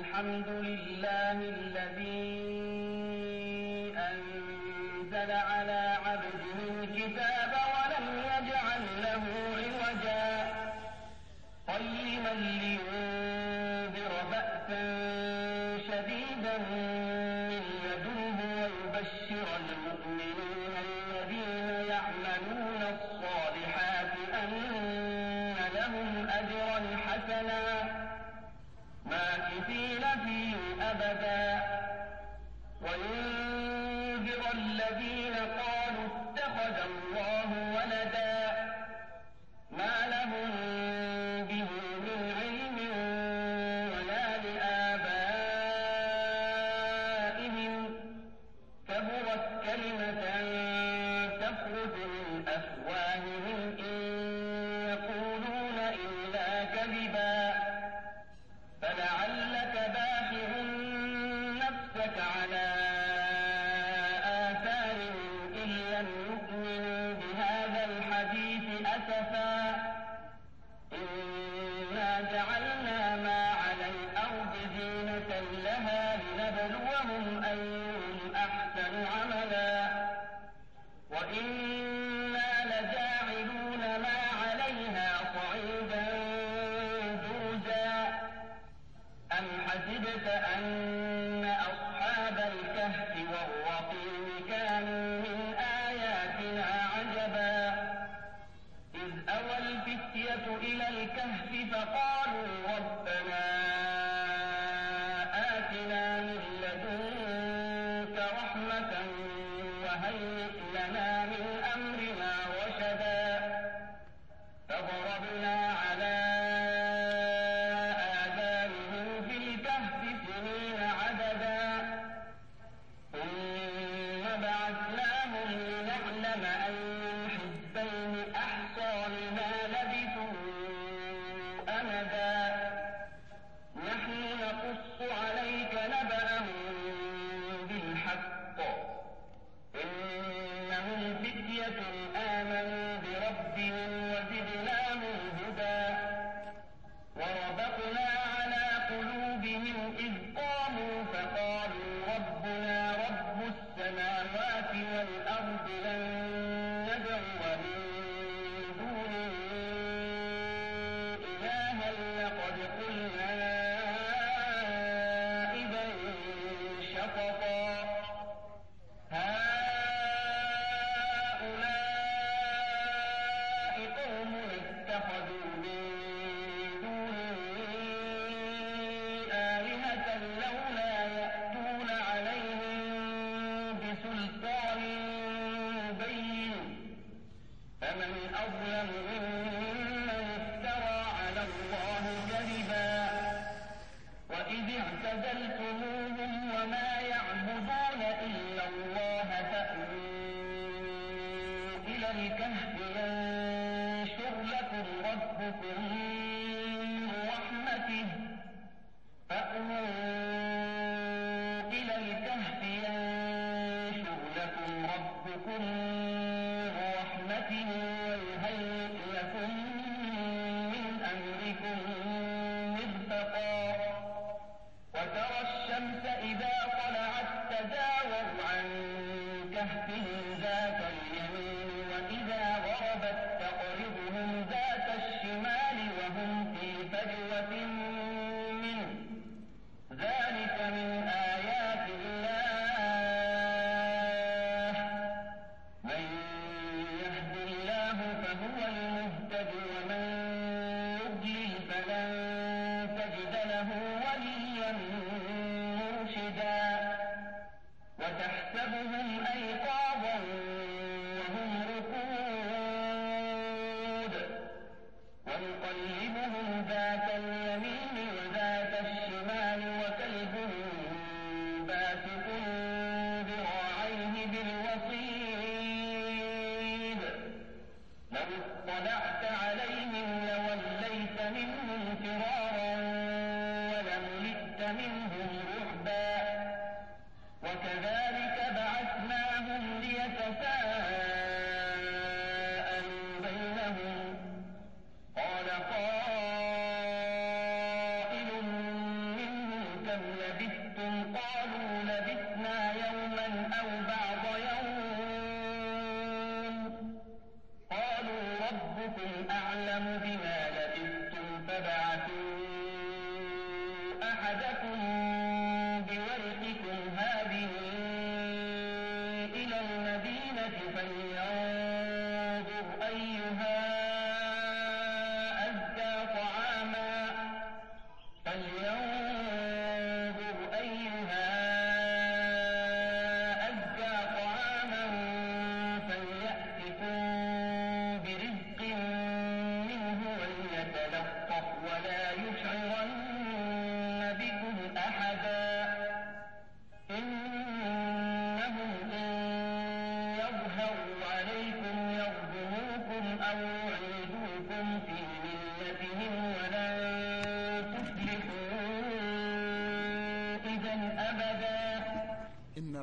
الحمد لله الذي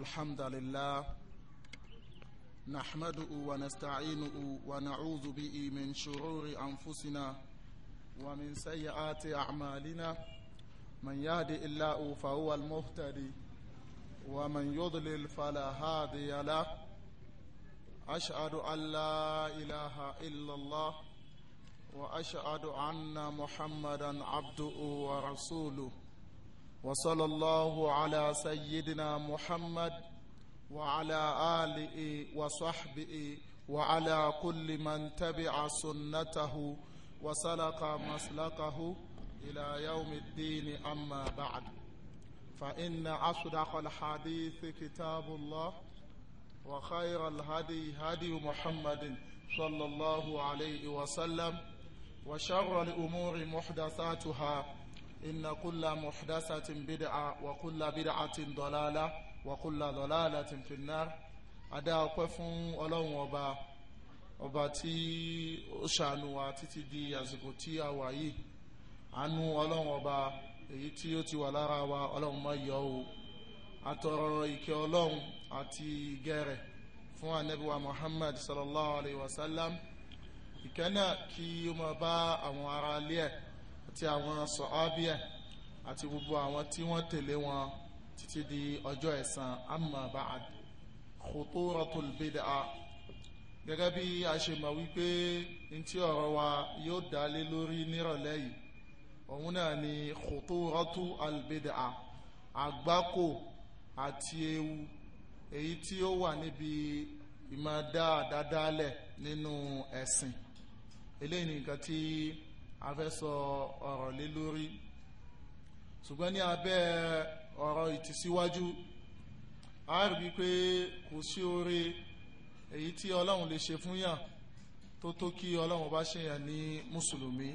الحمد لله نحمده ونستعينه ونعوذ به من شرور أنفسنا ومن سيئات أعمالنا من يهدي الله فهو المهتدي ومن يضلل فلا هادي له أشهد أن لا إله إلا الله وأشهد أن محمدا عبده ورسوله وصلى الله على سيدنا محمد وعلى آله وصحبه وعلى كل من تبع سنته وسلك مسلكه إلى يوم الدين أما بعد فإن أصدق الحديث كتاب الله وخير الهدي هدي محمد صلى الله عليه وسلم وشر الأمور محدثاتها إن كل محدثة بدعة وكل بدعة ضلالة وكل ضلالة في النار adá ọpẹ́ fún ọlọ́run ọba ọba tí ó ṣàánú wa títí di àsìkò tí a wà yìí àánú ọlọ́run ọba èyí tí ó ti wà lára wa ọlọ́run má yọ o àtọ̀rọ̀ ìkẹ́ ọlọ́run àti ìgẹ́ fún anabiwa muhammad sallallahu alayhi wa sallam ìkẹ́ náà kí ó máa bá àwọn ará ilé ẹ̀ àti àwọn sọ̀hábì ẹ̀ àti gbogbo àwọn tí wọ́n tẹ̀lé wọn títí di ọjọ́ ẹ̀san amma ba'ad khuturatul bid'ah gẹ́gẹ́ bí a ṣe mọ̀ wípé n tí ọ̀rọ̀ wa yóò dá lé lórí nírọ̀lẹ́ yìí òun náà ni khuturatu albid'ah àgbákò àti ewu èyí tí ó wà níbi ìmọ̀ nínú ẹ̀sìn eléyìí nìkan tí a fẹ́ sọ ọ̀rọ̀ lé lórí ṣùgbọ́n ní abẹ́ ọ̀rọ̀ ìtìsíwájú a rí pé kò sí oore èyí tí ọlọ́run lè ṣe fún yàn tó tó kí ọlọ́run bá ṣe yàn ní mùsùlùmí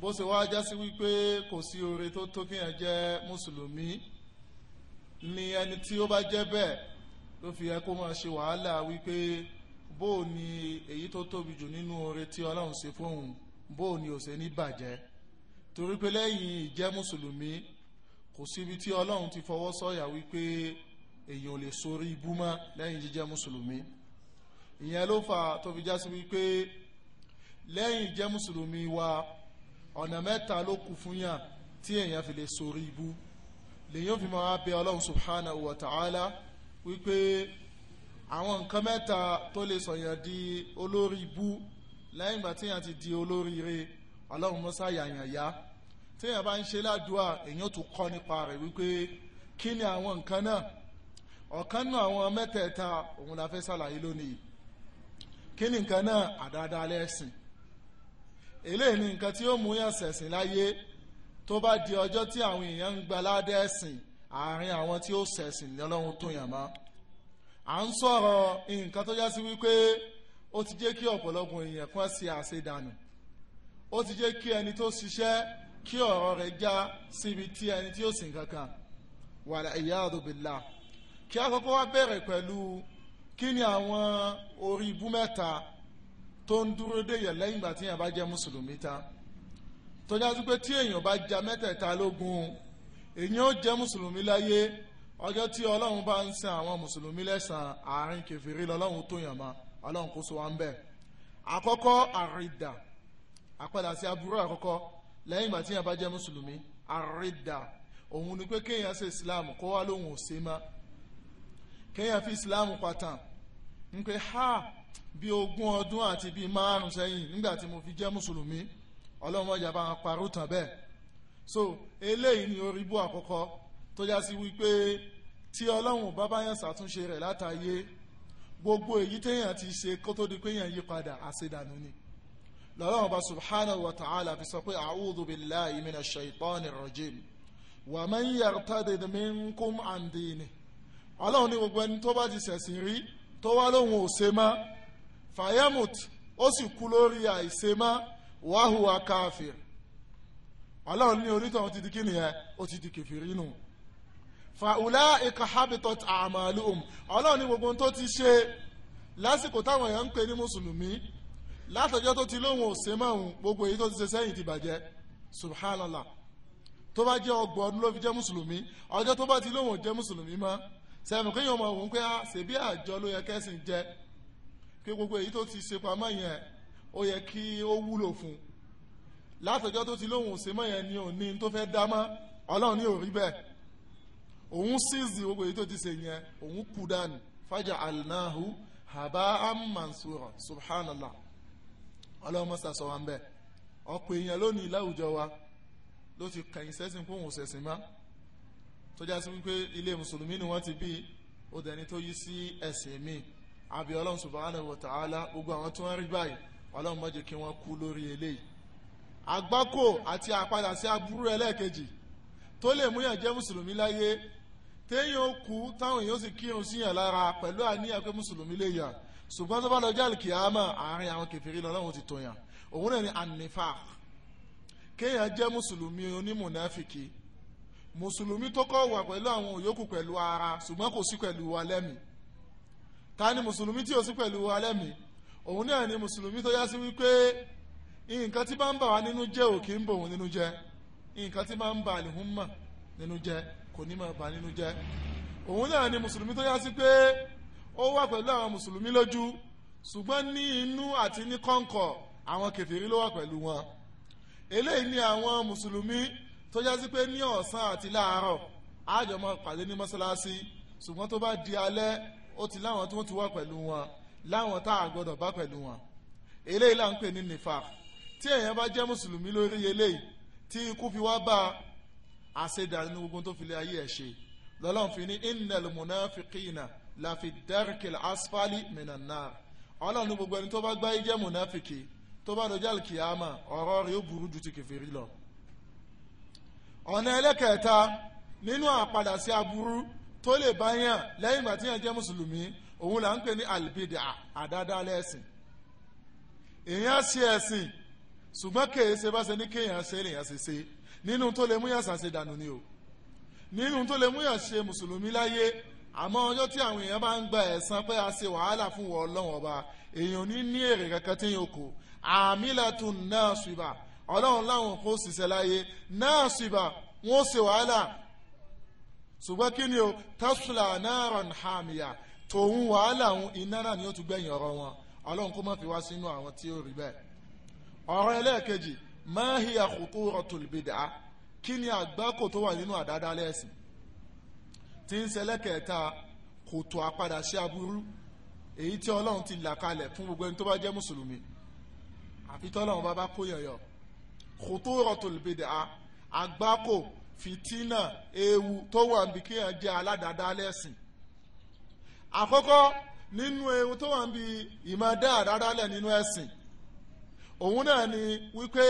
bó ṣe wá já wípé kò sí oore tó tó kí yàn jẹ́ mùsùlùmí ni ẹni tí ó bá jẹ́ bẹ́ẹ̀ ló fi yẹ kó máa ṣe wàhálà wípé bó o ní èyí tó tóbi jù nínú oore tí ọlọ́run ṣe fóun bó o ní ó bàjẹ́ torí pé lẹ́yìn ìjẹ́ mùsùlùmí kò síbi tí ọlọ́run ti fọwọ́ sọ̀yà wípé èèyàn ò lè sorí ibú mọ́ lẹ́yìn jíjẹ́ mùsùlùmí ìyẹn ló fà tó fi já sí wípé lẹ́yìn jẹ́ mùsùlùmí wa ọ̀nà mẹ́ta ló kù fún yàn tí èèyàn fi lè sorí ibú lèyìn fi máa bẹ ọlọ́run subhanahu wa ta'ala wípé àwọn nǹkan mẹ́ta tó lè sọ̀yàn di olórí ibú lẹ́yìn ìgbà tí èèyàn ti di olórí ire ọlọ́run mọ́sáyà yàn yá. Ya téèyàn bá ń ṣe ládùúà èèyàn tún kọ́ nípa rẹ̀ wípé kí ni àwọn nǹkan náà ọ̀kan náà àwọn mẹ́tẹ̀ẹ̀ta òun la fẹ́ ṣàlàyé lónìí kí ni nǹkan náà àdáadáa lẹ́sìn eléyìí ni nǹkan tí ó mú yàn ṣẹ̀sìn láyé tó bá di ọjọ́ tí àwọn èèyàn ń gba ládẹ́sìn àárín àwọn tí ó ṣẹ̀sìn lọ́lọ́run tó yàn mọ́ à ń sọ̀rọ̀ nǹkan tó já sí wípé ó ti jẹ́ kí ọ̀pọ̀lọpọ̀ èèyàn kan ṣe àṣedànù ó ti jẹ́ kí ẹni tó ṣiṣẹ́ kí ọ̀rọ̀ rẹ̀ já síbi tí ẹni tí ó sìn kankan wàlà iyadu billah kí akọ́kọ́ wá bẹ̀rẹ̀ pẹ̀lú kí ni àwọn orí ibú mẹ́ta tó ń dúró dé yẹ̀ lẹ́yìn ìgbà tí èèyàn bá jẹ́ mùsùlùmí tán tó ní àti pé tí èèyàn bá ja mẹ́tẹ̀ẹ̀ta lógún èèyàn ó jẹ́ mùsùlùmí láyé ọjọ́ tí ọlọ́run bá ń sin àwọn mùsùlùmí lẹ́sàn àárín kẹfìrí lọ́lọ́run tó yàn má ọlọ́run kó so wá ń bẹ̀ àkọ́kọ́ àrídà àpadà sí aburú àkọ́kọ́ lẹ́yìn ìgbà tí yẹn bá jẹ́ mùsùlùmí àrídà òun ni pé kéèyàn ṣe islam kó wá lóhùn òsè má kéèyàn fi islam pàtàn ń pé ha bí ogún ọdún àti bíi márùn sẹ́yìn nígbà tí mo fi jẹ́ mùsùlùmí ọlọ́run ọjà bá wọn parọ́ tàn bẹ́ẹ̀ so eléyìí ni orí bú àkọ́kọ́ tó já sí wípé tí ọlọ́run bá bá yàn ṣàtúnṣe rẹ̀ látàyé gbogbo èyí téèyàn ti ṣe kó tó di pé yàn yí padà àṣedànù ni lọ́lọ́run bá subhanahu wa ta'ala fi sọ pé a'udhu billahi minash shaitanir rajim wa man yartadid minkum an dinihi ọlọ́run ní gbogbo ẹni tó bá ti ṣẹ̀sìn rí tó wá lóhun ò ṣe mọ́ fayamut ó sì kú lórí àìṣe mọ́ wàhùwà káfíìr ọlọ́run ní orí tọ̀hún ti di kí nìyẹn ó ti di kẹfìrí nù fa'ulaika habitat a'maluhum ọlọ́run ní gbogbo tó ti ṣe lásìkò táwọn èèyàn ń pè ní mùsùlùmí látọjọ́ tó ti lóhun òsè márùn gbogbo èyí tó ti ṣe sẹ́yìn ti bàjẹ́ subhanallah tó bá jẹ́ ọgbọ̀n ọdún ló fi jẹ́ mùsùlùmí ọjọ́ tó bá ti lóhun òjẹ́ mùsùlùmí mọ́ sẹ́nu kéèyàn mọ̀ òun pé ah, ṣèbí àjọ ló yẹ kẹ́sìn jẹ́ pé gbogbo èyí tó ti ṣe pamọ́ yẹn ó yẹ kí ó wúlò fún un látọjọ́ tó ti lóhun òsè mọ́ yẹn ni òní tó fẹ́ dá mọ́ ọlọ́run ní òrí bẹ́ẹ̀ òun sízi gbogbo èyí tó ti ṣe yẹn òun kú dànù fàjà alnahu haba amansura subhanallah ọlọ́mọ sàṣọ wa ń bẹ̀ ọ̀pọ̀ èèyàn lónìí láwùjọ wa ló ti kẹ̀yìn sẹ́sìn kó òun sẹ̀sìn má tó já sí wípé ilé mùsùlùmí ni wọ́n ti bí ó dẹni tó yí sí ẹ̀sìn mi àbí ọlọ́run subhanahu wa ta'ala gbogbo àwọn tí wọ́n rí báyìí ọlọ́run má jẹ́ kí wọ́n kú lórí eléyìí àgbákò àti àpadà sí aburú ẹlẹ́ẹ̀kejì tó lè múyàn jẹ́ mùsùlùmí láyé téèyàn kú táwọn èèyàn sì kírun síyàn lára pẹ̀lú àníyàn pé mùsùlùmí lè yàn ṣùgbọ́n tó bá lọ jáàlì kìámà àárín àwọn kẹfìrí lọ́lọ́run ti tòyàn òun náà ni anifaq kéèyàn jẹ́ mùsùlùmí onímùnáfìkì mùsùlùmí tó kọ́ wà pẹ̀lú àwọn òyòkù pẹ̀lú ara ṣùgbọ́n kò sí pẹ̀lú wa lẹ́mìí ta ni mùsùlùmí tí ò sí pẹ̀lú wa lẹ́mìí òun náà ni mùsùlùmí tó yá sí wípé nǹkan tí bá ń bà wá nínú jẹ́ ò kì í bò òun nínú jẹ́ nǹkan tí bá ń bà àlìhùn mọ̀ nínú jẹ́ kò ní máa bà nínú jẹ́ òun náà ni mùsùlùmí tó yá sí pé ó wà pẹ̀lú àwọn mùsùlùmí lójú ṣùgbọ́n ní inú àti ní kọ̀ǹkọ̀ àwọn kèfèrí ló wà pẹ̀lú wọn eléyìí ni àwọn mùsùlùmí tó já sí pé ní ọ̀sán àti láàárọ̀ àjọ máa pàdé ní mọ́ṣáláṣí ṣùgbọ́n tó bá di alẹ́ ó ti láwọn tó ti wà pẹ̀lú wọn láwọn tá a gbọ́dọ̀ bá pẹ̀lú wọn eléyìí là ń pè ní nìfà tí èèyàn bá jẹ́ mùsùlùmí lórí eléyìí tí ikú fi wá bá àṣedà nínú gbogbo tó fi lé ayé ẹ̀ ṣe lọ́lọ́run fi ní innal munafiqina láfi dẹ́rkìl asfali minan nar ọlọ́run gbogbo ẹni tó bá gbá jẹ́ mùnáfìkì tó bá dọjọ́ àlùkìyàmà ọ̀rọ̀ rẹ̀ ó burú ju ti kèfèrí lọ. ọ̀nà ẹlẹ́kẹ̀ẹ́ta nínú àpadà sí aburú tó lè bá yàn lẹ́yìn ìgbà tí yàn jẹ́ mùsùlùmí òun là ń pè ní àlùbídà àdádálẹ̀ ẹ̀sìn. èèyàn ṣe ẹ̀sìn ṣùgbọ́n kèé ṣe bá ṣe ní kéèyàn ṣe lèèyàn ṣe ṣe nínú tó lè mú ṣàṣe dànù ni o nínú tó lè mú yàn ṣe mùsùlùmí láyé àmọ́ ọjọ́ tí àwọn èèyàn bá ń gba ẹ̀san pé a ṣe wàhálà fún wọn ọlọ́run ọba èèyàn ní ní èrè kankan tí yóò kó àmìlẹ̀tún náà ṣùgbà ọlọ́run láwọn kò ṣiṣẹ́ láyé náà ṣùgbà wọ́n ṣe wàhálà ṣùgbọ́n kí ni o tẹ́sùlà náírà hàmìyà tòun wàhálà òun iná náà ni ó tún gbẹ̀yìn ọ̀rọ̀ wọn ọlọ́run kó má fi wá sínú àwọn tí ó rí bẹ́ẹ̀ ọ̀rọ̀ tí ń ṣẹlẹ́kẹ̀ẹ́ta kòtò àpadà sí aburú èyí tí ọlọ́run ti là kalẹ̀ fún gbogbo ẹni tó bá jẹ́ mùsùlùmí àfi tọ́lọ́run bá bá kó yọ̀yọ̀ kòtò rọ̀tò lùbèdè a àgbákò fìtínà ewu tó wà níbi kéèyàn jẹ́ aládàáda lẹ́sìn àkọ́kọ́ nínú ewu tó wà níbi ìmọ̀ dáadáa nínú ẹ̀sìn òun náà ni wípé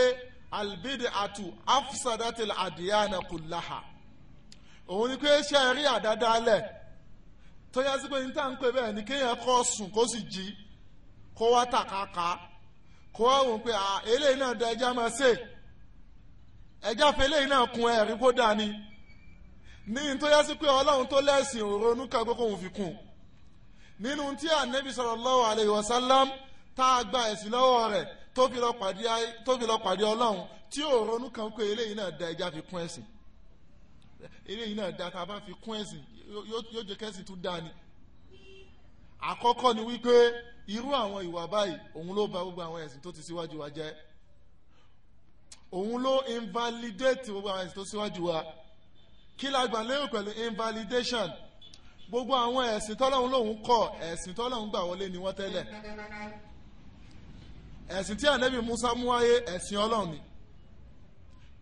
albidi atu afsadatil adiyana kullaha òun ni pé ṣe rí àdádálẹ̀ tó yá sí pé ní tá à ń pè bẹ́ẹ̀ ni kéèyàn kọ́ sùn kó sì jí kó wá tàkàkà kó wá wò pé eléyìí náà da ẹja máa ṣe ẹja fẹ eléyìí náà kun ẹ̀rí kó dáa ni ní tó yá sí pé ọlọ́run tó lẹ́sìn òrónú kẹ́kọ̀ọ́ kò fi kún nínú tí ànẹ́bí sallallahu alayhi wa sallam tá a gba ẹ̀sìn lọ́wọ́ rẹ̀ tó fi lọ pàdé ọlọ́run tí òrónú kan pé eléyìí náà da ẹja fi kún ẹ̀sìn eléyìí náà da tá a bá fi kún ẹ̀sìn yóò jẹ́ kẹ́sìn tún dáa ni àkọ́kọ́ ni wípé irú àwọn ìwà báyìí òun ló ba gbogbo àwọn ẹ̀sìn tó ti síwájú wa jẹ́ òun ló invalidate gbogbo àwọn ẹ̀sìn tó síwájú wa kí la gbà lérò pẹ̀lú invalidation gbogbo àwọn ẹ̀sìn tọ́lọ́hún lòun kọ̀ ẹ̀sìn tọ́lọ́hún gbà wọlé ni wọ́n tẹ́lẹ̀ ẹ̀sìn tí ànẹ́bí Musa mú wáyé ẹ̀sìn Ọlọ́run ni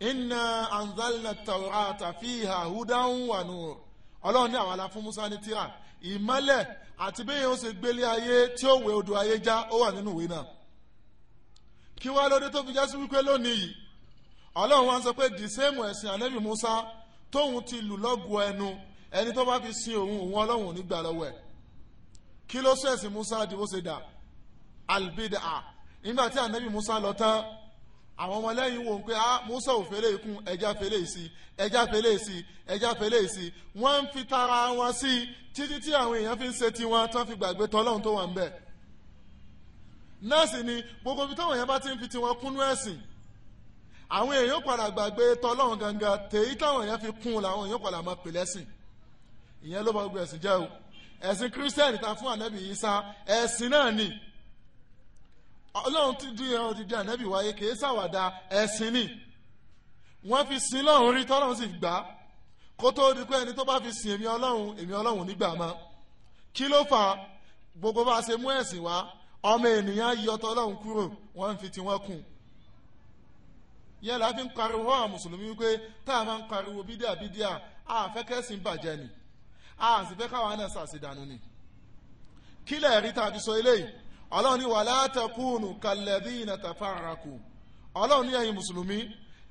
inna anzalna tawrata fiha hudan wa nur ọlọ́run ní àwọn aláfún musa ní tírà ìmọ́lẹ̀ àti bí yóò ṣe gbélé ayé tí ó wẹ odò ayé já ó wà nínú ìwé náà kí wá lóde tó fi já sí wípé lónìí yìí ọlọ́run wá ń sọ pé dìsẹ́mù ẹ̀sìn ànábì musa tóun ti lù lọ́gù ẹnu ẹni tó bá fi sin òun òun ọlọ́run ò ní gbà lọ́wọ́ ẹ̀ kí ló sọ ẹ̀sìn musa di ó ṣe dà albida nígbà tí ànábì musa lọ tán àwọn ọmọlẹ́yìn wò pé ah musa ò fẹ́lẹ́ ikún ẹja fẹ́lẹ́ sí ẹja fẹ́lẹ́ sí ẹja fẹ́lẹ́ sí wọ́n ń fi tara wọn sí títí tí àwọn èèyàn fi ń ṣe tiwọn tán fi gbàgbé tọ́lọ́run tó wà ń bẹ̀. nọ́ọ̀sì ni gbogbo ibi táwọn èèyàn bá ti ń fi tiwọn kúnú ẹ̀sìn àwọn èèyàn padà gbàgbé tọ́lọ́run gangan tèyí táwọn èèyàn fi kún un làwọn èèyàn padà máa pè lẹ́sìn ìyẹn ló bá gbogbo ẹ̀sìn jẹ́ o ẹ̀sìn kírísítẹ́nì ta fún ànábì Ìsá ẹ̀sìn náà ni ọlọ́run ti di odidi ànábì wáyé kì í ṣàwàdà ẹ̀sìn ni wọ́n fi sin lọ́run rí tọ́lọ́run sì gbà á kó tó di pé ẹni tó bá fi sin èmi ọlọ́run èmi ọlọ́run nígbà mọ́ kí ló fà á gbogbo bá a ṣe mú ẹ̀sìn wá ọmọ ènìyàn yọ tọ́lọ́run kúrò wọ́n fi tiwọn kùn yẹn la fi ń pariwo àwọn mùsùlùmí wípé tá a máa ń pariwo bídíà bídíà àfẹ́kẹ́sìn bàjẹ́ ni àsìfẹ́ káwọn náà ṣàṣìdànù ni kílẹ̀ rí tàbí sọ eléyìí ọlọ́run ní wala takunu kalladhina tafaraku ọlọ́run ní ẹ̀yin mùsùlùmí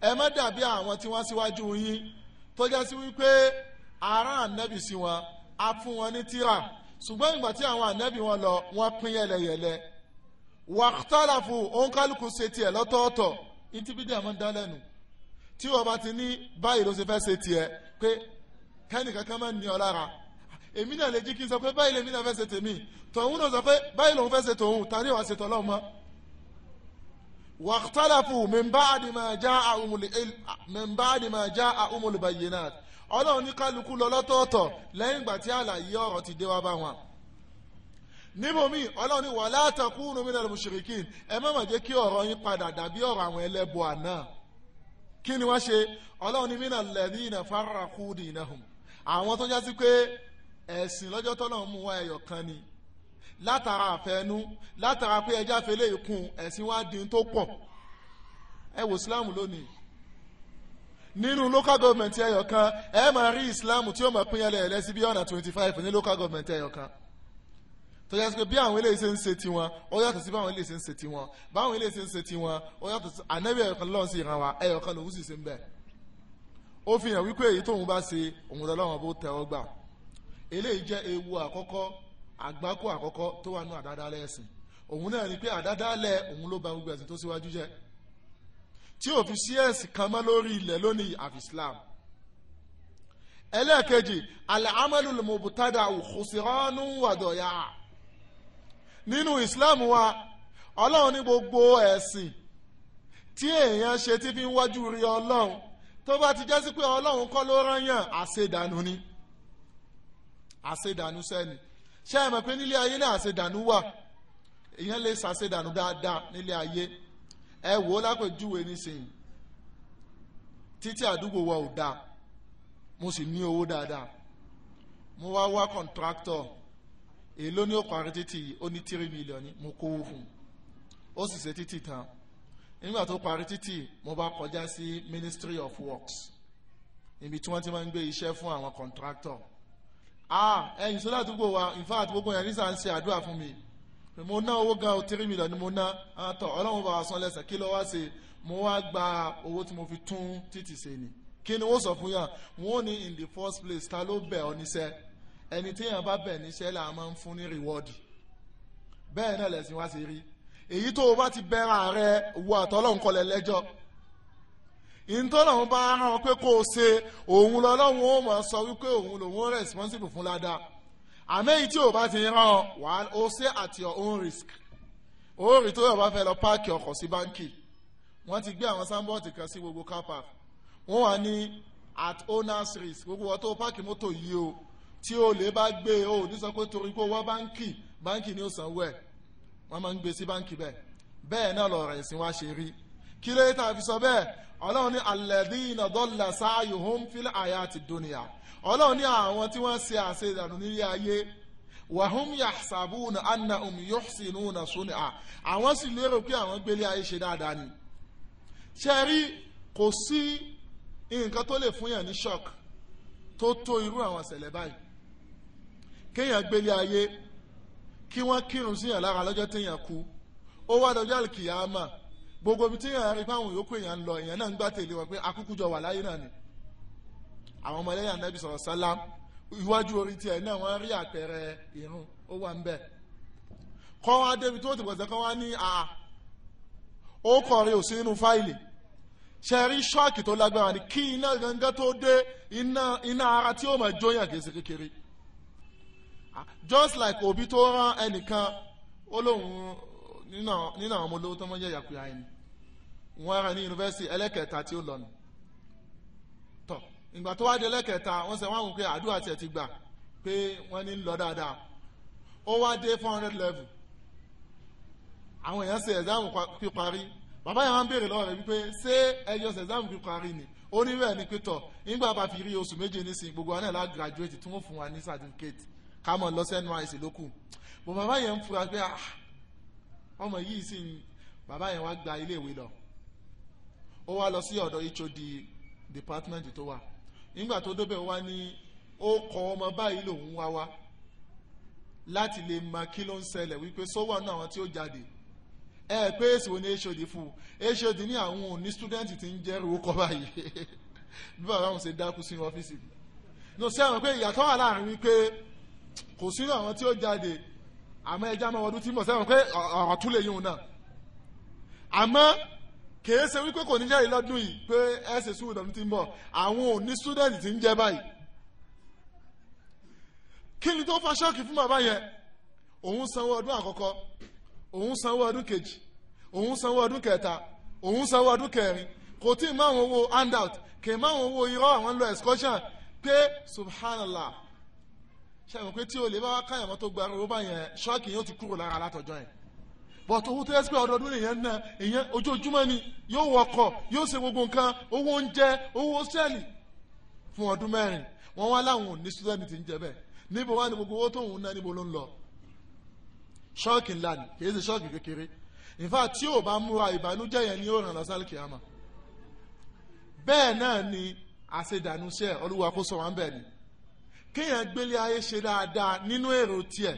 ẹ má dàbí àwọn tí wọ́n síwájú yín tó já sí wípé ará ànábì sí wọn a fún wọn ní tíra ṣùgbọ́n ìgbà tí àwọn ànábì wọn lọ wọ́n pín yẹlẹyẹlẹ wàhtálàfù òǹkálùkù ṣe tiẹ̀ lọ́tọ̀ọ̀tọ̀ ìtìbídì àmọ́ ń dá lẹ́nu tí wọ́n bá ti ní báyìí ló ṣe fẹ́ ṣe tiẹ̀ pé kẹ́nìkankan máa ní ọ lára èmi náà lè jí kí n sọ pé báyìí lèmi náà fẹ́ ṣe tèmi tòun náà sọ pé báyìí lòun fẹ́ ṣe tòun tàbí wàá ṣe tọ́lọ́ mọ́. wàhtálàfù mẹ́mbáàdì máa já àhùmùlù bayyinat ọlọ́run ní kálukú lọ lọ́tọ̀ọ̀tọ̀ lẹ́yìn ìgbà tí àlàyé ọ̀rọ̀ ti dé wá bá wọn. níbòmí ọlọ́run ní wala takunu minal mushrikin ẹ má mà jẹ́ àwọn tó jásí pé ẹ̀sìn lọ́jọ́ tọ́lọ́ mú wá ẹyọ kan ni látara àfẹnú látara pé ẹja fẹlẹ́ ìkun ẹ̀sìn wá dín tó pọ̀ ẹ wò islam lónìí nínú local government ẹyọ kan ẹ máa rí islam tí ó máa pín yẹlẹ ẹlẹsí bí ọ̀nà twenty five ní local government ẹyọ kan tó yẹ bí àwọn eléyìí ṣe ń ṣe tiwọn ó yàtọ̀ sí báwọn eléyìí ṣe ń ṣe tiwọn báwọn eléyìí ṣe ń ṣe tiwọn ó yàtọ̀ sí ànábì ẹyọ kan lọ́wọ́ sí ìran wa ẹyọ kan lòún sì ṣe ń bẹ̀ ó fi hàn wípé èyí tóun bá ṣe òun lọ́wọ́ bó tẹ́ ọ gbà eléyìí jẹ́ ewu àkọ́kọ́ àgbákò àkọ́kọ́ tó wà ní àdádálẹ̀ ẹ̀sìn òun náà ni pé àdádálẹ̀ òun ló ba gbogbo ẹ̀sìn tó síwájú jẹ́ tí ò fi sí ẹ̀sìn kan mọ́ lórí ilẹ̀ lónìí àfi Islam ẹlẹ́ẹ̀kejì al-amalul mubtada khusranu wa daya nínú Islam wa ọlọ́run ní gbogbo ẹ̀sìn tí èèyàn ṣe tí fi ń wájú rí ọlọ́run tó bá ti jẹ́ sí pé ọlọ́run kọ́ ló rán yàn àṣedànù ni àṣedànù sẹ́ni ṣé ẹ mọ̀ pé nílé ayé náà àṣedànù wà èèyàn lè ṣàṣedànù dáadáa nílé ayé ẹ wò ó lápèjúwe nísìnyí títí àdúgbò wa ò dáa mo sì ní owó dáadáa mo wá wá kọ̀ǹtráktọ̀ èló ní òkò àrẹ títì ó ní tírí mílíọ̀nù mo kówó fún un ó sì ṣe títì tán nígbà tó parí títì mo bá kọjá sí ministry of works ibi tí wọ́n ti máa ń gbé iṣẹ́ fún àwọn contractor ah ẹ̀yin sọlá àdúgbò wa in fact gbogbo yẹn nísà ń ṣe àdúrà fún mi mo ná owó gan o tírí mílíọ̀nù ni mo ná àtọ̀ ah, ọlọ́run bá wa san lẹ́sẹ̀ kí ló wá ṣe mo wá gba owó tí mo fi tún títì ṣe ni kí ni wọ́n sọ fún yàn wọ́n ní in the first place ta ló bẹ̀ ọ́ níṣẹ́ ẹni téèyàn bá bẹ̀ níṣẹ́ là máa ń fún ní reward bẹ́ẹ̀ náà lẹ̀sìn wá ṣe rí èyí tó o bá ti bẹ̀rẹ̀ ààrẹ wo àtọ́lọ́nkọlẹ̀ lẹ́jọ́ ìtọ́lọ́hún bá rán ọ pé kó o ṣe òun lọ́lọ́hún ó máa sọ wípé òun lòun ó responsible fún ládàá àmọ́ èyí tí o bá ti rán ọ wà ó ṣe at your own risk ó rí tó yọ̀ bá fẹ́ lọ páàkì ọkọ̀ sí báńkì wọ́n ti gbé àwọn sáńbọ́ọ̀tì kan sí gbogbo car park wọ́n wà ní at owner's risk gbogbo wọn tó páàkì mọ́tò yìí o tí o lè bá gbé e, o ní sọ pé torí pé o wá báńkì báńkì ni ó sanwó ẹ̀ wọ́n máa ń gbé sí báńkì bẹ́ẹ̀ bẹ́ẹ̀ náà lọ̀rọ̀ ẹ̀sìn wa ṣe rí kí ló yẹ tá a fi sọ bẹ́ẹ̀ ọlọ́run ní alladhina dalla sa'yuhum fil hayati dunya ọlọ́run ní àwọn tí wọ́n ṣe àṣeyànú nílé ayé wàhùn yahsabuna annahum yuhsinuna sun'a àwọn sì lérò pé àwọn gbélé ayé ṣe dáadáa ni ṣe kò sí nǹkan tó lè fún yàn ní shock tó tó irú àwọn ṣẹlẹ̀ báyìí kéèyàn gbélé ayé kí wọ́n kírun síyàn lára lọ́jọ́ téèyàn kú ó wá dọjọ́ àlùkìyàmà gbogbo ibi tí èèyàn rí pé àwọn yòókù èèyàn ń lọ èèyàn náà ń gbá tèlé wọn pé akúkú jọ wà láyé náà ni àwọn ọmọ ẹlẹ́yà sọ̀rọ̀ sálá iwájú orí tiẹ̀ náà wọ́n rí àpẹẹrẹ irun ó wà ń bẹ̀ kọ́ wá débi tó ti bọ̀ sẹ́kọ́ wá ní a ó kọ̀ rí òsín nínú fáìlì ṣe rí ṣọ́ọ̀kì tó lágbára ni kí iná gangan tó dé iná ara tí ó máa jóyàn kìí kékeré just like òbí tó rán ẹnìkan ó lóun nínú àwọn ọmọ olówó tó máa ń yẹ ẹni wọ́n rán ní yunifásitì ẹlẹ́kẹta tí ó lọ nù tọ̀ ìgbà tó wá di ẹlẹ́kẹta wọ́n sẹ́ wọ́n á wò pé àdúrà tiẹ̀ ti gbà pé wọ́n ní lọ dáadáa ó wá dé four hundred level àwọn èèyàn ṣe ẹ̀sáàmù fi parí bàbá yẹn wá ń béèrè lọ́wọ́ rẹ̀ wípé ṣé ẹyọ ṣe ẹ̀sáàmù fi parí ni ó ni pé tọ̀ nígbà bá fi rí oṣù méje nísìnyí gbogbo wa náà lá graduate tí wọ́n fún wa ní certificate ká mọ̀ lọ sẹ́nu àìsè lókù bàbá yẹn ń fura pé ah, ọmọ yìí sì ń bàbá yẹn wá gba iléèwé lọ ó wá lọ sí ọ̀dọ̀ HOD department tó wà nígbà tó débẹ̀ wá ní ó kọ ọmọ báyìí lòun wá wá láti lè mọ kí ló ń ṣẹlẹ̀ wípé sọ́wọ́ náà àwọn tí ó jáde ẹ pé èsì wo ni HOD fún HOD ní àwọn òní student ti ń jẹ́ orúkọ báyìí bí bàbá wọn ṣe dákú sí ọ́fíìsì ní o sí àwọn pé ìyàtọ̀ wà láàrin wípé kò sínú àwọn tí ó jáde àmọ́ ẹja máa wọdún tí mo sẹ́wọ̀n pé ọ̀rọ̀ tún lè yíwọ̀n náà àmọ́ kèé ṣe wípé kò ní jáde lọ́dún yìí pé ẹ ṣe sùúrù dọ̀dún tí ń bọ̀ àwọn òní student ti ń jẹ́ báyìí kí ni tó fa ṣọ́ọ̀kì fún bàbá yẹn òun sanwó ọdún àkọ́kọ́ òun sanwó ọdún kejì òun sanwó ọdún kẹta òun sanwó ọdún kẹrin kò tí ì má àwọn owó handout kì í má àwọn owó irọ́ àwọn lọ excursion pé subhanallah ṣàmùpé tí o lè bá wá káyọ̀mọ́ tó gba owó báyẹn ṣọ́ọ̀kì yóò ti kúrò lára látọjọ́ yẹn bọ̀tọ̀ owó tó yẹ sí pé ọdọọdún èèyàn ná èèyàn ojoojúmọ́ ni yóò wọkọ̀ yóò ṣe gbogbo nǹkan owó oúnjẹ owó sẹ́ẹ̀lì fún ọdún mẹ́rin wọ́n wá láwọn òní student ń jẹ bẹ́ẹ̀ níbo wá ní gbogbo owó tó ń ná níbo ló ń lọ ṣọ́ọ̀kì ńlá ni kì í ṣe ṣọ́ọ̀kì kékeré ìfà tí ò bá múra ìbànújẹ́ yẹn ni ó ràn lọ́sálì kìámà bẹ́ẹ̀ náà ni àṣedànù iṣẹ́ olúwa kó sọ wọn bẹ́ẹ̀ ni kéèyàn gbélé ayé ṣe dáadáa nínú èrò tiẹ̀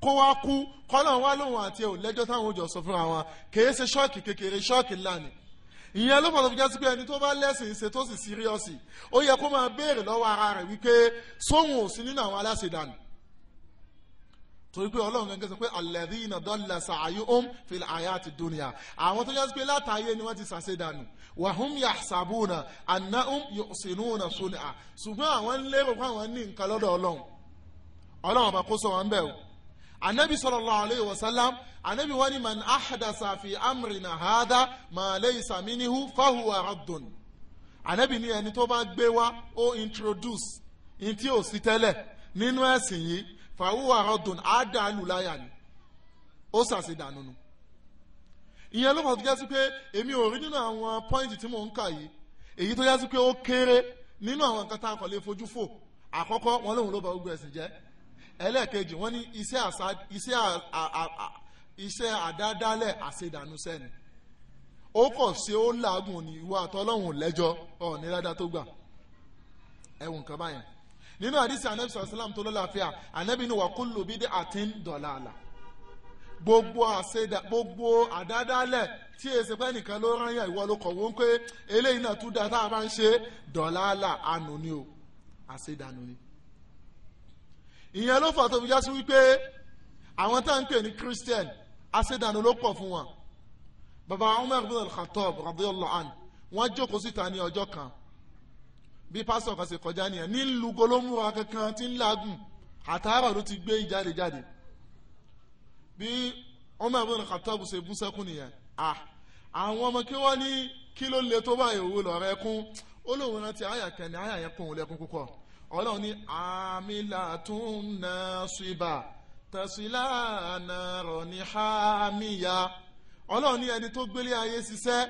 kó wá kú kọ́lọ́n wá lóhùn àti ẹ̀ ò lẹ́jọ́ táwọn òjò sọ fúnra wọn kèé ṣe ṣọ́ọ̀kì kékeré ṣọ́ọ̀kì ńlá ni ìyẹn ló mọ̀tò fi jásí pé ẹni tó bá lẹ́sìn ṣe tó sì síríọ́sì ó yẹ kó máa béèrè lọ́wọ́ ara rẹ̀ wípé sóhun ò sí nínú àwọn aláṣẹdànù torí pé ọlọ́run gẹ́gẹ́ sọ pé alladhina dalla sa'yuhum fil hayati dunya àwọn tó jásí pé látàáyé ni wọ́n ti ṣàṣẹdànù wa hum yahsabuna annahum yuhsinuna sun'a ṣùgbọ́n àwọn ń lérò fún àwọn ní nǹkan lọ́dọ̀ ọlọ́run ọlọ́run ọba kó sọ wọn bẹ́ẹ̀ o anabi sallallahu alayhi wa sallam anabi wani man ahadasa fi amrina hada ma laysa minhu fahuwa raddun anabi ni ẹni tó bá gbé wá ó introduce ní tí ò sí tẹ́lẹ̀ nínú ẹ̀sìn yìí fahuwa raddun á dà lù láyà ni ó ṣàṣedànù nu ìyẹn ló fà tó jásí pé èmi ò rí nínú àwọn pọ́ìntì tí mò ń kà yìí èyí tó jásí pé ó kéré nínú àwọn nǹkan tá a kàn lè fojú fò àkọ́kọ́ wọn lòun ló ba gbogbo ẹ̀sìn jẹ́ ẹlẹ́ẹ̀kejì wọ́n ní iṣẹ́ àdádálẹ̀ àṣedànù sẹ́ni ó kọ̀ sí ó làágùn ní ìwà àtọ́lọ́hùn lẹ́jọ́ ọ̀ọ́ni dáadáa tó gbà ẹ̀wùn kan báyẹn nínú àdìsí anabi sọ̀rọ̀ sálàm tó lọ́láfíà anabi ni wà kúlù bídé àti ń dọ̀là àlà gbogbo àṣedà gbogbo àdádálẹ̀ tí èsì pẹ́ nìkan ló rán yàn ìwọ ló kọ̀ wọ́n pé eléyìí náà tún dáa tá a bá ń ṣe dọ̀là àlà ànú ni o àṣedànù ni ìyẹn ló fà tó fi já sí wípé àwọn tá à ń pè ní christian aṣèdànù ló pọ̀ fún wọn baba umar bin al-khattab radiyallahu anhu wọ́n jókòó síta ní ọjọ́ kan bí pásítọ̀ kan ṣe kọjá nìyẹn nílùú golómùwà kankan tí ń lagùn àtàárọ̀ ló ti gbé ìjáde jáde bí umar bin al-khattab ṣe bú sẹ́kún nìyẹn ah àwọn ọmọ kí wọ́n ní kí ló le tó báyìí òwú lọ́rẹ́ kún ó lóun rántí àyà kẹ́ni àyà yẹn kún òun lẹ́kún púpọ̀ ọlọ́run ní amilatun nasiba tasila naro ní hamiya ọlọ́run ní ẹni tó gbélé ayé ṣiṣẹ́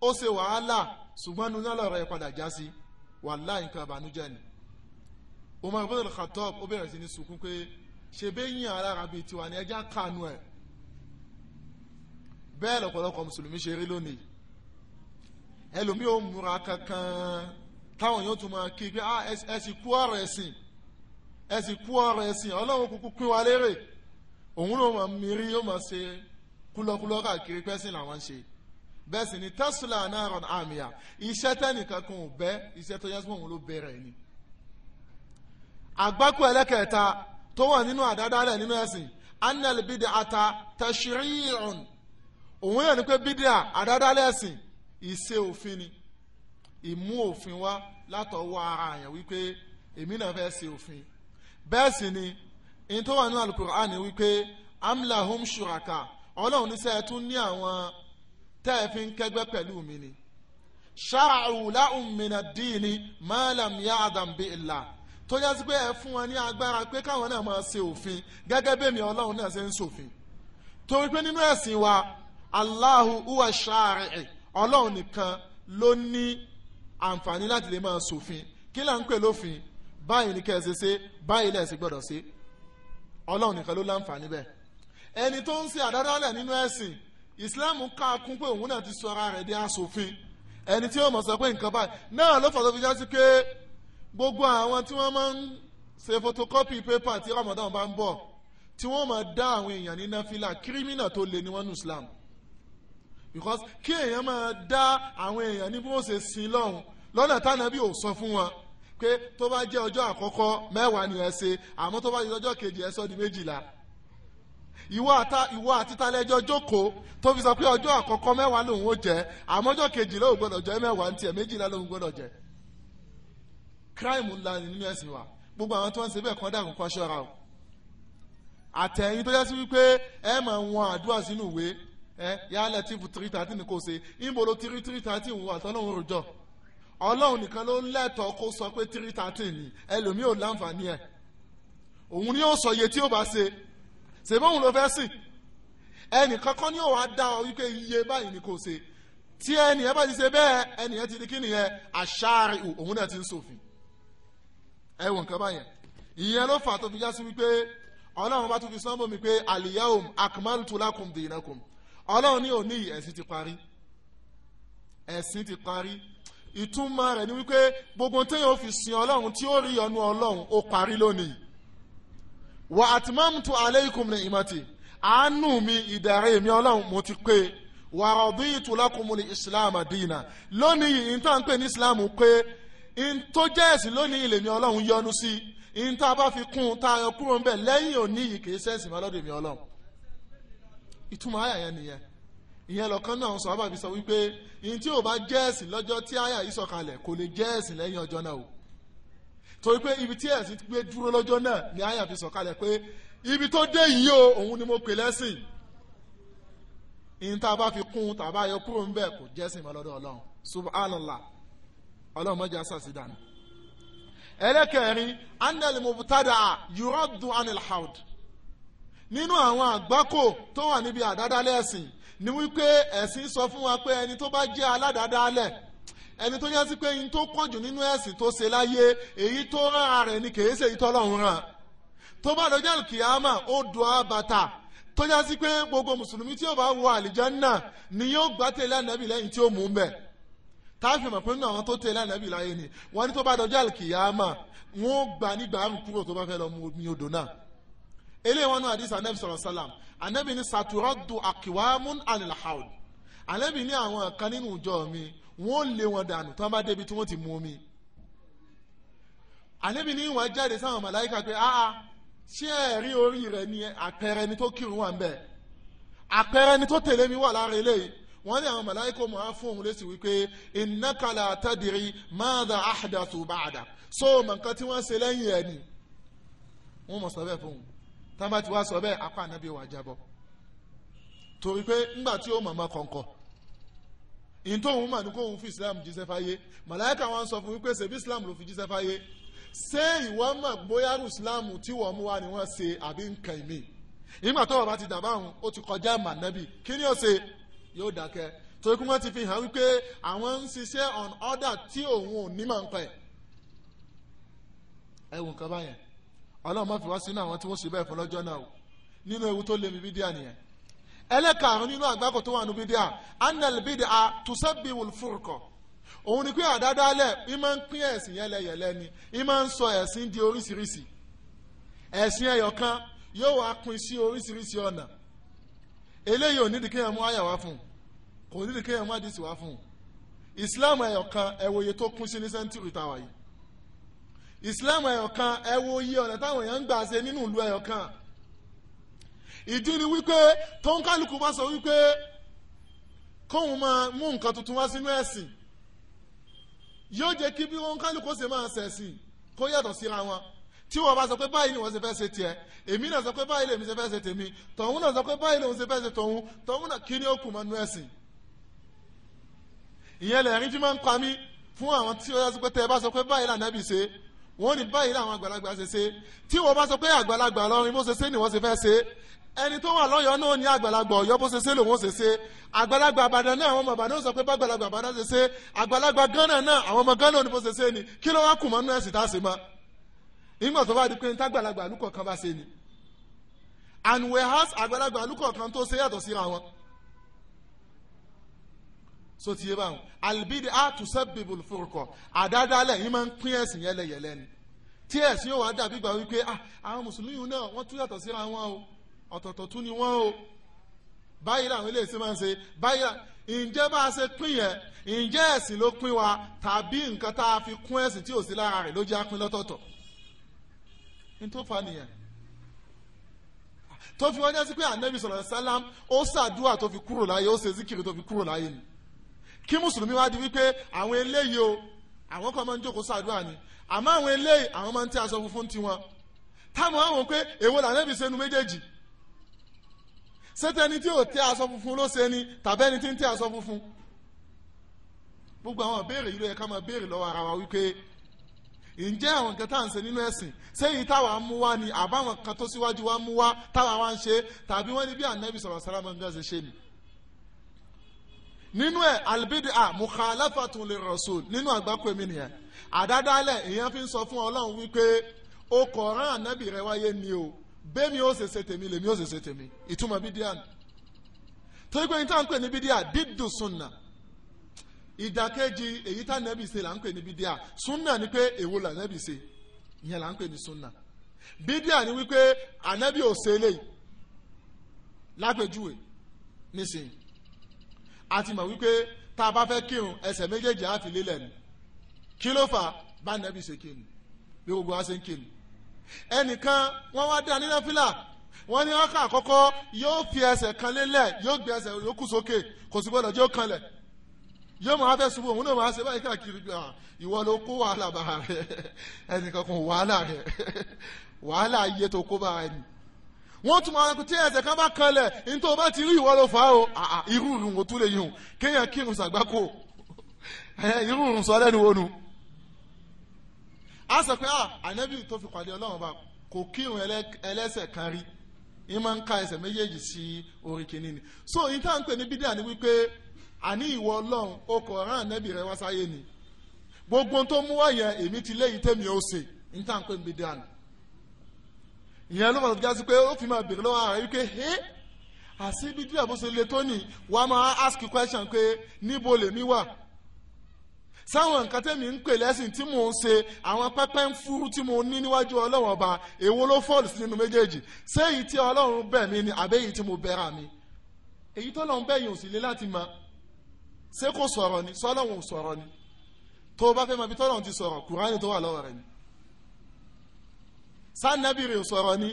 ó ṣe wàhálà ṣùgbọ́n nínú ọlọ́rọ̀ ẹ̀ padà já sí wàláì nǹkan àbànújẹ́ ni Umar ibn al ó bẹ̀rẹ̀ sí ní sunkún pé ṣe bẹ́yìn ara rabi tiwa ni ẹja kanu ẹ̀ bẹ́ẹ̀ lọ́pọ̀lọpọ̀ mùsùlùmí ṣe rí lónìí ẹlòmíì ó múra kankan táwọn yóò tún máa kí pé ah, ẹ sì kú ọ̀rọ̀ ẹ̀sìn ẹ sì kú ọ̀rọ̀ ẹ̀sìn ọlọ́run kúkú pín wa lérè òun ló máa mírí yóò máa ṣe kúlọ́kúlọ́ káàkiri pẹ́sìn làwọn ń ṣe bẹ́ẹ̀ sì ni tesla náà rọ̀ àmìyà iṣẹ́ tẹ́nìkan kan ò bẹ́ iṣẹ́ tó yẹ sí òun ló bẹ̀rẹ̀ ni. àgbákò ẹlẹ́kẹ̀ẹ́ta tó wà nínú àdádálẹ̀ nínú ẹ̀sìn anel bidi ata tashiri'un òun yẹn ni pé bidi àdádálẹ̀ ẹ̀sìn ìṣe òfin ni ìmú òfin wá látọwọ́ ara àyàn wípé èmi náà fẹ́ ṣe òfin bẹ́ẹ̀ sì ni in tó wà nínú alukur'an wípé amlahum shuraka ọlọ́run níṣẹ́ tún ní àwọn tẹ́ ẹ fi ń kẹ́gbẹ́ pẹ̀lú mi ni ṣáàrù láhùn mìíràn díìní mọ́làm yá àdàmbé ìlà tó yẹ sí pé ẹ fún wọn ní agbára pé káwọn náà máa ṣe òfin gẹ́gẹ́ bẹ́ẹ̀mi ọlọ́run náà ṣe ń ṣòfin torí pé nínú ẹ̀sìn wa Allahu uwa ṣáàrì ọlọ́run nìkan ló ní àǹfààní láti lè máa ṣòfin kí là ń pè lófin báyìí ní kẹ́ẹ̀ ṣe ṣe báyìí lẹ̀ sí gbọ́dọ̀ ṣe ọlọ́run nìkan ló láǹfààní bẹ́ẹ̀ ẹni tó ń ṣe àdádálẹ̀ nínú ẹ̀sìn ìsìláàmù ká kún pé òun náà ti sọ ara rẹ̀ di aṣòfin ẹni tí yóò mọ̀ sọ pé nǹkan báyìí náà ló fà tó fi já sí pé gbogbo àwọn tí wọ́n máa ń ṣe photocopy paper tí Ramadan bá ń bọ̀ tí wọ́n máa dá àwọn èèyàn ní náfìlà kírímìnà tó le ní wọ́n ní ìsìláàmù because kí èèyàn máa dá àwọn èèyàn ní bí wọ́n ṣe sin lọ́hùn lọ́nà tánàbí ò sọ fún wọn pé tó bá jẹ́ ọjọ́ àkọ́kọ́ mẹ́wàá ni ẹ ṣe àmọ́ tó bá jẹ́ ọjọ́ kejì ẹ sọ di méjìlá ìwọ àti talẹ́jọ́ jókòó tó fi sọ pé ọjọ́ àkọ́kọ́ mẹ́wàá lòun ó jẹ́ àmọ́ ọjọ́ kejìlá òun gbọ́dọ̀ jẹ́ mẹ́wàá tiẹ̀ méjìlá lòun gbọ́dọ̀ jẹ́ crime ńlá nínú ẹ̀sìn wa gbogbo àwọn tó ń ṣe bẹ́ẹ̀ kọ́ dàgùn kọ́ ṣọ́ra o àtẹ̀yìn tó yẹ sí wípé ẹ máa wọn àdúrà sínú ìwé ẹ yálẹ̀ tí three thirty ni kò ṣe níbo ló three three thirty wò àtọ́lọ́hún rojọ́ ọlọ́run nìkan ló ń lẹ́tọ̀ọ́ kó sọ pé three thirty ni ẹlòmíì ò láǹfààní ẹ̀ òun ni ó sọ iye tí ó bá ṣe ṣèbóhùn ló fẹ́ sìn ẹnìkan kan ni ó wàá dá ọ wípé iye báyìí ni kò ṣe tí ẹnì ẹ bá ti ṣe bẹ́ẹ̀ ẹnì ẹ ti di kí nìyẹn àṣàrì òun náà ti ń sòfin ẹ wọ nǹkan báyẹn ìyẹn ló fà tó fi já sí wípé ọlọ́run bá tún fi sọ́nbọ̀ mi pé àlìyáhùn akmaltu lakum ọlọ́run ní òní ẹ̀sìn ti parí ẹ̀sìn ti parí ìtumọ̀ rẹ̀ ni wípé gbogbo téèyàn fi sin ọlọ́run tí ó rí ọnu ọlọ́run ó parí lónìí wà àtìmọ́mùtò aleikum ní ìmọ̀tì àánú mi ìdàrẹ́ mi ọlọ́run mo ti pé wà rọ̀bí ìtùlákùnmùlì islam àdínà lónìí ìntàn pé ní islam pé tó jẹ́ ẹ̀sìn lónìí ilẹ̀ mi ọlọ́run yọ́nú sí ìntàn bá fi kún un tá a yọ kúrò ń bẹ̀ lẹ́yìn òní yìí kì mi ọlọ́run ìtumọ̀ àyà yẹn nìyẹn ìyẹn lọ́kàn náà sọ àbàbí sọ wípé ìyẹn tí ò bá jẹ́ ẹ̀sìn lọ́jọ́ tí àyà yìí sọ̀kalẹ̀ kò lè jẹ́ ẹ̀sìn lẹ́yìn ọjọ́ náà o torí pé ibi tí ẹ̀sìn gbé dúró lọ́jọ́ náà ni àyà fi sọ̀kalẹ̀ pé ibi tó dé yìí o òun ni mo pè lẹ́sìn ìyẹn tá a bá fi kún tá a bá yọ kúrò ńbẹ̀ kò jẹ́sìn mọ́ lọ́dọ̀ ọlọ́run subhanallah ọlọ́run mọ́jà sàṣìdánù ẹlẹ́kẹ̀rin anel mubutada yurọ́dún anil haud nínú àwọn àgbákò tó wà níbi àdádálẹ̀ ẹ̀sìn ni wípé ẹ̀sìn sọ fún wa pé ẹni tó bá jẹ́ aládàádálẹ̀ ẹni tó yẹ pé ẹni tó pọ̀jù nínú ẹ̀sìn tó ṣe láyé èyí tó rán rẹ̀ ni kèé ṣe ìtọ́lọ́run rán tó bá dọjọ́ àlùkìyàmà ó dùn á bàtà tó yẹ sí pé gbogbo mùsùlùmí tí ó bá wọ àlìjánnà ni yóò gbàtẹ́ lánàbì lẹ́yìn tí ó mú un bẹ̀ táàfì mọ̀ pé nínú àwọn tó tẹ̀lé ànábì láyé ni wọ́n ní tó bá dọjọ́ àlùkìyàmà wọ́n gbà nígbà àrùn kúrò tó bá fẹ́ lọ mu omi odò náà eléyìí wọn nù àdìsí anabi sọ̀rọ̀ sálàm anabi ní sàtúrọ̀dù àkìwámún ànìláhàùd anabi ní àwọn kan nínú ìjọ mi wọ́n lé wọn dànù tí wọ́n bá débi tí wọ́n ti mú omi anabi ní wọn jáde sáwọn màláìka pé ah ṣé ẹ rí orí rẹ ní àpẹẹrẹ ẹni tó kírun wà ń bẹ àpẹẹrẹ ẹni tó tẹ̀lé mi wà lára eléyìí wọ́n ní àwọn màláìka mọ̀ fún òun lé wípé ìnákàlà àtàdìrí máàdà àhàdà tó bá àdà so mọ̀ tí wọ́n ṣe lẹ́yìn ẹ̀ ni wọ́n mọ̀ sọ fún un tán bá ti wá sọ bẹ́ẹ̀ apá ànábì wà jábọ́ torí pé ńgbà tí ó mọ̀mọ́ kọ̀ǹkọ̀ ìyìn tóun mà ní kóun fi islam jíṣẹ́ fáyé màláìka wọn sọ fún wípé ṣèbí islam ló fi jíṣẹ́ fáyé ṣé ìwọ mọ̀ bóyá islam tí wọ́n mú wa ni wọ́n ṣe àbí nǹkan ìmí ìgbà tó bàbá ti dàbá òun ó ti kọjá mànábì kí ni ó ṣe yóò dákẹ́ torí pé wọ́n ti fi hàn wípé àwọn ń ṣiṣẹ́ on order tí òun ò ní mọ̀ ń pẹ̀ ẹ̀wùn kan báyẹn ọlọ́run má fi wá sínú àwọn tí wọ́n ṣe bẹ́ẹ̀ fún lọ́jọ́ náà o nínú ewu tó lé mi bídíà nìyẹn ẹlẹ́karùn nínú àgbákò tó wà nù bídíà anel bídíà tùsẹ́bì wùlfúrukọ òun ni pé àdádálẹ̀ ì máa ń pín ẹ̀sìn yẹlẹyẹlẹ ni ì máa ń sọ ẹ̀sìn di oríṣiríṣi ẹ̀sìn ẹyọkan yóò wá pín sí oríṣiríṣi ọ̀nà eléyìí ò nídìí kéèyàn mú àyà wá fún kò nídìí kéèyàn mú àdìsí wá fún Islam ẹyọkan ẹ̀wòye tó kún sí ní sẹ́ńtúrì táwa yìí islam ẹ̀yọ̀kan ẹ wo iye ọ̀nà táwọn èèyàn ń gbà ṣe nínú ìlú ẹ̀yọ̀kan ìdí ni wípé tónkálukú bá sọ wípé kóun máa mú nǹkan tuntun wá sínú ẹ̀sìn yóò jẹ́ kí bí wọn ṣe máa ṣẹ̀sìn kó yàtọ̀ síra wọn tí wọn bá sọ pé báyìí ni wọn ṣe fẹ́ ṣe tiẹ̀ èmi náà sọ pé báyìí lèmi ṣe fẹ́ ṣe tèmi tọ̀hún náà sọ pé báyìí lòun ṣe fẹ́ ṣe tọ̀hún tọ̀hún náà kí ni ó kù mọ́nú ẹ̀sìn ìyẹn lẹ́yìn máa ń pa mí fún àwọn tí ó yà sọ pé tẹ́ ẹ bá sọ pé báyìí lànà bí ṣe wọ́n ní báyìí làwọn àgbàlagbà ṣe ṣe tí wọ́n bá sọ pé àgbàlagbà lọ́rin bó ṣe ṣe ni wọ́n ṣe fẹ́ ṣe ẹni tó wà lọ́yọ̀ọ́ náà ní àgbàlagbà ọ̀yọ́ bó ṣe ṣe lòun ṣe ṣe àgbàlagbà àbàdàn náà àwọn bàbá náà sọ pé bàgbàlagbà àbàdàn ṣe ṣe àgbàlagbà gánà náà àwọn ọmọ gánà ní bó ṣe ṣe ni kí ló wá kù mọ́ nọ́ọ̀sì tá a ṣe mọ́ ìgbà tó bá di pé tágbàlagbà àlùkọ̀ọ̀kan bá ṣe ni and whereas àgbàlagbà àlùkọ̀ọ̀kan tó ṣe yàtọ̀ síra wọn so ti yé báwọn alibidi a tún sẹ́bìbò fòrùkọ àdádálẹ̀ yìí máa ń pín ẹ̀sìn yẹlẹyẹlẹ ni tí ẹ̀sìn yóò wá dàbí gbà wípé ah àwọn mùsùlùmí náà wọ́n tún yàtọ̀ síra wọn o ọ̀tọ̀ọ̀tọ̀ tún ni wọ́n o báyìí làwọn eléyìí ṣe máa ń ṣe báyìí ǹjẹ́ bá a ṣe pín yẹn ǹjẹ́ ẹ̀sìn ló pín wa tàbí nǹkan tá a fi kún ẹ̀sìn tí ò sí lára rẹ̀ ló jẹ́ apín lọ́tọ̀ọ̀tọ̀ nítòfà nìyẹn tó fi wọ́n jẹ́ sí pé ànẹ́bí sọ̀rọ̀ sálám ó ṣàdúrà tó fi kúrò láyé ó ṣe zikiri tó fi kúrò láyé ni kí mùsùlùmí wá di wípé àwọn eléyìí o àwọn kan máa ń jókòó sàdúrà ni àmọ́ àwọn eléyìí àwọn máa ń tẹ́ aṣọ funfun tiwọn táwọn àwọn pé èwo lànàbì sẹ́nu méjèèjì sẹ́tẹ́ni tí ò tẹ́ aṣọ funfun ló ṣe ni tàbẹ́ni tí ń tẹ́ aṣọ funfun gbogbo àwọn béèrè yìí ló yẹ ká máa béèrè lọ́wọ́ ara wa wípé ǹjẹ́ àwọn nǹkan tá à ń ṣe nínú ẹ̀sìn sẹ́yìn táwa mú wá ni àbáwọn kan tó síwájú wa mú wá táwa wá ń ṣe tàbí wọ́n ní bí ànábì sọ̀rọ̀ sálámà ń gbà ṣe ṣe nìyí nínú ẹ̀ albidi a ah, mukhalafatun lir rasul nínú àgbákò mi nìyẹn àdádálẹ̀ ìyẹn fi ń sọ fún ọlọ́run wípé o kò rán ànábì rẹ wáyé ni o bẹ́ẹ̀mi ó ṣèṣe tèmi lèmi ó ṣèṣe tèmi ìtumọ̀ bídíà ni torí pé níta ń pè ní bídíà dídù sunna ìdàkejì èyí tá ànábì ṣe là ń pè ní bídíà sunna ni pé èwo là ànábì ṣe ìyẹn là ń pè ní sunna bídíà ni wípé ànábì ò ṣe lápèjúwe nísìnyí a ti mọ̀ wípé tá a bá fẹ́ kírun ẹsẹ̀ méjèèjì á fi lélẹ̀ ni kí ló fà bá nẹ́bí ṣe kírun bí gbogbo wa ṣe ń kírun ẹnìkan wọ́n wá dá nínú fílà wọ́n ní ọkà àkọ́kọ́ yóò fi ẹsẹ̀ kan lélẹ̀ yóò gbé ẹsẹ̀ yòókù sókè kò sí gbọ́dọ̀ jẹ́ kanlẹ̀ yóò máa fẹ́ ṣubú òun náà máa ṣe báyìí káàkiri bí ìwọ ló kó wàhálà bá rẹ ẹnìkan kò wàhálà rẹ wàhálà ayé tó kó bá rẹ wọ́n tún máa tí ẹsẹ̀ kan bá kalẹ̀ nítorí o bá ti rí ìwọ ló fà o ah, ah, irú ìrùn kò tún lè yùn kéèyàn kírun sàgbákò irú ìrùn sọ wo nu. a sọ pé ah, ànábì tó fi pàdé ọlọ́run bá kò kírun ẹlẹ́sẹ̀ kan rí ní méjèèjì sí orí ni so yìí tá à ń pè ní wípé àní ìwọ ọlọ́run rẹ wá sáyé ni gbogbo tó mú wáyẹn èmi ti léyìí ìyẹn ló fàtọ́ jásí pé ó fi máa bèrè lọ́wọ́ ààrẹ wípé ẹ́ àti ibi díẹ̀ bó ṣe le tó nì wàá máa ask question pé níbo lèmi wà sáwọn nǹkan tẹ́mi ń pè lẹ́sìn tí mò ń ṣe àwọn pẹ́pẹ́ ń fúrú tí mo ní níwájú ọlọ́run ọba èwo ló fọ́ọ̀lù sí méjèèjì ṣé èyí tí ọlọ́run bẹ̀ mí ni àbẹ́yìí tí mo bẹ̀rẹ̀ mi èyí tó lọ́n bẹ̀yìn òsì lé láti mọ̀ ṣé kò sọ̀rọ̀ ni sọ́lọ́run ò sọ̀rọ̀ ni tó o bá fẹ́ mọ̀ bí tọ́lọ́run ti sọ̀rọ̀ kùránì tó wà lọ́wọ́ rẹ̀ ni sanabi rẹ̀ sọ̀rọ̀ ni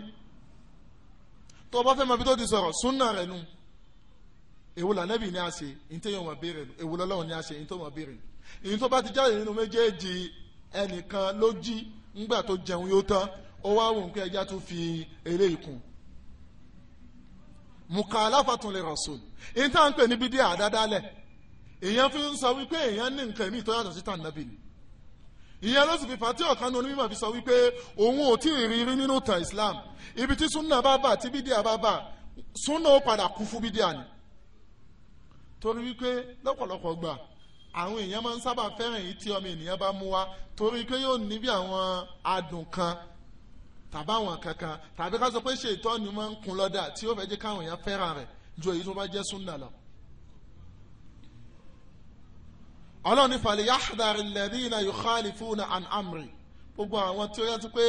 tó o bá fẹ́ mọ bí tó ti sọ̀rọ̀ súnà rẹ̀ nu èwo lànàbì ni a ṣe ní tẹ́yìn ọmọ béèrè nu èwo lọ́lọ́run ni a ṣe ní tó ọmọ béèrè nu èyí tó bá ti jáde nínú méjèèjì ẹnìkan ló jí ńgbà tó jẹun yóò tán ó wá wò pé ẹja tó fi eré ikùn mukalafatun lè rasul èyí tá à pè ní bídíà àdádálẹ̀ èèyàn fi ń sọ wípé èèyàn ní nǹkan mìíràn tó yàtọ̀ sí tànàbì ni ìyẹn ló sì fi fà á tí ọ̀kan ní onímọ̀ fi sọ wípé òun ò tí ì rí rí nínú ìtàn Islam ibi tí súnà bá bà tí bídíà bá bà súnà ó padà kú fún bídíà ni torí wípé lọ́pọ̀lọpọ̀ gbà àwọn èèyàn máa ń sábà fẹ́ràn èyí tí ọmọ ènìyàn bá mú wá torí pé yóò ní bí àwọn adùn kan tàbí àwọn kankan tàbí ká sọ pé ṣe ìtọ́ni máa ń kun lọ́dà tí ó fẹ́ jẹ́ káwọn èèyàn fẹ́ràn rẹ̀ ju èyí tó bá jẹ́ súnà lọ. ọlọ́run ní falẹ̀ yahdari alladhina yukhalifuna an amri gbogbo àwọn tí ó yẹ ti pé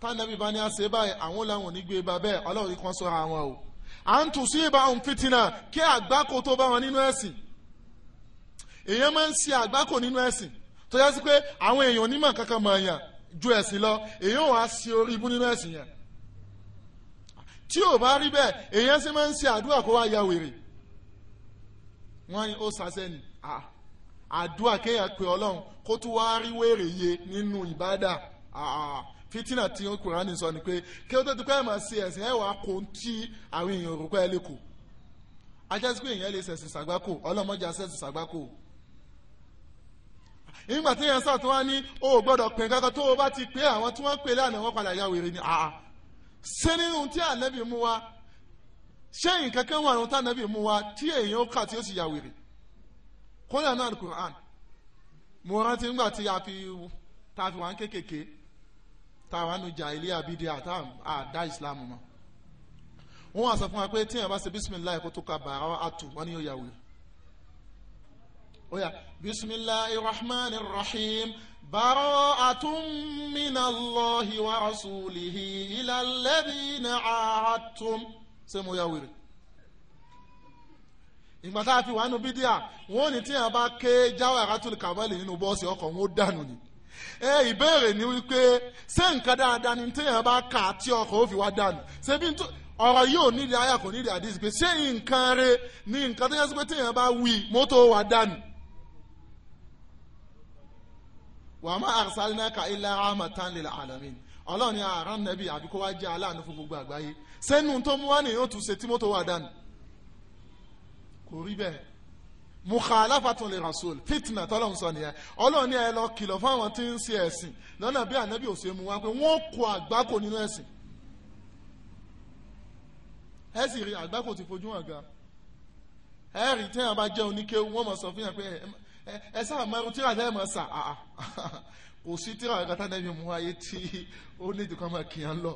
tánàbí bá ní àṣẹ báyìí àwọn làwọn ò ní gbé e ba bẹ́ẹ̀ ọlọ́run kan sọ àwọn o à ń tù sí ibà òun fitina kí àgbákò tó bá wọn nínú ẹ̀sìn èèyàn máa ń ṣe àgbákò nínú ẹ̀sìn tó yẹ sí pé àwọn èèyàn onímọ̀ kankan mọ̀ èèyàn ju ẹ̀sìn lọ èèyàn wàá ṣe orí ibú nínú ẹ̀sìn yẹn tí ò bá rí bẹ́ẹ̀ èèyàn sì máa ń ṣe àdúrà kó wá ya wèrè wọ́n ní ó ṣàṣẹ́ ah àdúrà kéèyàn pé ọlọ́run kó tún wá rí wèrè yé nínú ìbádà fitina tí kùránì sọ ni pé kí ó tó ti pẹ́ ẹ̀ máa ṣe ẹ̀sìn ẹ̀ wá kó tí àwọn èèyàn rò pé ẹ lè kù ajásí pé èèyàn lè ṣẹ̀sìn ṣàgbákò ọlọ́mọdé ṣẹ̀sìn ṣàgbákò nígbà tí yẹn sọ tí wọ́n ní o ò gbọ́dọ̀ pè kankan tó o bá ti pé àwọn tí wọ́n pè lánàá wọ́n padà ya wèrè ni àá ṣé nínú tí ànábì mú wa ṣé nǹkan kan wà nínú tí ànábì mú wa tí èèyàn kà tí ó sì ya wèrè kódà náà alukur'an mo rántí nígbà tí a fi ta fi wá ń kékèké ta wà nù jà ilé àbídí àtà àdá ìsìlámù mọ wọn wá sọ fún wa pé tíyẹn bá ṣe bisimilayi kó tó ka bàrà àtù wọn ni yóò yà wòye ó yá bisimilayi rahman rahim bàrà àtún minallahi wa rasulihi ilà lẹ́bí ní àtún ṣé yà wòye ìgbà tá a fi wà nù bídíà wọn ò ní tí yẹn bá ké jawaratul kamali nínú bọ́ọ̀sì ọkọ̀ wọn ó dànù ni ẹ ìbéèrè ni wípé ṣé nǹkan dáadáa ni téèyàn bá kà tí ọkọ̀ ó fi wá dànù ṣebí ọ̀rọ̀ yìí ò nídìí ayà kò nídìí àdìsí pé ṣé nǹkan re ni nǹkan tó yẹ sí pé téèyàn bá wí mọ́tò wá dànù. wa ma arsalnaka illa rahmatan lil alamin ọlọ́run ni àrán nẹ́bí àbíkó wá jẹ́ aláàánú fún gbogbo àgbáyé sẹ́nu tó mú wá nìyẹn ó tún ṣe tí mọ́tò wá dànù kò rí bẹ́ẹ̀ mukhalafatun li rasul fitna tọ́lọ́hún sọ nìyẹn ọlọ́run ní ẹ lọ kìlọ̀ fáwọn tí ń ṣe ẹ̀sìn lọ́nà bí ànábì ò ṣe mu wá pé wọ́n kó àgbákò nínú ẹ̀sìn ẹ sì rí àgbákò ti fojú hàn gan ẹ rí téèyàn bá jẹ́ oníkéwu wọ́n mọ̀ sọ fún yàn pé ẹ sáà máa rútí àdá ẹ̀ mọ̀ sà ah, ah, kò sí tíra ẹ̀ka tá nẹ́bí mu ayé tí ó ní ìdíkan máa kì í hàn lọ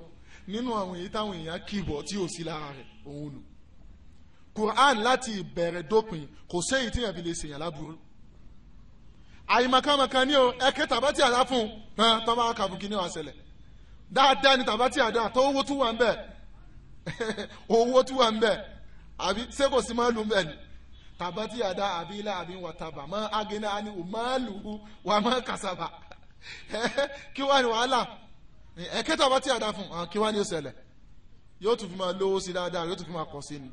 nínú àwọn èyí táwọn èèyàn kì í bọ̀ tí ò sí lára rẹ̀ òun nù quran láti ìbẹ̀rẹ̀ dópin kò séyìí tí yẹn fi lè ṣèyàn láburú àyìnmọ̀kànmọ̀kàn ni o ẹ̀kẹ́ tàbátì àdá fún un hàn tó bá wàá ṣẹlẹ̀ dáadáa ni tàbátì àdá tó owó tún wà ń bẹ̀ owó tún wà ń bẹ̀ àbí ṣé kò sí máa lù ń bẹ̀ ni tàbátì àdá àbí ilá àbí wàtàbà mọ agẹnà àni ò máa lù ú wà má kàṣàbà kí wàá ní wàhálà ẹ̀kẹ́ tàbátì àdá fún un kí wàá ní ó ṣẹlẹ̀ yóò tún fi máa lówó sí dáadáa yóò tún fi máa kọ̀ sí ni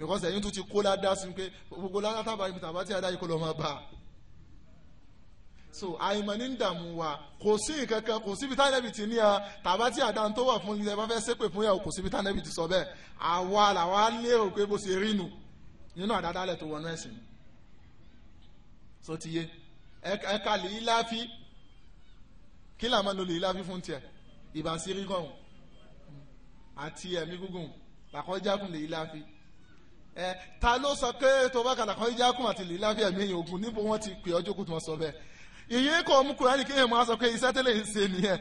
because ẹ̀yin tún ti kó ládá sí pé gbogbo ládá tábà ibi tàbá tí adáyé kó lọ́ máa bá a so àìmọ̀ ní dààmú wa kò sí nǹkan kan kò síbi tánẹ́bì ti ní a tàbá tí àdáhùn tó wà fún ilẹ̀ bá fẹ́ ṣépè fún yà kò síbi tánẹ́bì ti sọ bẹ́ẹ̀ àwa làwa lé o pé bó ṣe rí nu nínú àdádálẹ̀ tó wọnú ẹ̀sìn so ti yé ẹ̀ka lè láfi kí làmọ́ ló lè láfi fún tiẹ̀ ìbànsí rírọ̀ àti ẹ̀mí gúngùn làkọ́jákùn lè láfi. ẹ ta ló sọ pé tó bá kàdà kan ìjà kùn àti lè lábẹ́ ẹ̀mí ogun níbo wọ́n ti pè ọjọ́ kù tí wọ́n sọ bẹ́ẹ̀ ìyẹn kò mú kúránì kéèyàn máa sọ pé iṣẹ́ tẹ́lẹ̀ ń ṣe nìyẹn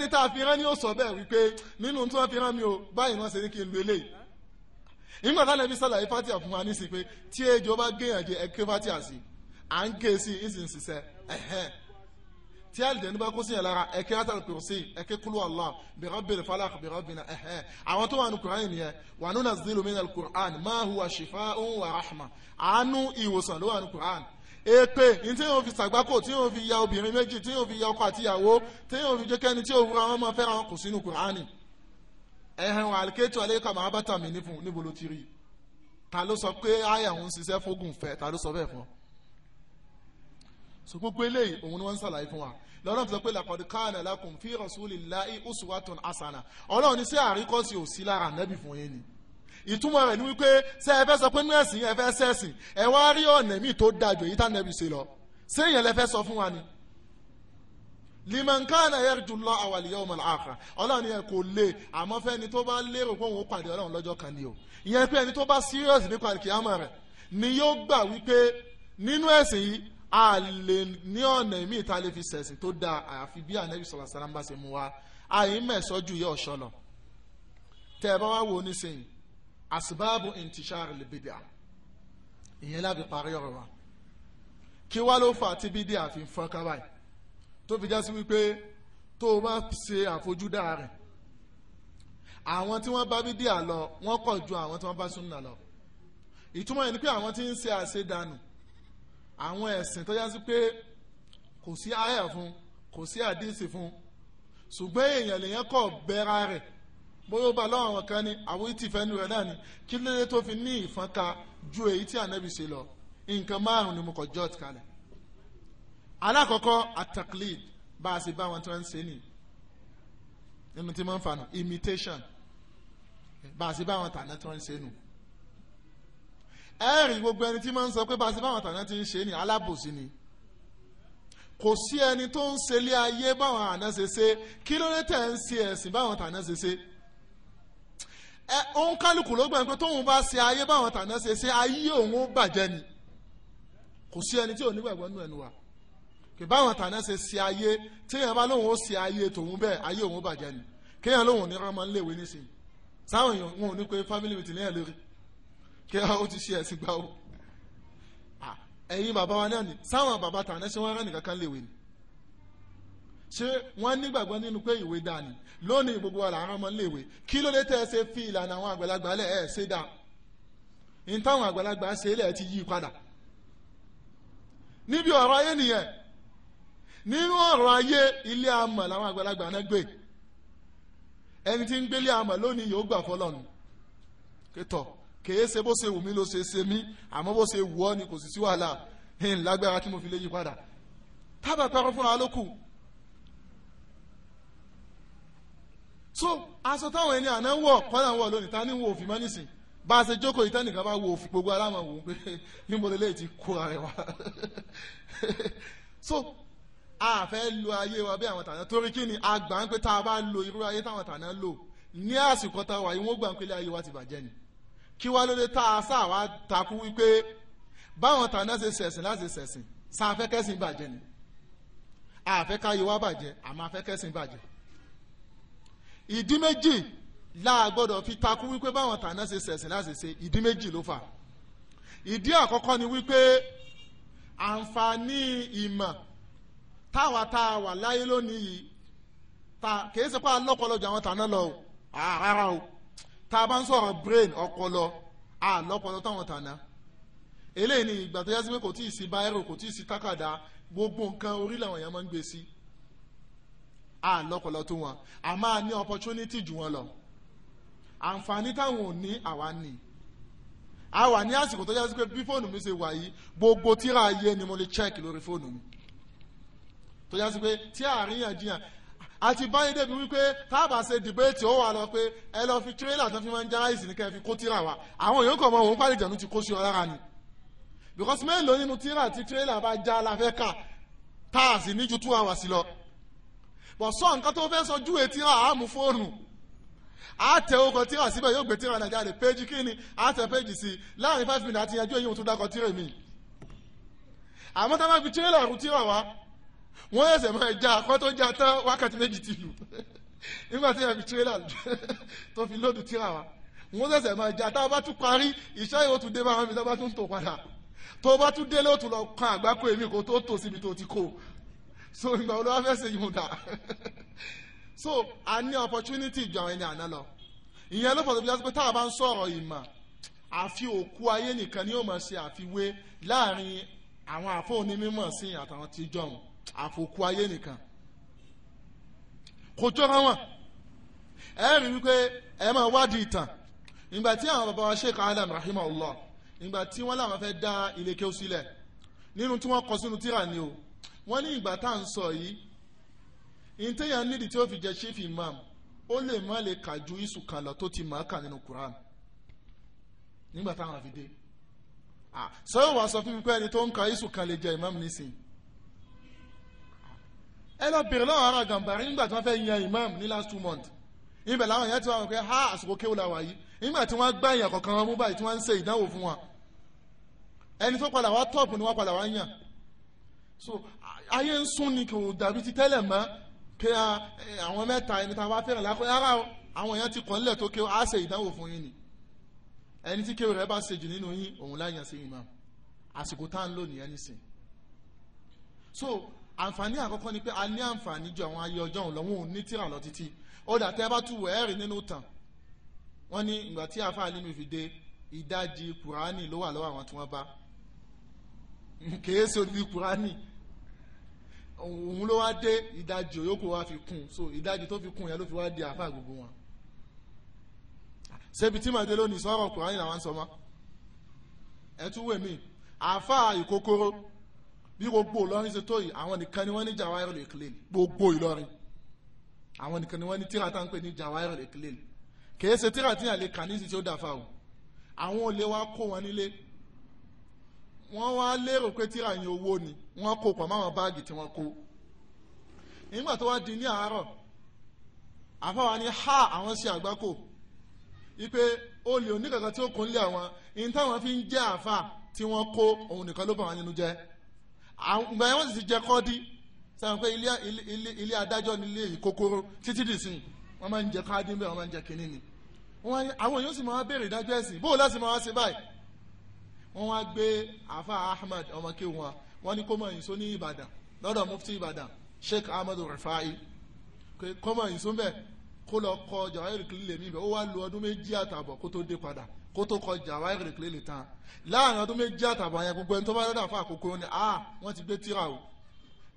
ni tá a fi rán ni ó sọ bẹ́ẹ̀ wípé nínú tí wọ́n fi mi o báyìí wọ́n ṣe ní kí n lu eléyìí nígbà tá a lè fi sàlàyé fatia fún wa ní sí pé tí ejò bá géèyàn jẹ ẹ à ń tí àlìjẹ̀nu bá kó sí yẹn lára ẹ̀kẹ́ àtàlù kùrùsì ẹ̀kẹ́ kúlù Allah bi rabbil falaq bi rabbina ẹ̀hẹ́ àwọn tó wà nù kùrán nìyẹn wa nunazzilu minal kùrán ma huwa shifaa'un wa rahma àánú ìwòsàn ló wà nù kùrán èpè ní tí yóò fi sàgbákò tí yóò fi ya obìnrin méjì tí yóò fi ya ọkọ àti ìyàwó tí yóò fi jẹ́kẹ́ni tí òwúrọ̀ àwọn ọmọ fẹ́ràn kò sínú kùránì ẹ̀hẹ̀n wà aliketu aleka mahabata mi níbo ló ti rí ta ló sọ pé àyà òun ṣiṣẹ́ fógùn fẹ́ ta ló sọ bẹ́ẹ̀ fún so gbogbo eléyìí òun ni wọ́n ń sàlàyé fún wa lọ́dọ̀ fi sọ pé laqad kana lakum fi rasulillahi uswatun asana. ọlọ́run ní sí àríkọ́sí ò sí lára ànábì fún yín ni ìtumọ̀ rẹ̀ ni wípé ṣé ẹ fẹ́ sọ pé nọ́ọ̀sì yẹn fẹ́ sẹ́ẹ̀sìn ẹ wá rí ọ̀nà míì tó dáa jù èyí tá nẹ́bí ṣe lọ ṣé èèyàn lẹ fẹ́ sọ fún wa ni. liman kana yarju Allah wal yawmal ni tó bá ni o a lè ní ọ̀nà ìmí ìta lè fi sẹ̀sìn tó dáa àyàfi bí ànábì sọ̀rọ̀ sàlámbà ṣe mú wa àyè mẹ́sọ́ ju yẹ ọ̀ṣọ́ lọ tẹ́ ẹ bá wá wo nísìnyí àsìbáàbù ìntìṣàrì lè bìdíà ìyẹn láti parí ọ̀rọ̀ wa kí wá ló fà tí bídíà fi fọ́n ká báyìí tó fi já sí wípé tó o bá ṣe àfojúdá rẹ̀ àwọn tí wọ́n bá bídíà lọ wọ́n kọ̀ ju àwọn tí wọ́n bá súnà lọ ìtumọ̀ yẹn ni pé àwọn tí ń ṣe àṣedànù àwọn ẹ̀sìn tó yásí pé kò sí ayà fún kò sí àdínsì fún ṣùgbọ́n èèyàn lèyàn kọ̀ bẹ́ra rẹ̀ bóyá ó bá lọ́rùn kan ni àwọn ìtì fẹ́nu rẹ̀ náà ni kí lóde tó fi ní ìfọ́nka ju èyí tí ànábì ṣe lọ nǹkan márùn-ún ni mo kọ̀ jọ́ọ̀tì kalẹ̀ alákọ̀ọ́kọ́ ataklid bá a sì bá wọn tí wọ́n ń ṣe nìyí nínú tí wọ́n ń fa nù imitation bá a sì bá wọn tàná tí wọ́n ń ṣe nù ẹ̀rìn gbogbo ẹni tí máa ń sọ pé báṣe báwọn tàná ti ń ṣe ni alábòsí ni kò sí ẹni tó ń ṣe ilé ayé báwọn àná ṣe ṣe kí ló dé tẹ̀ ń ṣe ẹ̀sìn báwọn tàná ṣe ṣe ẹ òun kálukú ló gbọ́n pé tóun bá ṣe ayé báwọn tàná ṣe ṣe ayé òun ó bàjẹ́ ni kò sí ẹni tí ò nígbàgbọ́ nù ẹnu wa kì báwọn tàná ṣe ṣe ayé téèyàn bá lóun ó ṣe ayé tòun bẹ́ẹ̀ ayé òun ó bàjẹ́ ni kéèyàn lóun ò ní rán ọmọ ńlẹ̀wé nísìnyí sáwọn èèyàn wọn ò ní pé family meeting ní ẹ̀ lórí kí àwọn ti ṣe ẹ̀sìn gbà ó ẹ̀yin bàbá wa náà ni sáwọn bàbá tàná ṣé wọ́n rán nìkan lè wé ni ṣé wọ́n nígbàgbọ́ nínú pé ìwé dáa ni lónìí gbogbo ọ̀la àwọn ọmọ léèwé kí ló dé tẹ́ ẹ ṣe fi ìlànà àwọn àgbàlagbà lẹ̀ ẹ̀ ṣe dáa ní táwọn àgbàlagbà ṣe é lẹ̀ ti yí padà níbi ọ̀rọ̀ ayé nìyẹn nínú ọ̀rọ̀ ayé ilé amọ̀ làwọn àgbàlagbà náà gbé ẹni tí ń gbélé amọ̀ lónìí yóò gbà fọlọ́nu kẹtọ̀ọ́ kèé ṣe bó ṣe wù mí ló ṣe ṣe mí àmọ́ bó ṣe wù ọ́ ni kò sì sí wàhálà hin lágbára kí mo fi lè yí padà tábà pẹ́rọ fúnra ló kù. so aṣọ táwọn ẹni àná wọ̀ kọ́lá ń wọ̀ lónìí ta ni wo òfin mọ́nìsìn bá a ṣe jókòó yìí tẹ́nìkan bá wo òfin gbogbo aláwọ̀ wò ó pé níbo lè léyìí ti kóra rẹ̀ wá. so a fẹ́ lo ayé wa bí àwọn tàná torí kí ni a gbà ń pé tá a bá lo irú ayé táwọn tàná lò ní àsìkò táwa yìí wọ́n gbà ń pé ayé wa ti bàjẹ́ ni kí wá lóde tá a sá wa takú wípé báwọn tàná ṣe ṣẹ̀sìn láti ṣẹ̀sìn sa afẹ́kẹ́sìn bàjẹ́ ni àfẹ́káyé wa bàjẹ́ àmọ́ afẹ́kẹ́sìn bàjẹ́ ìdí méjì láà gbọ́dọ̀ fi takú wípé báwọn tàná ṣe ṣẹ̀sìn láti ṣe ìdí méjì ló fà ìdí àkọ́kọ́ ni wípé àǹfààní ìmọ̀ táwa tá a wà láyé lónìí yìí ta kì í ṣe pé alọ́pọ̀lọpọ̀ àwọn tàná lọ rárá o tá a bá ń sọ̀rọ̀ brain ọpọlọ àlọ́pọlọ táwọn tàná eléyìí ni ìgbà tó yá sí pé kò tí ì sí báírò kò tí ì sí tákàdá gbogbo nǹkan orí làwọn èèyàn máa ń gbé sí àlọ́pọlọ tó wọn a máa ní opportunity jù wọn lọ àǹfààní táwọn ò ní àwa ní a wà ní àsìkò tó yá sí pé bí fóònù mi ṣe wà yìí gbogbo tíra ayé ni mo lè check lórí fóònù mi tó yá sí pé tí àríyànjiyàn àti báyìí débi wípé táàbà ṣe dìbéètì ó wà lọ pé ẹ lọ fi tírélà tó fi máa ń já àìsàn ní kẹfì kó tíra wa àwọn èèyàn kò mọ òun pàdé ìjànú ti kó sí ọ lára ni because mélòó nínú tíra tí tírélà bá já la fẹ́ kà tá a sì ní ju two hours lọ bọ̀ sọ nǹkan tó fẹ́ sọ ju etí ra àmú fóònù a tẹ okan tíra síbẹ̀ yóò gbé tíra nàìjíríà lè péjì kí ni tẹ péjì sí láàrin five minutes àti yanjú èyí òun tó dákọ̀ tíra mi àmọ́ tá fi tírélà rú tíra wa wọ́n ẹ̀sẹ̀ máa já akọ́ tó já tán wákàtí méjì ti lù nígbà tí yẹn fi tírélà tó fi lóòdù tíra wa wọ́n ṣẹ̀ṣẹ̀ máa já tá a bá tún parí ìṣọ́ yóò tún dé bá wọn mi tá a bá tún tò padà tó o bá tún délé ó tún lọ kan àgbákò èmi kò tó tò síbi tó ti kó so ìgbà wo ló wá fẹ́ ṣe yìí dà so a ní opportunity ju àwọn ẹni àná lọ ìyẹn ló fọ̀tò bí wọ́n pé tá a bá ń sọ̀rọ̀ ìmọ̀ àfi òkú ayé nìkan ni yóò máa ṣe àfiwé láàrin àwọn àfọ̀hún ní sí àtàwọn tí jọ̀hún àfòkù ayé nìkan kò jọra wọn ẹ rí wípé ẹ máa wádìí ìtàn ìgbà tí àwọn bàbá wa Sheikh Adam rahimahullah ìgbà tí wọn làwọn fẹ́ dá ilé kéwú nínú tí wọn kọ sínú tíra ni o wọn ní ìgbà tá à ń sọ yìí ìtẹ̀yàn nídìí tí ó fi jẹ chief imam ó lè má lè kà ju isu kan lọ tó ti máa kà nínú Quran nígbà táwọn àfi dé sọ́yìn wàá sọ fún mi pé ẹni tó ń ka isu kan lè jẹ imam nísìnyí ẹ lọ bèrè lọ́wọ́ ara gàmbàrí nígbà tí wọ́n fẹ́ yan imam ní last two months ibẹ̀ làwọn yẹn ti wá wọn ha àsìkò kéwù la wà yìí nígbà tí wọ́n gbá èèyàn kọ̀ọ̀kan wọn mú báyìí tí wọ́n ń ṣe ìdánwò fún wọn ẹni tó padà wá tọ́ọ̀pù ni wọ́n padà wá yàn so ayé ń sún ni kò dàbí ti tẹ́lẹ̀ mọ́ pé àwọn mẹ́ta ẹni tá a wá fẹ́ràn lákọ́ yàrá àwọn èèyàn ti kọ́ nílẹ̀ tó kéwù á ṣe ìdánwò fún yín ni ẹni tí kéwù rẹ̀ bá ṣe jù nínú yín òun láyàn sí imam àsìkò tá à ń lò nìyẹn nísìn so àǹfààní àkọ́kọ́ ni pé a ní àǹfààní ju àwọn ayé ọjọ́ òun lọ́wọ́ òun ní tírà lọ títí ó dà tẹ́ bá tù wọ́ ẹ̀rì nínú tàn wọ́n ní ìgbà tí àáfàá nínú ìfìdé ìdajì kùránì ló wà lọ́wọ́ àwọn tí wọ́n bá kèé sórí kùránì òun ló wá dé ìdajì òyòkù wa fi kún so ìdajì tó fi kún yẹn ló fi wá di àáfàá gbogbo wọn ṣebí tí màdé lónìí sọ̀rọ̀ kùránì làwọn sọ mọ́ ẹ̀ tún wèmí àáfàá ìkókóró bí gbogbo ìlọrin ṣe tó yìí àwọn nìkan ni wọ́n ní jawahirul iklil gbogbo ìlọrin àwọn nìkan ni wọ́n ní tíra tá ń pè ní jawahirul iklil kìí ṣe tíra tíyàn lè kà níṣìṣẹ́ ó dàfa o àwọn olè wa kó wọn nílé wọ́n wá lérò pé tíra yẹn owó ni wọ́n kó pọ̀ máwọn báàgì tí wọ́n kó nígbà tó wá di ní àárọ̀ àfáwa ni ha àwọn ṣe àgbákò ipe olè oníkankan tí ó kún lé àwọn ìyẹn táwọn fi ń jẹ́ àfa tí wọ́n kó òun nìkan ló bá wọn nínú jẹ́ ìgbà yẹn wọ́n sì jẹ kọ́ọ́dí sẹ́wọ̀n pé ilé adájọ́ ni ilé ìkókóró títí dì sìn wọ́n máa ń jẹ káàdì bẹ́ẹ̀ wọ́n máa ń jẹ kínní ni wọ́n àwọn èèyàn sì máa béèrè ìdájọ́ ẹ̀sìn bóò láti máa ṣe báyìí wọ́n wá gbé afa ahmed ọmọ kéwọn wa wọ́n ní kọ́mọ ìṣó ní ìbàdàn lọ́dọ̀ mufti ìbàdàn sheikh ahmed rifai kọ́mọ ìṣó bẹ́ẹ̀ kó lọ kọ jawahir kìlì lèmi bẹ́ẹ̀ ó wá lu ọdún méjì àtààbọ̀ kó tó dé padà kó tó kọjá wáyé kìrìkìrì lè tán láàrin ọdún méjì àtàbọ̀ àyàn gbogbo ẹni tó bá dọ́dà fún àkókò ó ní a wọ́n ti gbé tíra o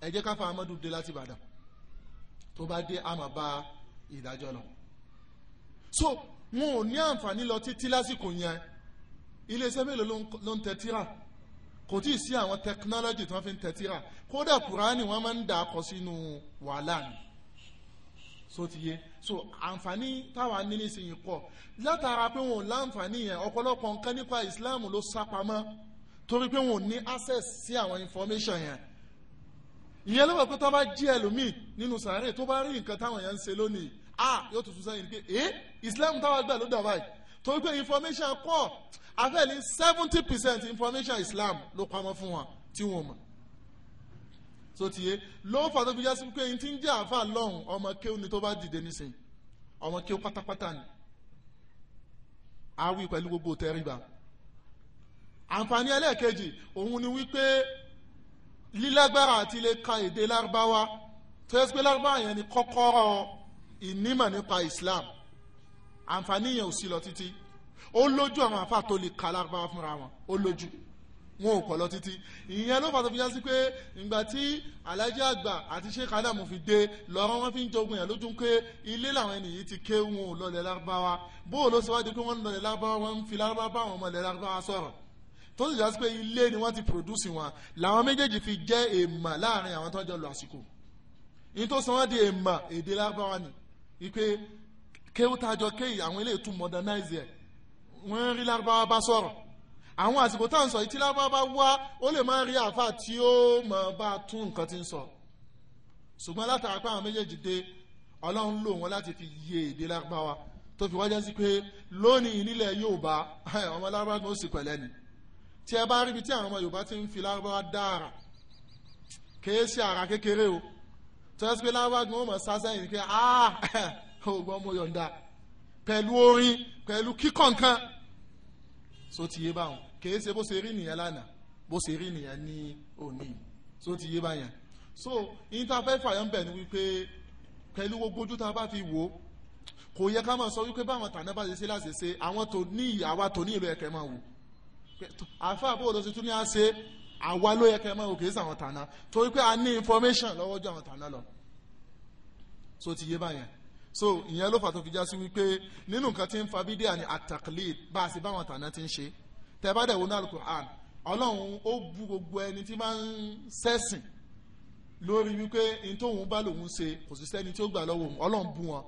ẹ jẹ́ káfa amadu dé láti Ìbàdàn tó bá dé àmọ́ bá ìdájọ́ lọ. so wọn ò ní àǹfààní lọ títí lásìkò yẹn iléeṣẹ́ mélòó ló ń tẹ tíra kò tí ì sí àwọn tẹkinọ́lọ́jì tí wọ́n fi ń tẹ tíra kódà kùránì wọ́n máa ń dà á kọ sínú wàhálà ni so ti yé so àǹfààní táwa ní nísìnyí pọ̀ látara pé wọn ò láǹfààní yẹn ọ̀pọ̀lọpọ̀ nǹkan nípa Islam ló sápamọ́ torí pé wọn ò ní access sí àwọn information yẹn ìyẹn lọ́wọ́ pé tó bá jí ẹlòmíì nínú sàárè tó bá rí nǹkan táwọn yẹn ń ṣe lónìí ah yóò tuntun sẹ́yìn pé eh Islam táwa gbà ló dà báyìí torí pé information pọ̀ afẹ́lẹ́ seventy percent information Islam ló pamọ́ fún wọn tí wọn mọ̀ so tiye ló fà tó fi já sí pé n ti ń jẹ́ àáfà lọ́hùn ọmọ kéwù ni tó bá dìde nísìn ọmọ kéwù pátápátá ni àwí pẹ̀lú gbogbo tẹríba àǹfààní ẹlẹ́ẹ̀kejì òun ni wípé lílágbára àti lè ka èdè lárúbáwá tó yẹ pé lárúbáwá yẹn ni kọ́kọ́rọ́ ìnímọ̀ nípa Islam àǹfààní yẹn ò sí lọ títí ó lójú àwọn àáfà tó lè ka lárúbáwá fúnra wọn ó lójú wọn ò kọ́ lọ títí ìyẹn ló fàtọ́ fi já sí pé ìgbà tí alhaji àgbà àti sheikh adamu fi dé lọ́rọ́ wọn fi ń jogun yẹn lójú pé ilé làwọn ènìyàn ti ké wọn ò lọlẹ̀ lárúbáwá bóò ló síwájú pé wọ́n lọlẹ̀ lárúbáwá wọ́n ń fi lárúbáwá bá àwọn ọmọlẹ̀ lárúbáwá sọ̀rọ̀ tó sì já sí pé ilé ni wọ́n ti pòdúsì wọn làwọn méjèèjì fi jẹ́ èèmà láàrin àwọn tó jọ lọ àsìkò ni wípé kéwútájọ kéyì àwọn modernize ẹ̀ wọ́n ń rí lárúbáwá bá sọ̀rọ̀ àwọn àsìkò tá à ń sọ ìtí lábá bá wá ó lè má rí àáfà tí ó mọ̀ bá tún nǹkan tí ń sọ ṣùgbọ́n látara pé àwọn méjèèjì dé ọlọ́run lò wọ́n láti fi yé èdè lárúbáwá tó fi wájá sí pé lónìí nílẹ̀ Yorùbá ọmọ lárúbáwá ni ó sì pẹ̀lẹ́ ni tí ẹ bá ríbi tí àwọn ọmọ Yorùbá ti ń fi lárúbáwá dára kèé ṣe àrà kékeré o tó yẹ sí pé lárúbáwá ni wọ́n mọ̀ sásẹ́yìn ni pé ah ògbọ́n mo yọ̀ǹda pẹ̀lú orin pẹ̀lú kíkọ̀ǹkan so ti yé báwọn kìí ṣe bó ṣe rí nìyẹn lánàá bó ṣe rí nìyẹn ní òní so ti yé báyẹn so interfaith fàyọ̀nbẹ̀ ni wípé pẹ̀lú gbogbo ojú tá a bá fi wò ó kò yẹ ká máa sọ wípé báwọn tàná bá ṣe ṣe láti ṣe àwọn tó ní àwa tó ní ìlú ẹ̀kẹ́ máa wò àfa àbúrò tó ti tún ní á ṣe àwa ló yẹ kẹ́ máa wò kì í tàná torí pé a ní information lọ́wọ́ ju àwọn tàná lọ so ti yé báyẹn so ìyẹn ló fà tó fi já sí wípé nínú nǹkan tí ń fa bídíà ni at-taqlid bá a sì báwọn tàná ti ń ṣe tẹ bá dẹ̀ wọnú al-Qur'an ọlọ́run ó bu gbogbo ẹni tí máa ń sẹ́sìn lórí wípé ní tóun bá lòun ṣe kò sí sẹ́ni tí ó gbà lọ́wọ́ òun ọlọ́run bú wọn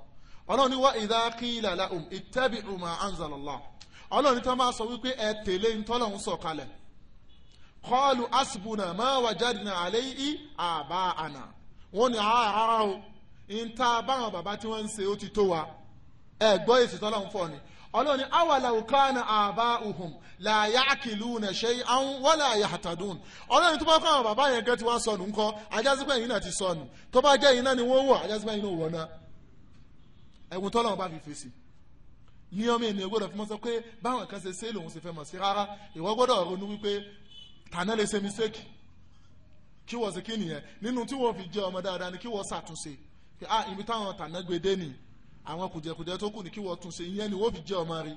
ọlọ́run ní wá idha qila lahum ittabi'u ma anzala Allah ọlọ́run ní máa sọ wípé ẹ tẹ̀lé ní tọ́lọ́run sọ kalẹ̀ qalu asbuna ma wajadna alayhi aba'ana wọ́n ní àárá ń ta báwọn bàbá tí wọ́n ń ṣe ó ti tó wa ẹ gbọ́ èsì tọ́lọ́ ń fọ ni ọlọ́ni awàlàwò kánà àbá uhum làyà àkìlú nà ṣe àwọn wọ́lá àyà àtàdùn ọlọ́ni tó bá fún àwọn bàbá yẹn gẹ́ tí wọ́n sọnù ńkọ́ ajásípẹ́ yìí náà ti sọnù tó bá jẹ́ yìí náà ni wọ́n wọ̀ ajásípẹ́ yìí náà wọ̀ náà ẹ̀wù tọ́lọ́ wọn bá fi fèsì ní ọmọ ènìyàn gbọ́dọ̀ fún mọ́ sọ pé báwọn kan ṣe ṣe lòun ṣe fẹ́ mọ̀ sí rárá ìwọ gbọ́dọ̀ ronú wípé tàná lè ṣe mistake kí wọ́n ṣe kí nìyẹn nínú tí wọ́n fi jẹ́ ọmọ dáadáa ni kí wọ́n ṣàtúnṣe ah ibi táwọn tànágbèdé ni àwọn kùjẹkùjẹ tó kù ní kí wọ́n tún ṣe ìyẹn ni wọ́n fi jẹ́ ọmọ rí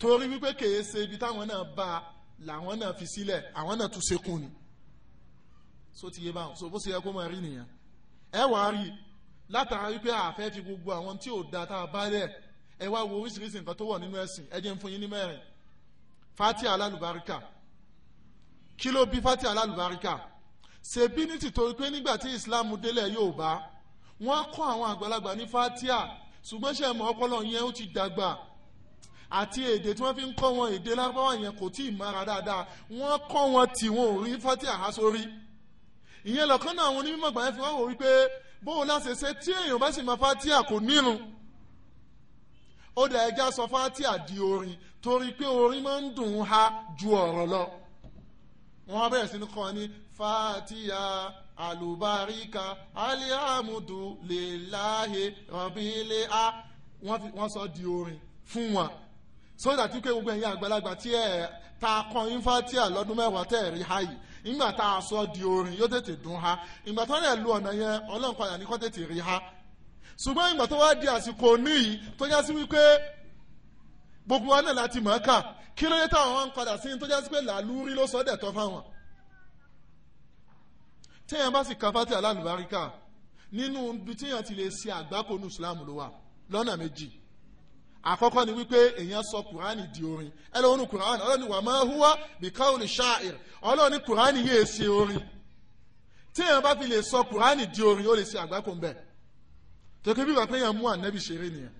torí wípé kèé ṣe ibi táwọn náà bá a làwọn náà fi sílẹ̀ àwọn náà tún ṣe kù ni so ti yé báwọn so bó ṣe yẹ kó máa rí nìyẹn ẹ wàá rí látara wípé àfẹ́ fi gbogbo àwọn tí ò da tá a bá rẹ̀ ẹ wá wo oríṣiríṣi nǹkan tó wọ̀ nínú ẹ̀sìn ẹ jẹ́ ń fún yín ní mẹ́rin fatia alálùbáríkà kí ló bí fatia alálùbáríkà ṣèbí ní tìtorí pé nígbà tí ìsìlámù délẹ̀ yóò bá wọ́n kọ́ àwọn àgbàlagbà ní fatia ṣùgbọ́n ṣe mọ̀ ọpọlọ yẹn ó ti dàgbà àti èdè tí wọ́n fi ń kọ́ wọn èdè lárúbáwá yẹn kò tí ì mara dáadáa wọ́n kọ́ wọn tí wọn ò rí fatia há sórí ìyẹn lọ́kàn náà àwọn onímọ̀ gbà yẹn fi wá wò wípé bóun láṣẹ ṣe tí èèyàn bá sì mọ fatia kò nírun ó dà ẹja sọ fatia di orin torí pé orin máa ń dùn ha ju ọ̀rọ̀ lọ wọ́n bẹ̀rẹ̀ sí ní kọ́ ni fatia àlùbáríkà alihamudu lelahe rọ̀bílẹ̀ a wọ́n sọ di orin fún wọn so that wípé gbogbo ẹ̀yin àgbàlagbà tí ẹ̀ ta kọ́ infatia lọ́dún mẹ́wàá tẹ̀ rí háyì ìgbà tá a sọ di orin yóò tètè dùn ha ìgbà tó rẹ̀ lu ọ̀nà yẹn ọlọ́run padà ní kó tètè rí ha ṣùgbọ́n ìgbà tó wá di àsìkò níyì tó yá sí wípé gbogbo wa náà láti mọ̀ kí ló dé táwọn ń padà sí tó yá sí pé làlúrí ló sọ dẹ̀ tọ́ fáwọn téèyàn bá sì ka fati alálùbáríkà nínú ibi téèyàn ti lè ṣe àgbákò ní islam ló wà lọ́nà méjì àkọ́kọ́ ni wípé èèyàn sọ kùránì di orin ẹlẹ́wọ̀n ní kùránì ọlọ́ni wà máa húwá bìkáwùlì ṣáàìr ọlọ́ni kùránì yéé ṣe orin téèyàn bá fi lè sọ kùránì di orin ó lè ṣe àgbákò ń bẹ̀ tòkè bí wàá pé èèyàn mú ànábì ṣeré nìyẹn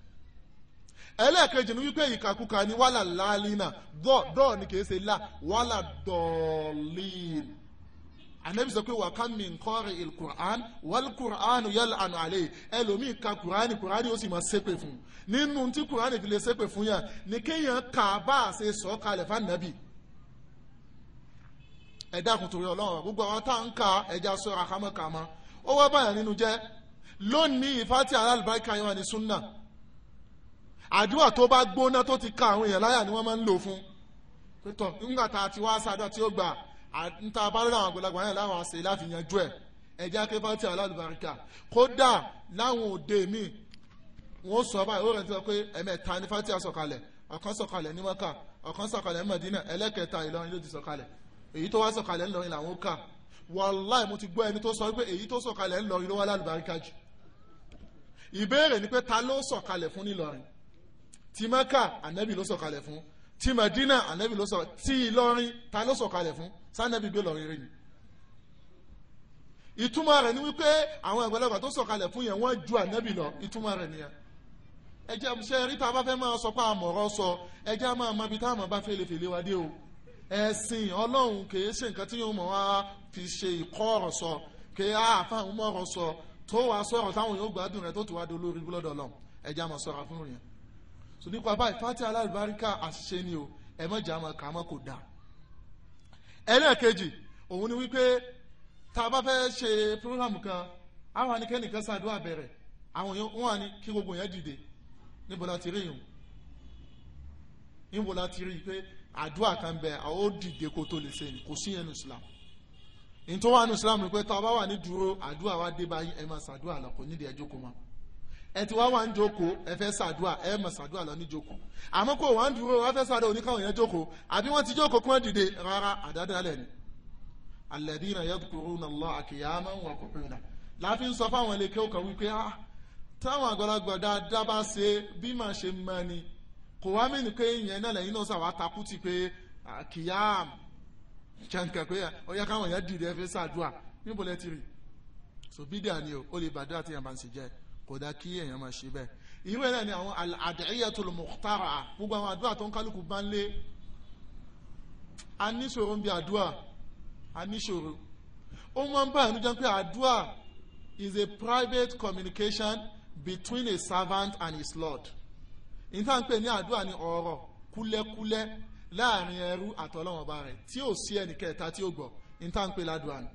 ẹlẹ́ẹ̀kejì ni wípé ìkàkùkà ni wàhálà láàlínà dọ́ọ̀ ni kì í ṣe là wàhálà dọ̀ọ̀lìn anabi sọ pé wà ká mi nkọ́rẹ̀ il-Qur'an wal Qur'an yal'anu alayhi ẹlòmíì ka Qur'an Qur'an yóò sì máa ṣépè fún nínú tí Qur'an fi lè ṣépè fún yàn ní kéèyàn kà bá a ṣe sọ kalẹ̀ fanabi ẹ dákun torí ọlọ́run gbogbo àwọn tá à ń ka ẹja sọ́ra kámọ́kámọ́ ó wá báyà nínú jẹ́ lónìí ìfátí alálùbáríkà yẹn wà ní súnà àdúrà tó bá gbóná tó ti ka àwọn èèyàn láyà ni wọ́n máa ń lò fún pé tọ́ tá a ti wá sáadọ́ tí ó gbà níta bá lọ́dọ̀ àwọn àgbàlagbà yẹn láwọn àṣẹ láti yanjú ẹ̀ ẹ̀jẹ̀ akẹ́fà tí alálùbáríkà kódà láwọn òde mi wọ́n sọ báyìí ó rẹ̀ ti sọ pé ẹ̀mẹ́ta ní fatia sọ̀kalẹ̀ ọ̀kan sọ̀kalẹ̀ ní mọ́kà ọ̀kan sọ̀kalẹ̀ ní mọ̀dínà ẹlẹ́kẹta ìlọrin ló ti sọ̀kalẹ̀ èyí tó wá sọ̀kalẹ̀ ńlọrin làwọn kà wàláì mo ti gbọ́ ẹni tó sọ pé èyí tó sọ̀kalẹ̀ ńlọrin ló wá lálùbáríkà jù ìbéèrè ni pé ta ló sọ̀kalẹ̀ fún nílọrin ti mọ́kà ànábì ló sọ̀kalẹ̀ fún ti Madina anabi ló sọ̀rọ̀ ti Ìlọrin ta ló sọ̀kalẹ̀ fún sanabi gbé lọrin rìn ìtumọ̀ rẹ̀ ni wípé àwọn àgbàlagbà tó sọ̀kalẹ̀ fún yẹn wọ́n ju anabi lọ ìtumọ̀ rẹ̀ nìyẹn ẹjẹ ṣe rí ta bá fẹ́ máa sọ pé àmọ̀rọ̀ sọ ẹjẹ á máa mabi táwọn bá fẹ́ lè fèlè wá dé o ẹ̀sìn ọlọ́run kìí ṣe nǹkan tí yóò mọ̀ wá fi ṣe ìkọ́ ọ̀rọ̀ sọ kìí àáfàá mọ̀rọ̀ sọ tó wàá sọ̀rọ̀ táwọn yóò gbádùn rẹ̀ tó tù wá dolórí gbọ́dọ̀ lọ ẹjẹ á máa sọ̀rọ̀ fún yẹn so nípa báyìí fati alárìbáríkà àṣìṣe ni o ẹ mọ̀ jà mọ̀ kà mọ̀ kò dáa ẹlẹ́ẹ̀kejì òun ni wípé tá a bá fẹ́ ṣe programu kan àwọn anìkẹ́nìkan ṣàdúrà bẹ̀rẹ̀ àwọn yẹn wọ́n á ní kí gbogbo yẹn dìde níbo la ti rí yìí níbo la ti rí i pé àdúrà kan bẹ àwọn ó dìde kó tó lè ṣe ni kò sí yẹn nu Islam nítorí wọn nu Islam ni pé tá a bá wà ní dúró àdúrà wa dé báyìí ẹ máa ṣàdúrà lọ kò nídìí ẹ ti wá wà ń jókòó ẹ fẹ́ sàdúà ẹ mọ̀ sàdúà lọ ní jókòó àmọ́ kò wá ń dúró wá fẹ́ sàdúà oníkàwọn yẹn jókòó àbí wọ́n ti jókòó kí wọ́n dìde rárá àdádálẹ̀ ni. alladhina yadhkuruna Allaha qiyaman wa qu'udan láfi ń sọ fáwọn ẹlẹ́kẹ́ òkà wípé ah táwọn àgbàlagbà dáadáa bá ṣe bí màá ṣe mọ ni kò wá mí ni pé ìyẹn náà lẹ́yìn náà sàwá takú ah, so bídà ni o ó lè bàdúrà kò dá kí èèyàn máa ṣe bẹ́ẹ̀ irú ẹ̀ ní àwọn al-ad'iyatul mukhtara'a gbogbo àwọn àdúrà tó ń kálukú bá ń lé a níṣòro ń bi àdúrà a níṣòro ó máa ń bá àánú jẹ́ pé àdúrà is a private communication between a servant and his lord níta ń pè ní àdúrà ní ọ̀rọ̀ kúlẹ́kúlẹ́ láàrin ẹrú àtọlọ́wọ́n ọba rẹ̀ tí ò sí ẹnìkẹta tí ó gbọ́ níta ń pè ládùúrà ni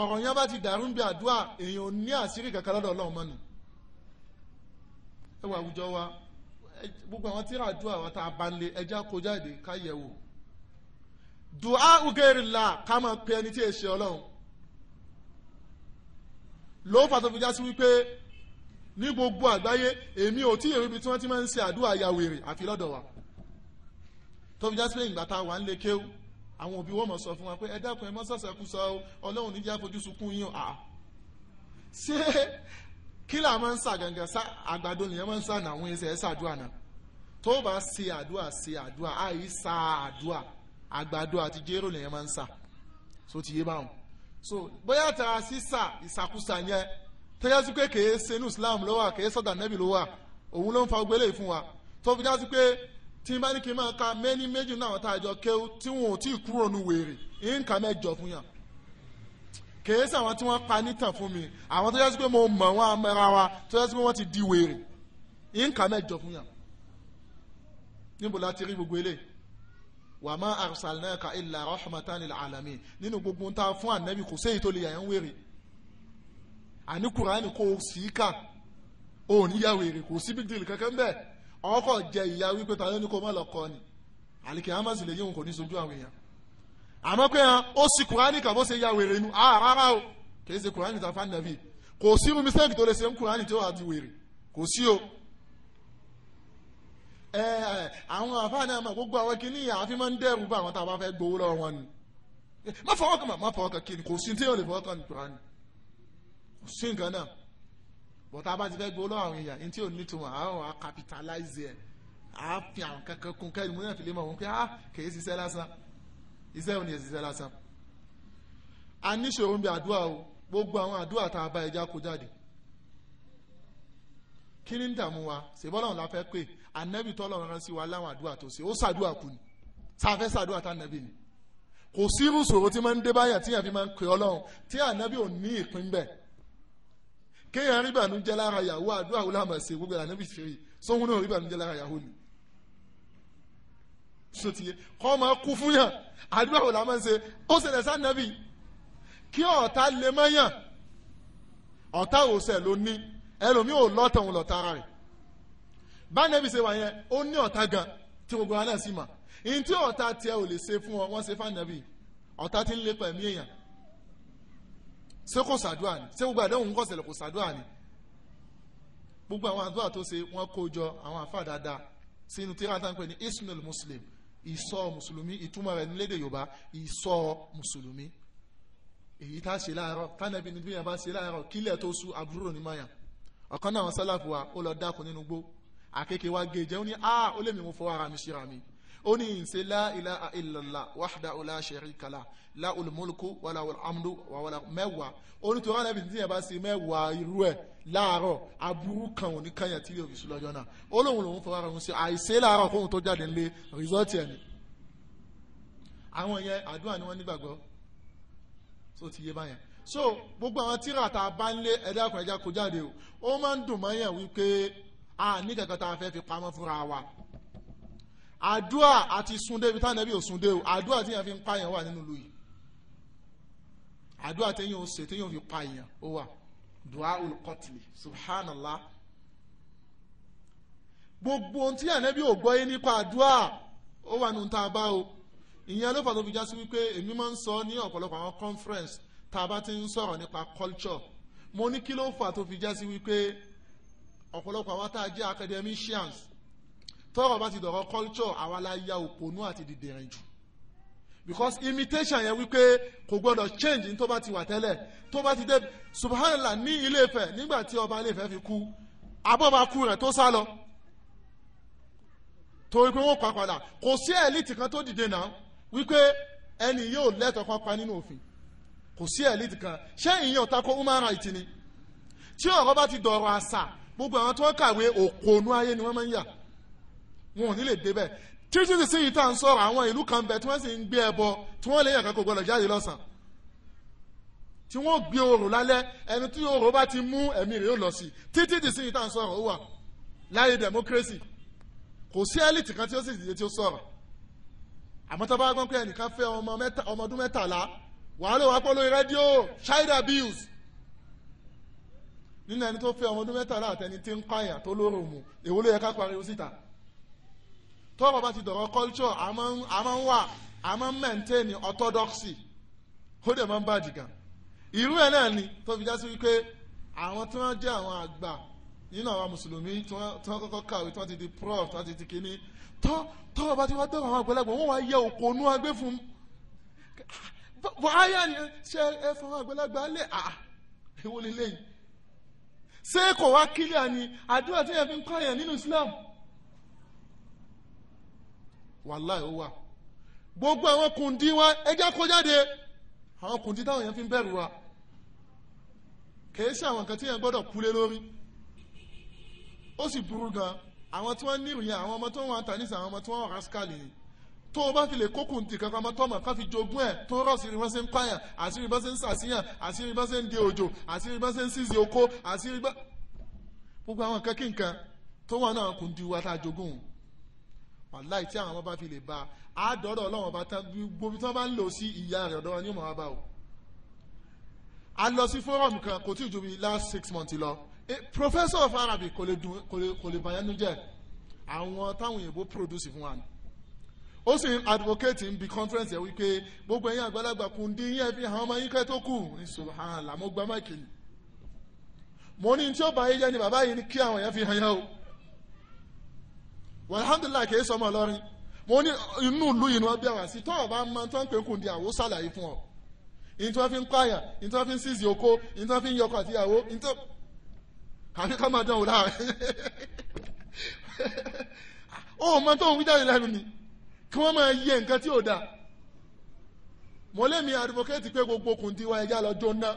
ọ̀rọ̀ yẹn bá ti dàrú bí àdúrà èèyàn ò ní àṣírí kankan lọ́dọ̀ ọlọ́run mọ́nu ẹ wà àwùjọ wa gbogbo àwọn tíra àdúrà wa tá a bá ń lé ẹjẹ́ kó jáde ká yẹ̀ wò dùá ugerila ká máa pe ẹni tí è ṣe ọlọ́run ló fà tó fi já sí wípé ní gbogbo àgbáyé èmi ò tí èrò ibi tí wọ́n ti máa ń ṣe àdúrà ya wèrè àfi lọ́dọ̀ wa tó fi já sí pé ìgbà tá a wà ń lé kéwù àwọn òbí wọn mọ̀ sọ fún wa pé ẹ dákun ẹ mọ́ sàṣàkú sọ ọlọ́run níjà fojú sunkún yín à ṣé kí là máa ń sà gàngàn sá àgbàdo nìyẹn máa ń sà náà àwọn ẹsẹ̀ ẹ̀ sàdúà náà tó bá ṣe àdúà ṣe àdúà àì sa àdúà àgbàdo àti jérò nìyẹn máa ń sà so ti yé báwọn so bóyá tara sísà ìsàkúsà yẹn tẹ́jà sí pé kèé ṣe Islam ló wà kèé sọ̀dà nẹ́bì ló wà òun ló ń fa gbélé fún wa tó fi já sí pé tí n bá ní kí n máa ka mẹ́ni méjì náà tá a jọ kéwú tí wọn ò tí ì kúrò nu wèrè nǹkan mẹ́jọ fún yàn kèé sí àwọn tí wọ́n pa nítàn fún mi àwọn tó yẹ sí pé mo mọ̀ wọ́n amẹ́ra wa tó yẹ sí pé wọ́n ti di wèrè nǹkan mẹ́jọ fún yàn níbo la ti rí gbogbo eléyìí wà má arsalnaka illa rahmatan lil alamin nínú gbogbo ta fún ànábì kò séyìí tó lè yàn wèrè àní kùránì kò sí kà òní yà wèrè kò sí bíi kankan bẹ́ẹ̀ àwọn kò jẹ ìyá wípé ta ló ní kó má lọ kọ ni àlìkè hamas lè yíwọn kò ní sojú àwọn èèyàn àmọ́ pé hàn ó sì kùránì kan bó ṣe ya wèrè nu ah, rárá o kì í ṣe kùránì ta fún nàbí kò sí irú mistake tó lè ṣe ń kùránì tó wà di wèrè kò sí o ẹ ẹ àwọn àfáàní àmọ́ gbogbo àwọn kìíní àfi máa ń dẹ́rù bá àwọn tá a bá fẹ́ gbowó lọ́wọ́ wọn ni má fọwọ́ kan má fọwọ́ kan kí kò sí tí yóò lè fọwọ́ kan ní kùránì kò sí nǹkan náà but a bá ti fẹ́ gbowó lọ́wọ́ àwọn èèyàn ntí ò ní tó àwọn á capitalize ẹ̀ á fi àwọn kankan kún kẹ́rin múlẹ̀ fi lè mọ̀ wọn pé ah kèé ṣiṣẹ́ lásán iṣẹ́ òní ṣiṣẹ́ lásán. a níṣòro bí àdúrà o gbogbo àwọn àdúrà tá a bá ẹja kó jáde kí ni ń dààmú wa ṣèbọ́lọ́run la fẹ́ pé ànẹ́bì tọ́lọ́run rán sí wa láwọn àdúrà tó ṣe ó ṣàdúrà kù ni sáfẹ́ ṣàdúrà tá ànẹ́bì ni kò sí irú ìṣòro tí máa ń dé báyà tíyàn fi máa ń pè ọlọ́run tí ànẹ́bì ò ní ìpín bẹ́ẹ̀ kéèyàn rí ìbànújẹ́ lára yàwó àdúrà wo láàmà ṣe gbogbo ìlànà bí ṣe rí sóhun náà rí ìbànújẹ́ lára yàwó ni sotiye kọ́ máa kú fún yàn àdúrà wo láàmà ṣe ó ṣẹlẹ̀ sànàbì kí ọ̀tá lè mọ́ yàn ọ̀tá òsè ló ní ẹlòmíì ò lọ́tọ̀ òun lọ́tara rẹ̀ bánẹ́bí ṣe wà yẹn ó ní ọ̀tá gan tí gbogbo wa náà sì mà ìyẹn ọ̀tá tiẹ̀ ò lè ṣe fún ọ wọ́n ṣe fànàbì ọ̀tá ti ń lépa ẹ̀mí èèyàn Se kò ṣàdúrà ni ṣé gbogbo àdéhùn ń kọ̀ ṣẹlẹ̀ kò ṣàdúrà ni gbogbo àwọn àdúrà tó ṣe wọ́n kó jọ àwọn àfáà dáadáa sínú tíra tá ń pè ní ismail muslim ìsọ mùsùlùmí ìtumọ̀ rẹ̀ nílédè yorùbá ìsọ mùsùlùmí èyí tá a ṣe láàárọ̀ tánàbí ni bí yẹn bá ṣe láàárọ̀ kílẹ̀ tó sú àbúrò ní mayan ọ̀kan náà wọn sálàfù wa ó lọ dákun nínú gbó àkekèé wa gé jẹ́ ní a ó lè mi fọwọ́ ara mi ṣíra mi ó ní ìṣe la ilaha illallah wahdahu la sharika lah lahul mulku walahul hamdu wàhálà mẹ́wàá ó ní tiwọn alábi tí yẹn bá ṣe mẹ́wàá irú ẹ̀ láàárọ̀ aburú kan òní kanyà tí yóò fi sùn lọ́jọ́ náà ó lóun lòun fọwọ́ ara òun ṣe àìṣe láàárọ̀ kóun tó jáde ńlé rìsọ́ọ̀tì ni àwọn yẹn àdúrà ni wọ́n nígbàgbọ́ tó ti yé báyẹn so gbogbo àwọn tíra tá a bá ń lé ẹ̀dá kan ẹ̀dá kó jáde o ó máa ń dùn mọ́yàn wípé a ní kankan tá a fi pamọ́ fúnra wa àdúà àti sunde ibi táwọn ẹbí ò sunde o àdúà tí yẹn fi ń pa yẹn wà nínú ìlú yìí àdúà téyàn ò ṣe téyàn fi pa yẹn ó wà dùá olùkọ́tìlì subhanallah gbogbo ohun tí ànábì ò gbọ́ yé nípa àdúà ó wà nínú tá bá o ìyẹn ló fà tó fi já sí wípé èmi máa ń sọ ní ọ̀pọ̀lọpọ̀ àwọn conference tá a bá ti ń sọ̀rọ̀ nípa culture mo ní kí ló fà tó fi já sí wípé ọ̀pọ̀lọpọ̀ àwọn tá a jẹ́ academicians tọ́rọ̀ bá ti dọ̀rọ̀ culture àwa la ya òpònú àti dìdìrín jù because imitation yẹn wípé kò gbọ́dọ̀ change ní tó bá ti wà tẹ́lẹ̀ tó bá ti dé subhanallah ní ilé Ifẹ̀ nígbà tí ọba ilé Ifẹ̀ fi kú abọ́ba kú rẹ̀ tó sá lọ torí pé wọ́n pa padà kò sí ẹ̀lìtì kan tó dìde náà wípé ẹni yóò lẹ́tọ̀ọ́ kan pa nínú òfin kò sí ẹ̀lìtì kan ṣé ìyẹn ò tako human right ni tí ọ̀rọ̀ bá ti dọ̀rọ̀ àṣà gbogbo àwọn tó ń kàwé òkòónú ayé ni wọ́n máa ń yà wọn ò ní lè débẹ̀ títí sí yìí tá à ń sọ̀rọ̀ àwọn ìlú kan bẹ tí wọ́n sì ń gbé ẹbọ tí wọ́n lè yàn kankan kò gbọdọ̀ jáde lọ́sàn tí wọ́n gbé oòrùn lálẹ́ ẹni tí oòrùn bá ti mú ẹ̀mí rẹ̀ yóò lọ sí títí sí yìí tá à ń sọ̀rọ̀ ó wà láyé democracy kò sí ẹ́lìtì kan tí ó sì dìde tí ó sọ̀rọ̀ àmọ́ tó bá gbọ́n pé ẹnìkan fẹ́ ọmọ ọdún mẹ́tàlá wàá lò wá pọ̀ lórí rédíò ṣáídà bills nínú ẹni tó fẹ́ ọmọ ọdún mẹ́tàlá àtẹni tí ń pààyàn tó lóòrùn mu èwo ló yẹ ká pariwo síta tó bàbá ti dọ̀rọ̀ culture a máa ń wà a máa ń maintain orthodoxy ó dẹ̀ máa ń bàjẹ́ gan irú ẹ̀ náà ni tó fi já sí wípé àwọn tí wọ́n jẹ́ àwọn àgbà nínú àwọn mùsùlùmí tí wọ́n kọ́kọ́ kàwé tí wọ́n ti di prof tí wọ́n ti di kínní tó tó bàbá ti wá dọ̀rọ̀ àwọn àgbẹ̀lagbọ̀ wọ́n wá yẹ òkò onú agbé fún wáyà ni ṣe ẹ fọwọ́ àgbẹ̀lagbà lẹ̀ à ah, èwo ah, lélẹ́yìn ṣé kò wá kílíà ni àdúrà tí yẹn fi ń kọ́ yẹn nínú Islam. wàláì ó wà gbogbo àwọn kùndí wa ẹjẹ́ kó jáde àwọn kùndí táwọn yẹn fi ń bẹ̀rù wa kèé sí àwọn nǹkan tí yẹn gbọ́dọ̀ kúlé lórí ó sì burú gan àwọn tí wọ́n nírun yẹn àwọn ọmọ tí wà àwọn ọmọ tí wà ni tó o bá fi lè kókùn tì kankan ọmọ tọmọ fi jogún ẹ tó rọ sí ń pààyàn ń oko gbogbo àwọn tó wà náà wàláì tí àwọn ọmọ bá fi lè ba àádọ́rọ̀ ọlọ́run ọba tán gbogbo tí wọ́n bá ń lò sí ìyá rẹ̀ ọ̀dọ́ ni ó bá o. a lọ sí fọ́ọ̀mù kan kò tí ì ju bí last six months lọ eh, professor of Arabic kò lè dùn kò lè bàyánú jẹ́ àwọn táwọn òyìnbó produce fún wa ó sì ń advocate ń bi conference yẹn wípé gbogbo ẹ̀yin àgbàlagbà kùn dín yẹn fi hàn ọmọ yín kẹ́ tó kù ní subhanallah mo gba máìkì ni mo ní tí ó bá yé ni bàbá yìí ni kí àwọn yẹn fi hàn yẹn o alhamdulilayi kì í sọmọ lọrin mo ní inú ìlú yìí ni wọ́n bí àwọn àti tọ́ ọba máa tó ń pè kùn di àwo sàlàyé fún ọ ìyìn tí wọ́n fi ń pààyàn ìyìn tí wọ́n fi ń sísì oko ìyìn tí wọ́n fi ń yọkọ̀ àti ìyàwó ìyìn tó àfi ká máa dán òun láàrin ó mọ tó ń wí jáde lẹ́nu ni kí wọ́n máa yẹ nǹkan tí ò dáa mo lémi advocate pé gbogbo kùn di wa ẹja lọ jóná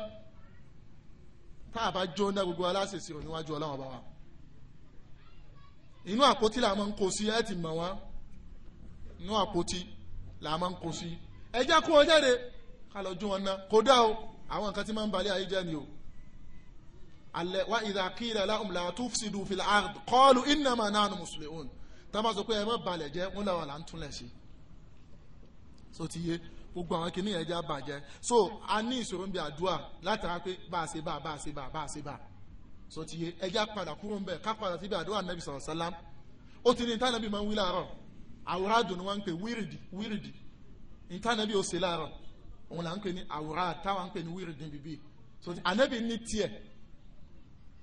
tá a bá jóná gbogbo aláṣẹṣe ò níwájú ọlọ́wọ́n wa inú àpótí la máa ń kó sí ẹ ti mọ̀ wọ́n inú àpótí la máa ń kó sí ẹ jẹ́ kó o jáde ká lọ ju wọn ná kódà o àwọn nǹkan tí máa ń balẹ̀ ayé jẹ́ ni o alẹ́ wa idha qila lahum la tufsidu fil ard qalu innama nahnu muslimun sọ pé ẹ má balẹ̀ jẹ́ wọn làwọn là ń túnlẹ̀ sí so ti yé gbogbo àwọn kìnìyàn ẹja bàjẹ́ so a ní ìṣòro ń bi àdúrà látara pé bá a ṣe bá a bá a ṣe bá a bá a ṣe bá a so ti yé ẹja padà kúrò ń bẹ ká padà síbi àdúrà nàbì sọ̀rọ̀ sálám ó ti ní ìtànàbì máa ń wí láàárọ̀ àwòrán dùn ni wọ́n ń pè wírìdì wírìdì ìtànàbì ó ṣe láàárọ̀ òun là ń pè ní àwòrán táwọn ń pè ní wírìdì bíbí so ànàbì ní tiẹ̀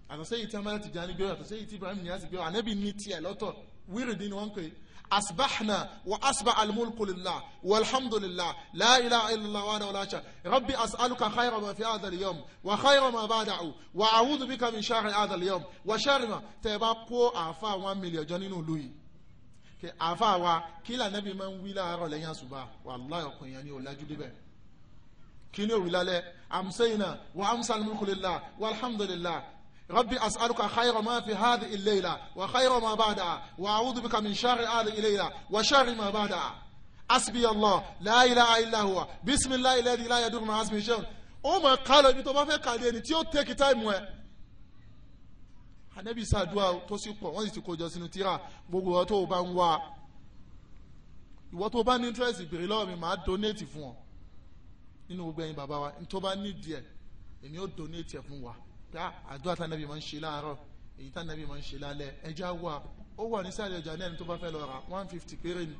àtọ̀sẹ́yìí tí amáyà ti jẹ́ ànigbé àtọ̀sẹ́yìí tí Ibrahim ní àsìgbé ànàbì ní tiẹ̀ lọ́tọ̀ wírìdì ni wọ́n ń pè أصبحنا وأصبح الملك لله والحمد لله لا إله إلا الله وأنا ولا شيء ربي أسألك خير ما في هذا اليوم وخير ما بعده وأعوذ بك من شر هذا اليوم وشر ما تبقوا أفا ومليون جنين لوي kẹ àáfàá wa kí lànà bí máa ń wí láàárọ̀ lẹ́yìn àṣùbà wàláhì ọkùnrin yẹn ni ò lájú débẹ̀ kí ni لله lálẹ́ àmsẹ́yìnà ربي أسألك خير ما في هذه الليلة وخير ما بعدها وأعوذ بك من شر هذه الليلة وشر ما بعدها حسبي الله لا إله إلا هو بسم الله الذي لا يدور مع اسمه شيء ó mọ̀ ká lọ ibi tó bá fẹ́ kàdé ni tí ó tẹ́kì táìmù ẹ̀ anabi sàdúrà tó sì pọ̀ wọ́n sì ti kójọ sínú tíra gbogbo ọ tó o bá ń wá ìwọ tó o bá ní interest béèrè lọ́wọ́ mi màá donate fún ọ nínú gbogbo ẹ̀yin bàbá wa ní tó bá ní díẹ̀ èmi ó donate ẹ̀ fún wa pé ah, àdúrà tá nàbí máa ń ṣe láàárọ̀ èyí tá nàbí máa ń ṣe lálẹ́ ẹja wà ó wà nísàlẹ̀ ọjà náà tó bá fẹ́ lọ one fifty péré ni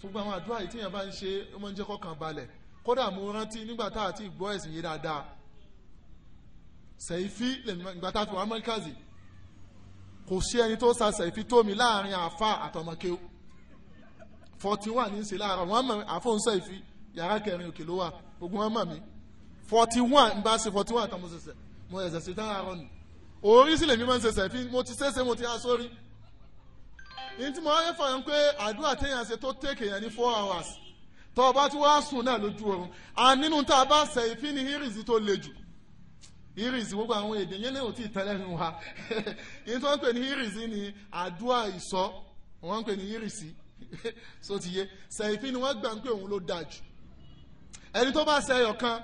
ṣùgbọ́n àwọn àdúrà yìí tíyẹn bá ń ṣe ó máa ń jẹ́ kọ́kàn balẹ̀ kódà mo rántí nígbà tá àti ìgbọ́ ẹ̀sìn yìí dáadáa sẹ̀yìfì ìgbà tá a fi wà mọ́ríkàzì kò sí ẹni tó sa sẹ̀yìfì tó mi láàrin àfa àtọmọkéw forty one ní í ṣe láàárọ̀ wọ́n mọ̀ àfọ̀nsẹ̀ ìfi yàrá kẹrin òkè ló mí forty one ń bá forty one àtọmọ ṣẹṣẹ mo ẹ̀sẹ̀ sí tán àárọ̀ nù orí sì lèmi máa ń ṣe sẹ̀fí mo ti ṣẹ́ṣe mo ti há sórí ní tí mo wáyé fọyín pé àdúrà téèyàn ṣe tó tèkè yẹn ní four hours tó o bá tún wá sùn náà lójú oorun à nínú tá a bá ṣe ìfín ní iris tó le jù iris gbogbo àwọn èdè yẹn náà ò tí wa ní tí wọ́n ń pè ní iris ni àdúrà ìsọ wọ́n ń pè ní iris so ti yé ṣe ìfín ni wọ́n gbà ń pè òun ló dáa jù ẹni tó bá ṣe ẹyọ kan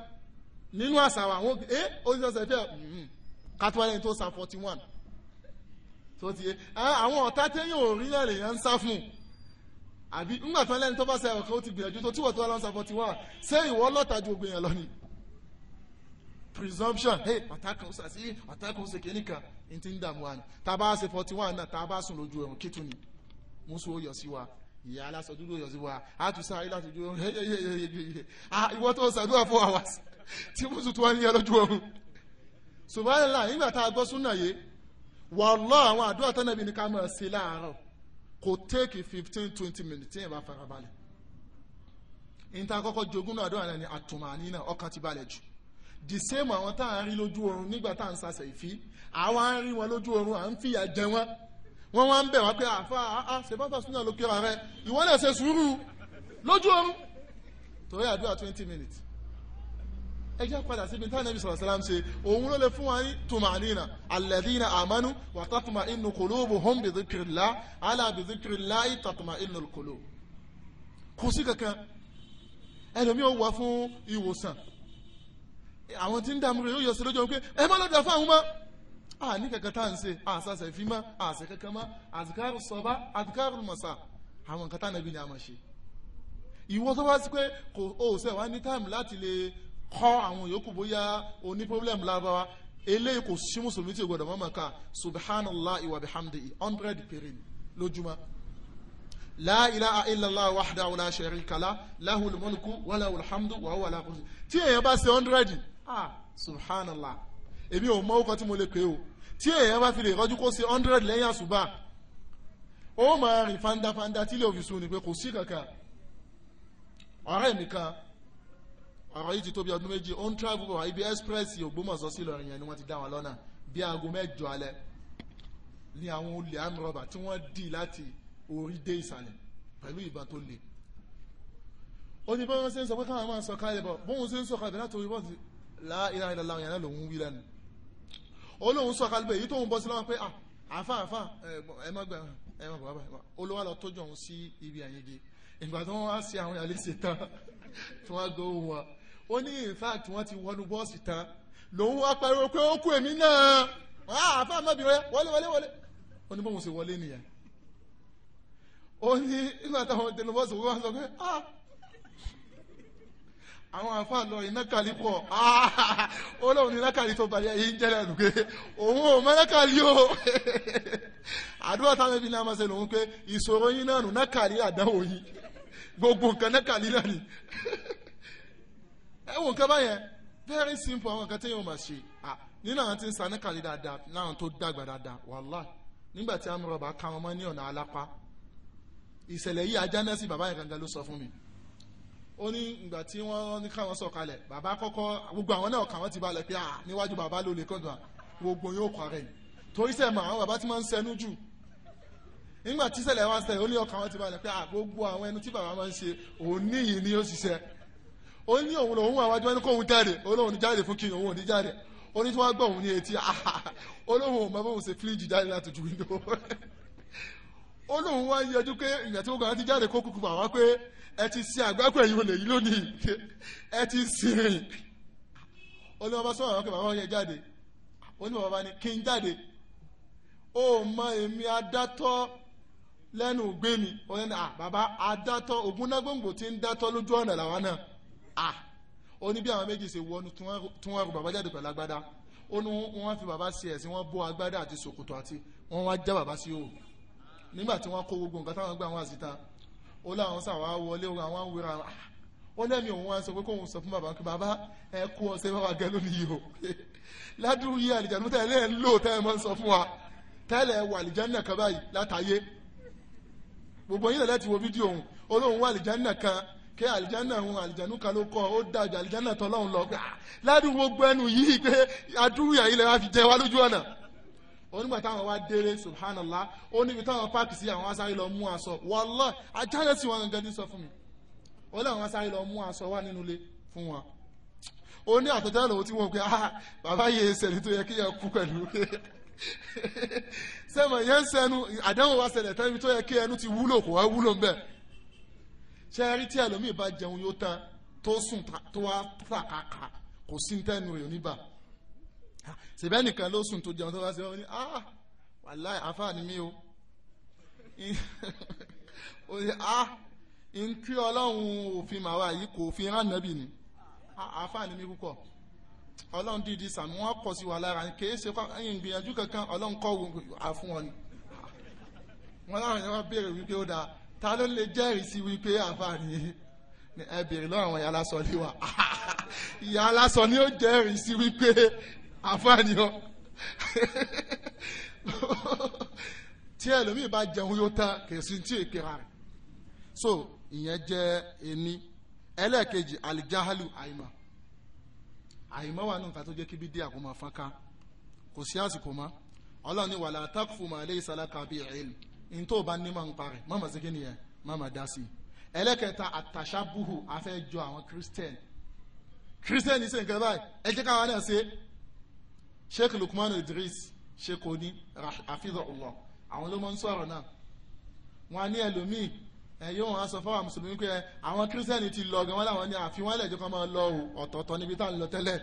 nínú àṣà wa àwọn ẹ oṣù ọ̀sẹ̀ fẹ́ kátólẹ́yìn tó san forty one tó ti yé àwọn ọ̀tá téèyàn ò rí náà lèèyàn ń sá fún àbí ńgbà tán lẹ́ni tó bá ṣe ọ̀kan ó ti gbìyànjú tó tíwọ̀ tó lọ́n san forty one ṣé ìwọ ọlọ́ta ju ogun yẹn lọ ni presumption hey ọ̀tá kan ṣe àṣírí ọ̀tá kan ṣe kìíní kan n ti ń dààmú wa ni tá a bá ṣe forty one náà tá a bá sùn lójú ẹ̀rùn kí tún ni mùsùn ó yọ sí wa ìyá aláṣọ dúró yọ sí wa àtúnṣe àríláṣọ dúró ìwọ tó ṣàdúrà four hours tí mùsùlùmí tó wá ní ẹlọ́jú ọ̀hún subhanallah nígbà tá a gbọ́ súnà yìí wàlọ́ àwọn àdúrà tán nàbí ni ká máa ṣe láàárọ̀ kò téèkì fifteen twenty minutes tí yẹn bá fara balẹ̀ níta kọ́kọ́ jogún náà àdúrà náà ni àtùmọ̀ání náà ọkàn ti balẹ̀ jù the same àwọn tá à rí lójú oorun nígbà tá à ń sasẹ̀ ìfí àwa ń rí wọn lójú oorun à ń fìyà jẹ wọn wọn wá ń bẹ̀ wá pé àfa àá sèpáfà súnà ló kéwà rẹ ìwọ náà ṣe sùúrù lójú oorun torí àdúrà twenty minutes ẹjẹ́ padà síbi tí ànábì sọ̀rọ̀ sálám ṣe òun ló lè fún wa ní tùmànínà alladhina amanu wa tatma'innu qulubuhum bi dhikrillah ala bi dhikrillahi tatma'innul qulub kò sí kankan ẹlòmí ò wá fún ìwòsàn àwọn tí ń dààmú rẹ̀ yóò yọ sí lójú pé ẹ má lọ́dọ̀ fún àwọn mọ́ a ní kankan tá à ń ṣe àṣàṣẹ fi mọ́ àṣẹ kankan mọ́ àdìkárù sọ́bá àdìkárù mọ̀sà àwọn nǹkan tá ànábì ni ṣe ìwọ tó sí pé kò ó sẹ́ wá ní táìmù láti lè kọ́ àwọn yòókù bóyá o ní lábáwá eléyìí kò sí mùsùlùmí tí o gbọdọ̀ mọ́mọ́ ká subhanallah iwa bihamdi hundred péré lójúmọ́ la ilaha illallah wahdahu la sharika lah lahul mulku wa hamdu wa huwa tí èèyàn bá ṣe hundred ah subhanallah èmi ò mọ ọkọ tí mo lè pè o tí èèyàn bá fi lè rọjú kó ṣe hundred lẹ́yìn àṣùbà ó máa rìn fandafanda tí ilé òfìsù ni pé kò sí kankan ọ̀rẹ́ mi ọ̀rọ̀ yìí ti tó bí ọdún méjì ó ń travel bọ̀ ibi express Ògbómọ̀ṣọ́ sí Ìlọrin yẹn ni wọ́n ti dá wọn lọ́nà bí aago mẹ́jọ alẹ́ ní àwọn olè amúrọ̀bà tí wọ́n dì láti orí dé ìsàlẹ̀ pẹ̀lú ìbọn tó le ó ní báwọn ṣe ń sọ pé káwọn máa ń sọ kalẹ̀ bọ̀ bóun ṣe ń sọ kalẹ̀ láti orí bọ́ọ̀sì láìra ìlàlá òyìn náà lòun wí lẹ́nu olóhun sọ kalẹ̀ èyí tóun bọ́ sí lọ́wọ́ pé àfa ah, àfa ẹ má gbà ẹ má bàbá olówó lọ tójú òun sí ibi àyègé ìgbà tí wọ́n wá sí àwọn àlejò tán tí wọ́n gbé òun wa ó ní in fact wọ́n ti wọnú bọ́ọ̀sì tán lòun wá pariwo pé ó kú èmi náà ah, àfa àmọ́bìnrin wọlé wọlé wọlé ó ní bóun ṣe wọlé nìyẹn ó ní nígbà táwọn tẹnu bọ́ọ̀sì wọ́n sọ pé ah àwọn àfa lọ ìnákàlí pọ̀ ah, ó lóun ní ìnákàlí tó balẹ̀ yìí ń jẹ́lẹ̀ lùgbé òun ò mọ ìnákàlí o àdúrà táwọn ẹbí náà máa ṣe lòun pé ìṣòro yín náà nù ìnákàlí àdáwò yìí gbogbo nǹkan ìnákàlí náà ni ẹ wò nǹkan báyẹn very simple àwọn nǹkan téèyàn máa ṣe à nínú àwọn tí ń sanni kàlí dáadáa láwọn tó dàgbà dáadáa wàhálà nígbà tí àmì rọ̀bà ká wọn mọ́ ní ọ̀nà alápá ìṣẹ̀lẹ̀ yìí ajánẹ́sì bàbá yẹn gangan ló sọ fún mi ó ní ìgbà tí wọ́n ní káwọn sọ̀kalẹ̀ bàbá kọ́kọ́ gbogbo àwọn náà kàwọn ti balẹ̀ pé à níwájú bàbá ló lè kọ́ńdà gbogbo yóò kọ́ rẹ̀ torí sẹ́ẹ̀ mọ̀ àwọn bàbá ti máa ń sẹnu jù nígbà tí ṣẹlẹ̀ wá ṣẹlẹ̀ ó ní ọkàn wọn ti balẹ̀ pé à gbogbo àwọn ẹnu tí bàbá máa ń ṣe òun níyì ni ó ṣiṣẹ́ ó ní òun lòun wà wájú wọn ní kóun jáde olóhùn ní jáde fún kí òun ò ní jáde ó ní tí wọ́n gbọ́ òun ní etí olóhùn ah, ah, ah. ò mọ bóun ṣe fíríjì jáde láti ju wíńdò olóhùn wá yẹjú pé ìgbà tí gbogbo àwọn ti jáde kó kúkú bàwá pé ẹ ti sin àgbákò ẹ̀yìn olè yìí lónìí ẹ ti sin rìn olóhùn bá sọ̀rọ̀ àwọn kẹfà wọn yẹ jáde onímọ̀ bàbá ni kí n jáde ó mọ èmi adátọ́ lẹ́nu gbé mi ó ní à bàbá adátọ́ ògúnnágbòǹgbò ti ń dátọ́ lójú ọ̀nà làwọn náà ah ó ní bí àwọn méjì ṣe wọnú tí wọ́n rú bàbá jáde pẹ̀lú agbádá ó ní wọ́n fi bàbá sí ẹ̀sìn wọ́n bó agbádá àti ṣòkòtò àti wọ́n wá já bàbá sí òòrùn nígbà tí wọ́n kó gbogbo nǹkan táwọn gbà wọ́n àṣìta ó láwọn sàwá wọlé orin àwọn awúra ó lẹ́mìí òun wá ń sọ pé kóun sọ fún bàbá pé bàbá ẹ kú ọsẹ bàbá gẹ lónìí yìí o ládùúrú yìí àlìjánu tẹ́lẹ̀ ń lò tẹ́lẹ̀ mọ́ ń sọ fún wa tẹ́lẹ̀ wà àlìjánu náà kan báyìí látàyé gbogbo yìí lẹ́lẹ́ ti wo fídíò òun olóhùn wà àlìjánu náà kan kí àlìjánà àwọn àlìjánú kalo ló kọ́ ó dájú àlìjánà tọ́lọ́hún lọ gbà ládùúgbò gbẹ́nu yìí pé adúrúyà ilẹ̀ wa fi jẹ wá lójú ọ̀nà onígbà táwọn wá délé subhanallah ó níbi táwọn páàkì sí àwọn asáré lọ mú aṣọ wallahi ajáde sí wọn gangan ní sọ fún mi ó láwọn asáré lọ mú aṣọ wà nínú ilé fún wọn ó ní àtọ̀tẹ́ lòun tí wọ́n pe ah bàbá yìí ṣẹlẹ̀ tó yẹ kí yẹn kú pẹ̀lú sẹ́mọ̀ yẹn ń sẹ́nu àdéhùn wa ṣẹlẹ̀ tẹ́lẹ̀ tó yẹ kí ẹnu ti wúlò kò wá wúlò ń bẹ́ẹ̀ ṣé ẹ rí tí ẹlòmíì bá jẹun yóò tán tó sùn tó wá tàkàkà kò sí ní tẹnu rẹ̀ oníbà ṣèbẹ́ nìkan ló sùn tó jẹun tó wá sí ọ ní ah wàláì àfààní mi o ó ní ah nkí ah, ọlọ́run òfin màwa yìí kò fi rán nàbì ni àfààní mi púpọ̀ ọlọ́run dìdí sàmì wọ́n kọ̀ sí wa lára kìí ṣe ìgbìyànjú kankan ọlọ́run kọ́ àfún ọ ni wọ́n láwọn yẹn wá béèrè wípé ó dáa ta ló lè jẹ́rìí sí wípé àǹfààní ẹ bèrè lọ́wọ́ àwọn ìyá aláṣọ ní wa ìyá aláṣọ ni ó jẹ́rìí sí wípé àǹfààní ọ tí ẹlòmíì bá jẹun yóò tán kèsì tí èké rà rẹ̀ so ìyẹn jẹ́ ẹni ẹlẹ́ẹ̀kejì alijahalu àìmọ̀ àìmọ̀ wà nínú nǹkan tó jẹ́ kí bídíà kó máa fọ́n kò sí àsìkò mọ́ ọlọ́run ní wàlá takfu ma laysa laka bi n tó bá ní máa ń parẹ́ má máa segin nìyẹn má máa dá sí i ẹlẹ́kẹta àtàṣàbùhù afẹ́jọ àwọn christian christian ṣe nǹkan báyìí ẹ jẹ́ káwọn náà ṣe sheikh lukman idris sheikh oni afidhullah àwọn ló máa ń sọ̀rọ̀ náà wọn á ní ẹlòmíì yóò wọn sọ fáwọn mùsùlùmí pé àwọn kírísítẹ́nì ti lọ gan-an láwọn ní àfiwọ́n lẹ́jọ́ kan máa lọ ọ̀tọ̀ọ̀tọ̀ níbi tá à ń lọ tẹ́lẹ̀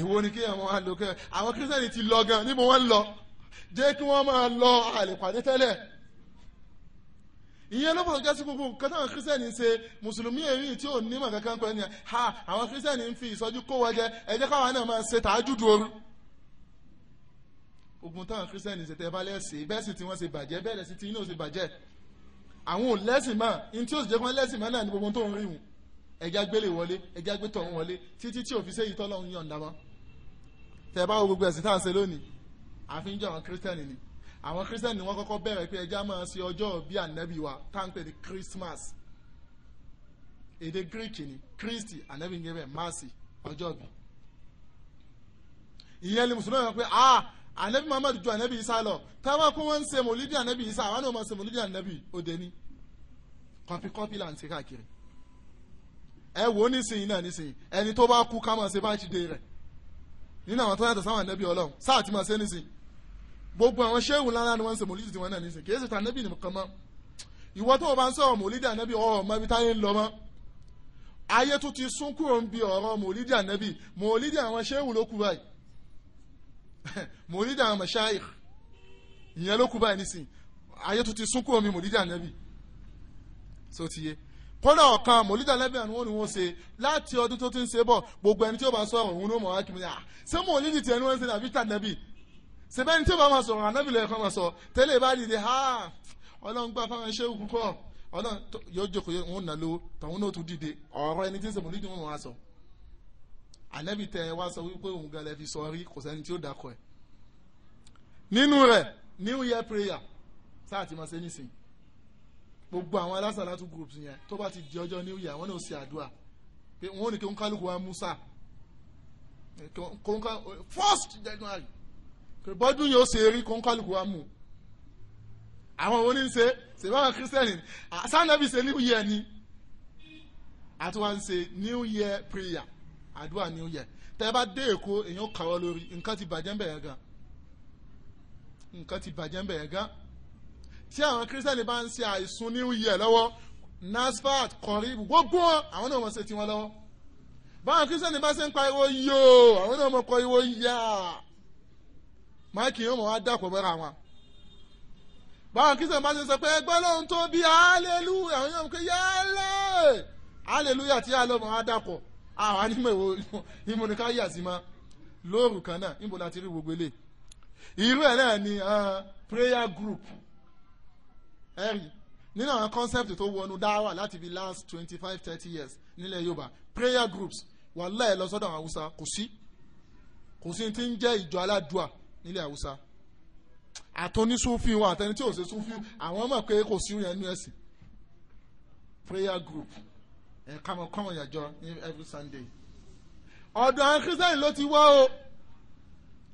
èwo ni kí àwọn àlòkẹ́ àwọn kírísítẹ́nì ti lọ gan níbo wọ́n lọ jẹ́ kí wọ́n máa lọ àlèpàdé tẹ́lẹ̀ ìyẹn ló bọ̀dọ̀ jásí gbogbo nǹkan táwọn kírísítẹ́nì ń ṣe mùsùlùmí èyí tí ò nímọ̀ kankan pẹ́ ni ha àwọn kírísítẹ́nì ń fi ìsọjú kó wọ́jẹ ẹ jẹ́ káwọn náà máa ṣe tàájúdù ooru ogun táwọn kírísítẹ́nì ṣe tẹ́ bá lẹ́sìn bẹ́sìn tí wọ́n ṣe bàjẹ́ bẹ́ẹ̀ lẹ́sìn tí inú ṣe bàjẹ́ àwọn ò lẹ́sìn mọ́ ní tí ó sì jẹ́ kán lẹ́sìn mọ́ náà ní gbogbo tó ń rí wọn ẹja gbélé wọlé ẹja gbé tọ̀hún wọlé títí tí òfin ṣe yìí tọ́lọ́run yọ̀ǹda mọ́ tẹ́ bá wo àfin jẹ́ àwọn kírísítẹ́nì ni àwọn kírísítẹ́nì ni wọ́n kọ́kọ́ bẹ̀rẹ̀ pé ẹja máa ṣe ọjọ́ bí ànábì wa táǹpẹ̀ ní christmas èdè greek ni christy ànábì ń gẹ́bẹ̀ maasi ọjọ́ bí ìyẹn ni mùsùlùmí wọn pé ah ànábì muhammad ju ànábì isa lọ táwọn kó wọn ń ṣe mòlídì ànábì isa àwọn náà máa ṣe mòlídì ànábì òde ni kọfí kọfí là ń ṣe káàkiri ẹ wò ó nísìnyí náà nísìnyí ẹni tó bá kú ká máa ṣe bá ṣe dé rẹ nínú àwọn tó yàtọ̀ sáwọn ànábì ọlọ́run sáà ti máa ṣe nísìnyí gbogbo àwọn ṣéwù lára ni wọ́n ń ṣe mòlídìí tí wọ́n náà ní sè kìí ṣe ta nẹ́bì nìkan mọ́ ìwọ tó o bá ń sọ̀rọ̀ mòlídìí ànẹ́bì ọ̀rọ̀ mọ́ ibi táyé ń lọ mọ́ ayé tó ti sún kúrò ń bi ọ̀rọ̀ mòlídìí ànẹ́bì mòlídìí àwọn ṣéwù ló kú báyìí mòlídìí àwọn mọ̀ṣáì ìyẹn ló kú báyìí nísìn ayé tó ti sún kúrò mi mòlídìí ànẹ́bì so ti yé kódà ọ̀kan mòlídìí ànẹ́bì àwọn ni wọ́n ṣe láti ọdún tó ti ń ṣe bọ̀ gbogbo ẹni tí ó bá sọ̀rọ̀ òun ló mọ̀ wá kí mi à ah, mòlídìí tiẹ̀ ni wọ́n ń ṣe àbí tànẹ́bì sẹ́bẹ̀ni tí ó bá máa sọ̀rọ̀ ànábìlẹ̀ ẹ̀kọ́ máa sọ tẹ́lẹ̀ bá dìde ha ọlọ́run gbà fáwọn iṣẹ́ òkú kọ́ ọlọ́run yóò jókòó wọn nà lówó tọ̀hún náà tún dìde ọ̀rọ̀ ẹni tí ń sọ̀rọ̀ nídìí wọn wá sọ. ànábì tẹ ẹ wá sọ wípé òun gan lẹ fi sọ rí kò sẹ́ni tí ó dakọ̀ ẹ̀. nínú rẹ̀ new year prayer sáà ti máa ṣe nísìn gbogbo àwọn alásàlátú groups yẹn tó bá ti di ọjọ́ new year wọn náà ṣe àdúrà pé wọn ò ní kí wọn kálukú wa musa first january bọ́dún yóò ṣe eré kọ́ńkálùkù wa mú àwọn wo ni ń ṣe ṣèbáwọn kírísítẹ́nì sanabi ṣe new year ni àti wọn ṣe new year prayer àdúrà new year tẹ́ bá dé èkó èèyàn kàwọ́ lórí nǹkan ti bàjẹ́ ń bẹ̀rẹ̀ gan nǹkan ti bàjẹ́ ń gan tí àwọn kírísítẹ́nì bá ń ṣe àìsùn new year lọ́wọ́ nasfat kọ̀rí gbogbo àwọn náà wọ́n ṣe tiwọn lọ́wọ́ báwọn kírísítẹ́nì bá ṣe ń pariwo yóò àwọn náà wọ́n kọ́ iwo yáà máìkì yóò mọ̀ wá dàpọ̀ mọ́ra wọn. báwọn kristian bá ṣe sọ pé ẹgbẹ́ lóhun tó bí hallelujah àwọn yóò mú pé yálẹ̀ hallelujah tí yálẹ̀ mọ̀ wá dàpọ̀ àwọn anímọ̀ ìwò ìmúnika yà sí ma lóòrù kan náà níbo la ti rí gbogbo eléyìí irú ẹ̀ náà ni uh, prayer group ẹ̀rí nínú àwọn concept tó wọnú dáwà láti bí last twenty five thirty years nílẹ̀ Yorùbá prayer groups wàhálà ẹ̀ lọ sọ́dọ̀ àwọn Haúsá kò sí kò sí ti ń jẹ́ ìjọ aládùá nílẹ̀ haúsá àtọ́nísúfin wọn àtẹni tí ò ṣe súfin àwọn mọ̀ pé kò sí yẹn nínú ẹ̀sìn prayer group ẹ̀ kàmọ́ kọ́mọ̀ yàjọ ní every sunday ọ̀dọ̀ àwọn Christian ló ti wá o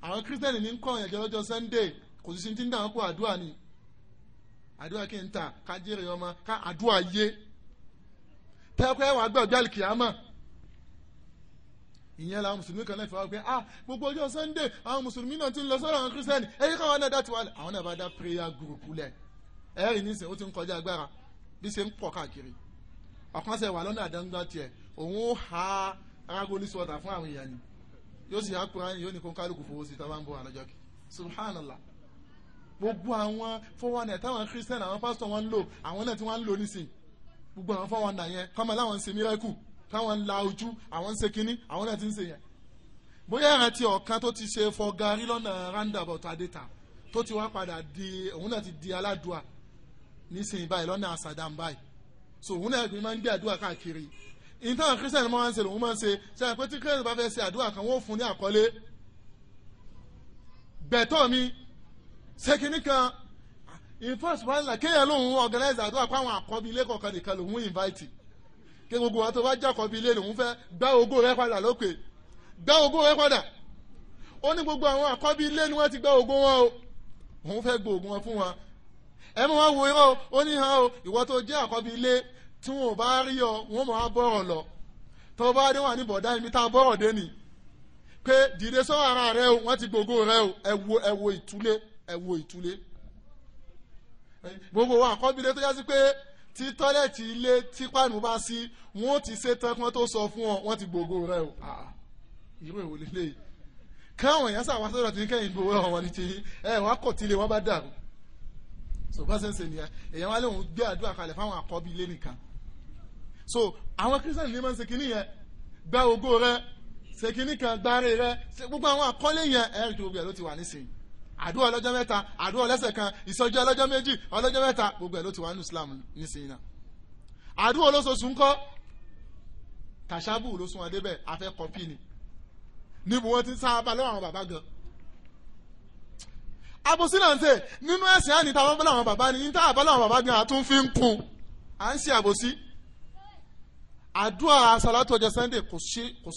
àwọn kírísítẹ́nì ní kọ́mọ̀ yàjọ lọ́jọ́ sunday kò sí sí ti ń dàn kó àdúrà ni àdúrà kí n ta ká jèrè ọmọ ká àdúrà yé tẹ́kọ̀ ẹ̀ wá gbọ́ ọjọ́ àlìkìyàmọ̀ ìyẹn la mùsùlùmí kan lẹ́fẹ̀ẹ́ wá pé ah gbogbo ọjọ́ sunday àwọn mùsùlùmí náà ti ń lọ sọ́dọ̀ àwọn kírísítẹ́nì ẹ̀yìn káwọn náà dá tiwa lẹ̀ àwọn náà bá dá prayer group lẹ̀ ẹ̀rì nísìnyí ó ti ń kọjá agbára bí ṣe ń pọ̀ káàkiri ọ̀kánṣẹ́ wà lọ́nà àdáńgbá tiẹ̀ òun ó ha arágo ní sọ́ọ̀tà fún àwọn èèyàn ni yóò sì há kúránì yóò ní kó kálukú fowó sí tábà ń bọ̀ àlọ́jọ́ kí subhanallah gbogbo àwọn fọwọ́nà táwọn kírísítẹ́nì àwọn pásítọ̀ wọn ń lò àwọn náà tí wọ́n ń lò nísìnyí gbogbo táwọn ń la ojú àwọn ń ṣe kínní àwọn náà ti ń ṣe yẹn bóyá ìrántí ọ̀kan tó ti ṣe fọgarí lọ́nà roundabout adéta tó ti wá padà di òun náà ti di aládùá nísìnyí báyìí lọ́nà àṣàdàm báyìí so òun náà máa ń gbé àdúrà káàkiri ìtàn kírísítẹ̀nì máa ń ṣe lòun máa ń ṣe ṣe pé tí kírísítẹ̀nì bá fẹ́ ṣe àdúrà kan wọ́n fún ní àkọlé bẹ̀tọ̀ mi ṣe kínní kan in first one like kéèyàn lòun organize àdúrà pé àwọn àkọ́bí ilé kọ̀ọ̀kan nìkan lòun invite kí gbogbo wọn tó bá jákọ̀ bí ilé nìhun fẹ́ gbá ogó rẹ padà lókè gbá ogó rẹ padà ó ní gbogbo àwọn àkọ́bí ilé ni wọ́n ti gbá ogó wọn o òun fẹ́ gbó ogó wọn fún wọn ẹ mọ wọn wo irọ́ ó ní hàn o ìwọ tó jẹ́ àkọ́bí ilé tí wọn bá rí ọ wọn mọ̀ á bọ̀rọ̀ lọ tó bá dé wà ní bọ̀dá ibi tá a bọ̀rọ̀ dé nì pé dìde sọ́wọ́ ara rẹ o wọ́n ti gbogbo rẹ o ẹ wo ẹ wo ìtúlé ẹ wo ìtúlé gbogbo wa àkọ́bí ilé tó yá sí pé tí tọ́lẹ̀tì ilé tí pàánù bá sí wọ́n ti ṣe tán kán tó sọ fún ọ wọ́n ti gbogbo rẹ o ah, irú èwo lélẹ́yìí káwọn èèyàn sàwọn sọ̀rọ̀ tí kẹ́yìn gbowó ọ̀wọ́n ní ti ẹ wọ́n kò tilé wọ́n bá dàrú so bá ṣe ń ṣe nìyẹn èèyàn wá léwọn gbé àdúrà kalẹ̀ fáwọn àkọ́bí ilé nìkan so àwọn kírísítẹ́nì ní máa ń ṣe kínní yẹn gba ògo rẹ ṣe kínní kan gbáre rẹ gbogbo àwọn àkọ́lé yẹn ẹ̀ẹ́dì àdúrà ọlọ́jọ́ mẹ́ta àdúrà ọlẹ́sẹ̀ kan ìsọjí ọlọ́jọ́ méjì ọlọ́jọ́ mẹ́ta gbogbo ẹ̀ ló ti wà ní Islam nísìnyí náà àdúrà olóṣooṣù ńkọ́ tàṣàbù ló sún wọn débẹ̀ afẹ́ kọ́pì ni níbo wọn ti ń sáábà lọ́wọ́ àwọn bàbá gan abosílàǹtẹ̀ nínú ẹ̀sìn àní táwọn bá làwọn bàbá ni yín táwọn bá bàbá gan àtún fi ń kun à ń ṣe àbòsí àdúrà asàlátù Sunday kò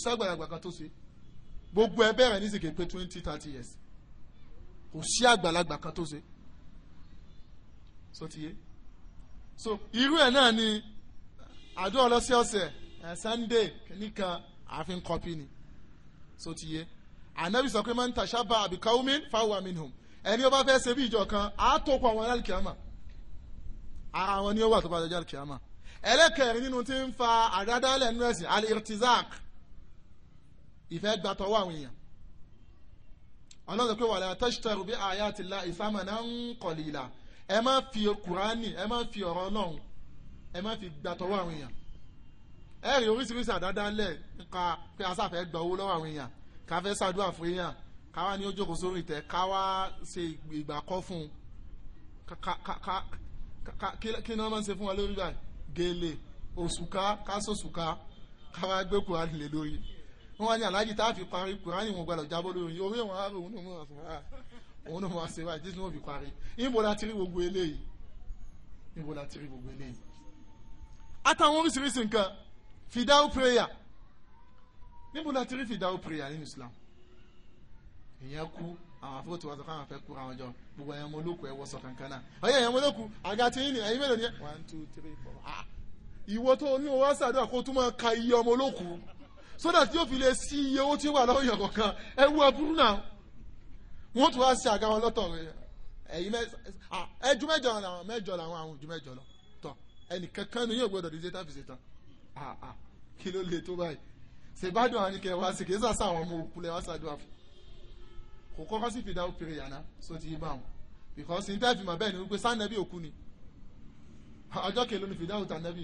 sẹ́gbàlagbà kan tó ṣe gbogbo ẹ bẹ̀rẹ̀ ní sìkè pé twenty thirty years kò sí àgbàlagbà kan tó ṣe sotiye so irú ẹ̀ náà ni àdó ọlọ́sẹ̀ọ̀sẹ̀ ẹ̀ sunday nìkan àfin kọ́pì ni sotiye ànábì sọ pé man tashabbaha bi qaumin fahuwa minhum ẹni ó bá fẹ́ ṣe bí ìjọ kan á tó pọ̀ wọn lálùkìyàmà ara wọn ni ó wà tó bá dọjọ́ lálùkìyàmà ẹlẹ́kẹ̀rin nínú ti ń fa àdádálẹ̀ nínú ẹ̀sìn alirtizak ìfẹ́ gbàtọ́wọ́ àwọn èèyàn ọlọ́run pé wàlẹ́ tẹ́sítẹ́rù bí ayati llahi samanan qalila ẹ má fi kùránì ẹ má fi ọ̀rọ̀ ọlọ́run ẹ má fi gbàtọ́wọ́ àwọn èèyàn ẹ rí oríṣiríṣi àdáda lẹ̀ nípa pé asáfẹ́ gba owó lọ́wọ́ àwọn èèyàn káfẹ́ ṣàdúrà fún èèyàn káwá ní ó jókòó sórí ìtẹ́ káwá ṣe ìgbà kọ́ fún un kí ni wọ́n máa ń ṣe fún wa lórí rà gèlè òṣùká kásòṣùká káwá gbé kùránì lè lórí wọ́n wá ní aláàjì tá a fi parí kùránì wọn gbọ́dọ̀ jábọ́ lórí orí wọn á rò òun náà mọ̀ ọ́ òun náà mọ̀ ọ́ sèwáyé tí wọ́n fi parí níbo la ti rí gbogbo eléyìí níbo la ti rí gbogbo eléyìí. àtàwọn oríṣiríṣi nǹkan fidau prayer níbo la ti rí fidau prayer nínú Islam ìyẹn kú àwọn afọ tiwọn sọkàn àwọn fẹ́ kú àwọn jọ gbogbo ẹyẹ ọmọ olóko ẹwọ sọkàn kan náà ẹyẹ ọmọ olóko àga tí yín ni ẹyin mélòó ni. one two three four. Ah, ìwọ tó ní owó àṣàdúrà kó tún máa ka iye ọmọ olóko. So that yóò fi lè sí iye owó tí ó wà lọ́wọ́ èèyàn kọ̀ọ̀kan ẹ wú aburú náà wọ́n tún wá sí àga wọn lọ́tọ̀ ẹ̀yìn ẹjú mẹ́jọ làwọn mẹ́jọ làwọn àwọn ojú mẹ́jọ lọ tọ̀ ẹnìkankan ni yóò gbọdọ̀ díje táfi ṣetán kí ló le tó báyìí ṣèbádùn àwọn nìkẹ́ wá sí kì í sàṣà àwọn ọmọ òkú lẹ́wọ́ ṣàdúrà fún kò kọ́kọ́ sí fìdáwó pèrè yàrá sóti yí bá wọn because ní tẹ́ẹ̀fì màbẹ́ẹ̀ ni wípé sànẹ́bí òkú ni ọjọ́ kẹlẹ́ ni fìdáwó tànẹ́bí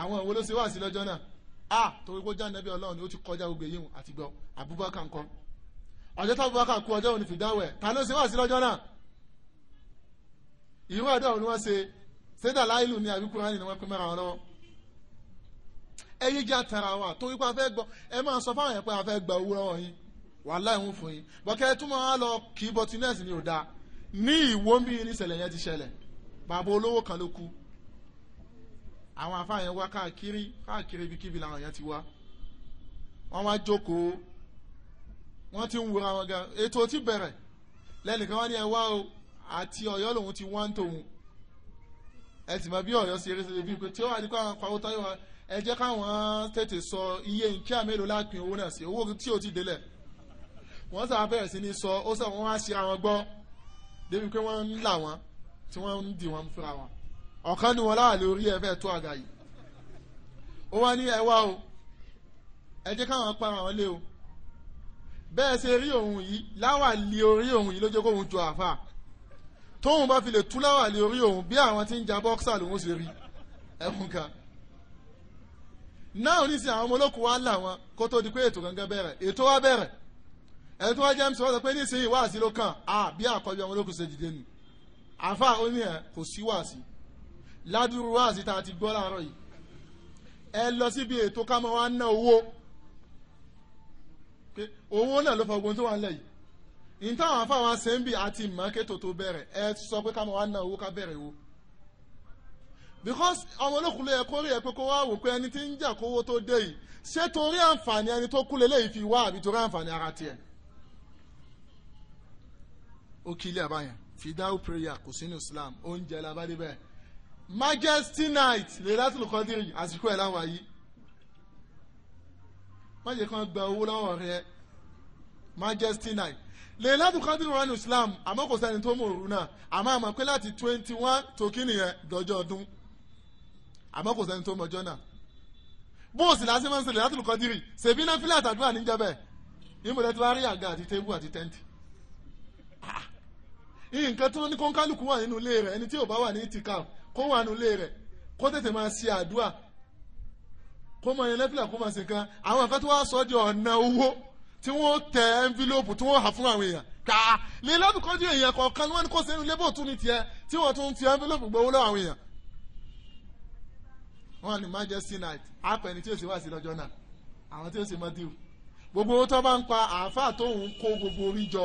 àwọn òwò ló ṣe wá sí lọ́jọ́ náà a torí kó já nẹ́bí ọlọ́run ni ó ti kọjá gbogbo yìí àti gbọ́ Abubakar ńkọ́ ọjọ́ tó Abubakar kú ọjọ́ òní fìdáwẹ̀ ta ló ṣe wá sí lọ́jọ́ náà ìrú ọ̀dọ́ òní wọ́n ṣe ṣẹ́dá láìlú ni àbí Kùránì ni wọ́n pín mẹ́ra wọn lọ́wọ́ ẹyí jẹ́ àtàrà wa torí pé a fẹ́ gbọ́ ẹ máa sọ fáwọn yẹn pé a fẹ́ gba owó lọ́wọ́ yín wàláhì ń fún yín bọ́kẹ́ túmọ̀ á lọ kì í ni ò dáa ní ìwó ń bí ní ìṣẹ̀lẹ̀ yẹn ti ṣẹlẹ̀ bàbá olówó kan ló kú àwọn àfáà yẹn wá káàkiri káàkiri ibikíbi làwọn yẹn ti wá wọ́n wá jókòó wọ́n ti ń wura wọn gan ètò ti bẹ̀rẹ̀ lẹ́nìkan wọ́n ní ẹ wá o àti ọ̀yọ́ lòun ti wá ń tòun ẹ sì mọ bí ọ̀yọ́ ṣe eré ṣe pé tí ó wà ní kó àwọn pawó tọ́yọ̀ wa ẹ jẹ́ káwọn tètè sọ iye nkíá mélòó lápin owó náà sí owó tí ò ti délẹ̀ wọ́n sà bẹ̀rẹ̀ sí ní sọ ó sọ wọ́n wá ṣe àwọn gbọ́ débi pé wọ́n ń là wọ́n tí wọ́n ń dì wọ́n fúnra wọn ọ̀kan ni wọn láàlú orí ẹ fẹ́ tó àga yìí ó wá ní ẹ wá o ẹ jẹ́ káwọn pa àwọn lé o bẹ́ẹ̀ ṣe rí òun yìí láwà lé orí òun yìí ló jẹ́ kó òun jọ àfà tóun bá fi lè tú láwà lé orí òun bí àwọn tí ń ja bọ́ksà lòun ṣe rí ẹ̀hún kan náà nísìnyí àwọn ọmọ olókùn wa là wọn kó tó di pé ètò gangan bẹ̀rẹ̀ ètò wa bẹ̀rẹ̀ ẹ̀ tó wá jẹ́ mi sọ pé nísìnyí wáàsí ló kàn á bí àkọ́bí ọmọ olókùn ṣe dìde nù àfà ó ní ẹ̀ kò sí wáàsí ládùúrú wáàsí tá a ti gbọ́ láàárọ̀ yìí ẹ lọ síbi ètò ká máa wá ná owó pé owó náà ló fọ ogun tó wà nílẹ̀ yìí ní táwọn afáwọn asẹ́ńbì àti mọ́kẹ́tò tó bẹ̀rẹ̀ ẹ sọ pé ká máa wá ná owó ká bẹ̀rẹ̀ owó because ọmọ olókùn lè kórè ẹ pé kó wá wò pé ẹni tí ń jà kówó tó dé yìí ṣé torí àǹfààní ẹni tó kú lélẹ́yìí fi wá àbí torí àǹfààní ara tiẹ̀. ó kí ilé àbáyẹn fidau prayer kò sínú Islam oúnjẹ la bá bẹ́ẹ̀ majesty night Laylatul Qadr àsìkò ẹ̀ láwọn ayé má jẹ́ kán gba owó lọ́wọ́ rẹ majesty night Laylatul Qadr wọn ní Islam àmọ́ kò sẹ́ni tó mọ̀ òru náà àmọ́ àmọ́ pé láti twenty one tó kí nìyẹn dọ́jọ́ ọdún àmọ́ kò sẹ́ni tó mọ̀ ọjọ́ náà bóòsì lásìkò máa ń ṣe Laylatul Qadr ṣèbí náà fílẹ̀ àtàdúrà níjẹ́ bẹ́ẹ̀ ìmọ̀lẹ́ tí wàá rí àga àti tébù àti tẹ́ǹtì ah, nǹkan tí ní kọ́ńkálùkù wà nínú ilé rẹ̀ ẹni tí ò bá wà ní ìtìkà kó wà nulẹ̀ rẹ̀ kó tètè máa ṣe àdúrà kó máa yan lẹ́fìlà kó máa ṣe kan àwọn nǹkan tó wá sọ di ọ̀nà owó tí wọ́n tẹ envelope tí wọ́n hà fún àwọn èèyàn ká lè lábùkọ́jú èèyàn kọ̀ọ̀kan wọn ni kò sẹ́nu lébò tún ní tiẹ̀ tí wọ́n tún ti envelope gbowó lọ́wọ́ àwọn èèyàn wọ́n ní majesty night apẹ̀ ni tí yóò ṣe wá sí lọ́jọ́ náà àwọn tí yóò ṣe mọ́ díù gbogbo owó tó bá ń pa àáfàá tóun kó gbogbo orí jọ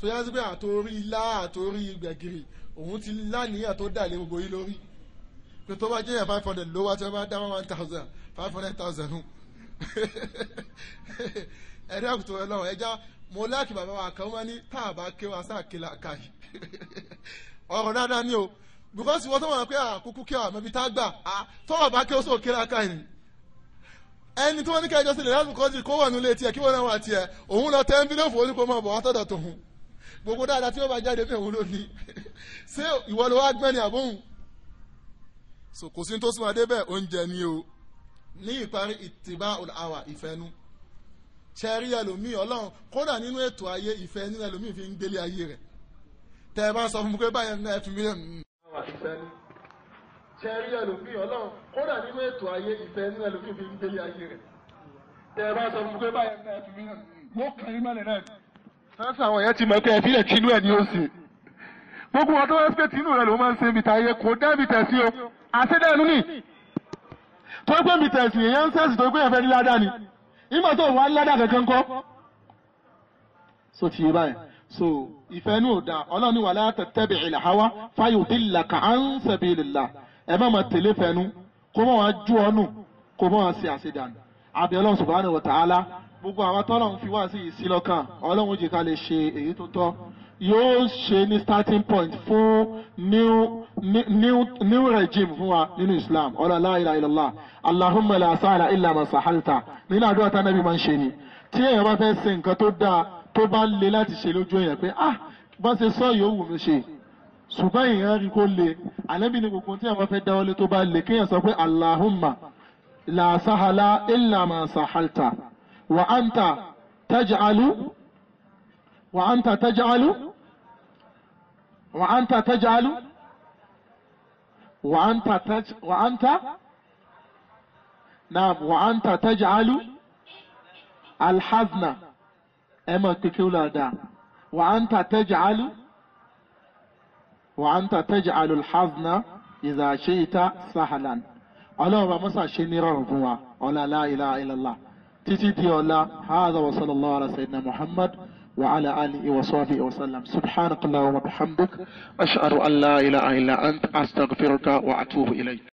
tó yá sí pé àtòrí ilá àtòrí gbẹ̀gìrì òun ti lánìyàn tó dà lé gbogbo yìí lórí pé tó bá jẹ́ yàn five hundred ló wá tí wọ́n bá dá one thousand five hundred thousand hùn ẹ̀rí àkùtù ọlọ́run ẹja mo láàkì bàbá wa kan wọ́n ní tá a bá ké wa sáà ké la ká ọ̀rọ̀ dáadáa ni o because wọ́n tó wọ́n pé àkókò kí wa mẹ́bi tá a gbà tọ́wọ́ bá ké o sóò ké la ká yìí ẹni tí wọ́n ní ká ẹjọ́ sílẹ̀ láti kọ́ ọ́ kó wà nílé tiẹ̀ kí wọ́n náà wà tiẹ̀ òun lọ tẹ́ ń bí lófo oníkó máa bọ̀ wá tọ́dọ̀ tòun gbogbo dáadáa tí ó bá jáde fẹ́ wọ́n ló ní ṣé ìwọ ló wá gbẹ́ni àbóhùn so kò sí tó sún adé bẹ́ẹ̀ oúnjẹ ni o ní ìparí ìtìbá àwà ìfẹ́nu ṣẹ́rí ẹlòmíì ọlọ́run kódà nínú ètò ayé ìfẹ́ nínú ẹlòmíì fi ń gbélé ayé rẹ̀ tẹ́ ẹ bá sọ fún mi pé báyẹn ní ẹtù mílíọ̀nù. àwà ìfẹ́nu ṣẹ́rí ẹlòmíì ọlọ́run kódà nínú ètò ayé ìfẹ́ nínú ẹlòmíì fi ń gbélé ayé rẹ̀ tẹ́ ẹ bá sọ fún mi pé báyẹn ní ẹtù mílíọ̀nù yóò kàn yín sọ́sọ́ àwọn èèyàn ti mọ̀ pé ẹ̀fílẹ̀ tinú ẹ̀ ni ó sì gbogbo wọn tó wá pé tinú rẹ ló máa ń ṣe ibi tàyè kò dẹ́bi tẹ̀sí o àṣedẹ́nu ni tó gbé mi tẹ̀sí èèyàn ń sẹ́sì tó gbé ẹ̀fẹ́ ní ládàá ni ìmọ̀ tó wà ládàá kankan kọ́ so ti yé báyìí so ìfẹ́ ní òdà ọlọ́run ní wàlá tẹ̀tẹ̀bì ìlàháwá fayudillaka an sabilillah ẹ má máa tẹ̀lé fẹ́nu kó mọ̀ wá jú ọ́nù kó mọ̀ wá sí àṣedànù àbí ọlọ́run subhanahu wa ta'ala gbogbo àwa tọ́lọ̀ ń fi wá sí ìsí lọ́kàn ọlọ́run jẹ́ ká lè ṣe èyí tó tọ́ yóò ṣe ní starting point fún new new new regime fún wa nínú islam ọlọ́run la ilaha illallah allahumma la sahla illa ma sahalta nínú àdúrà tá nàbí máa ń ṣe ni tí èèyàn bá fẹ́ ṣe nǹkan tó dáa tó bá le láti ṣe lójú èèyàn pé ah bá ṣe sọ yóò wù mí ṣe ṣùgbọ́n èèyàn rí kó le àlẹ́bí ni gbogbo tí àwọn fẹ́ dáwọ́lé tó bá le kéèyàn sọ pé allahumma la sahla illa ma وأنت تجعل وأنت تجعل وأنت تجعل وأنت تج وأنت نعم وأنت تجعل الحزن أما تقول دا وأنت تجعل وأنت تجعل الحزن إذا شئت سهلا ألا ومسا شنيرا ربوا ألا لا إله إلا الله تجدي ولا هذا وصلى الله على سيدنا محمد وعلى آله وصحبه وسلم سبحانك اللهم وبحمدك أشهد أن لا إله إلا أنت أستغفرك وأتوب إليك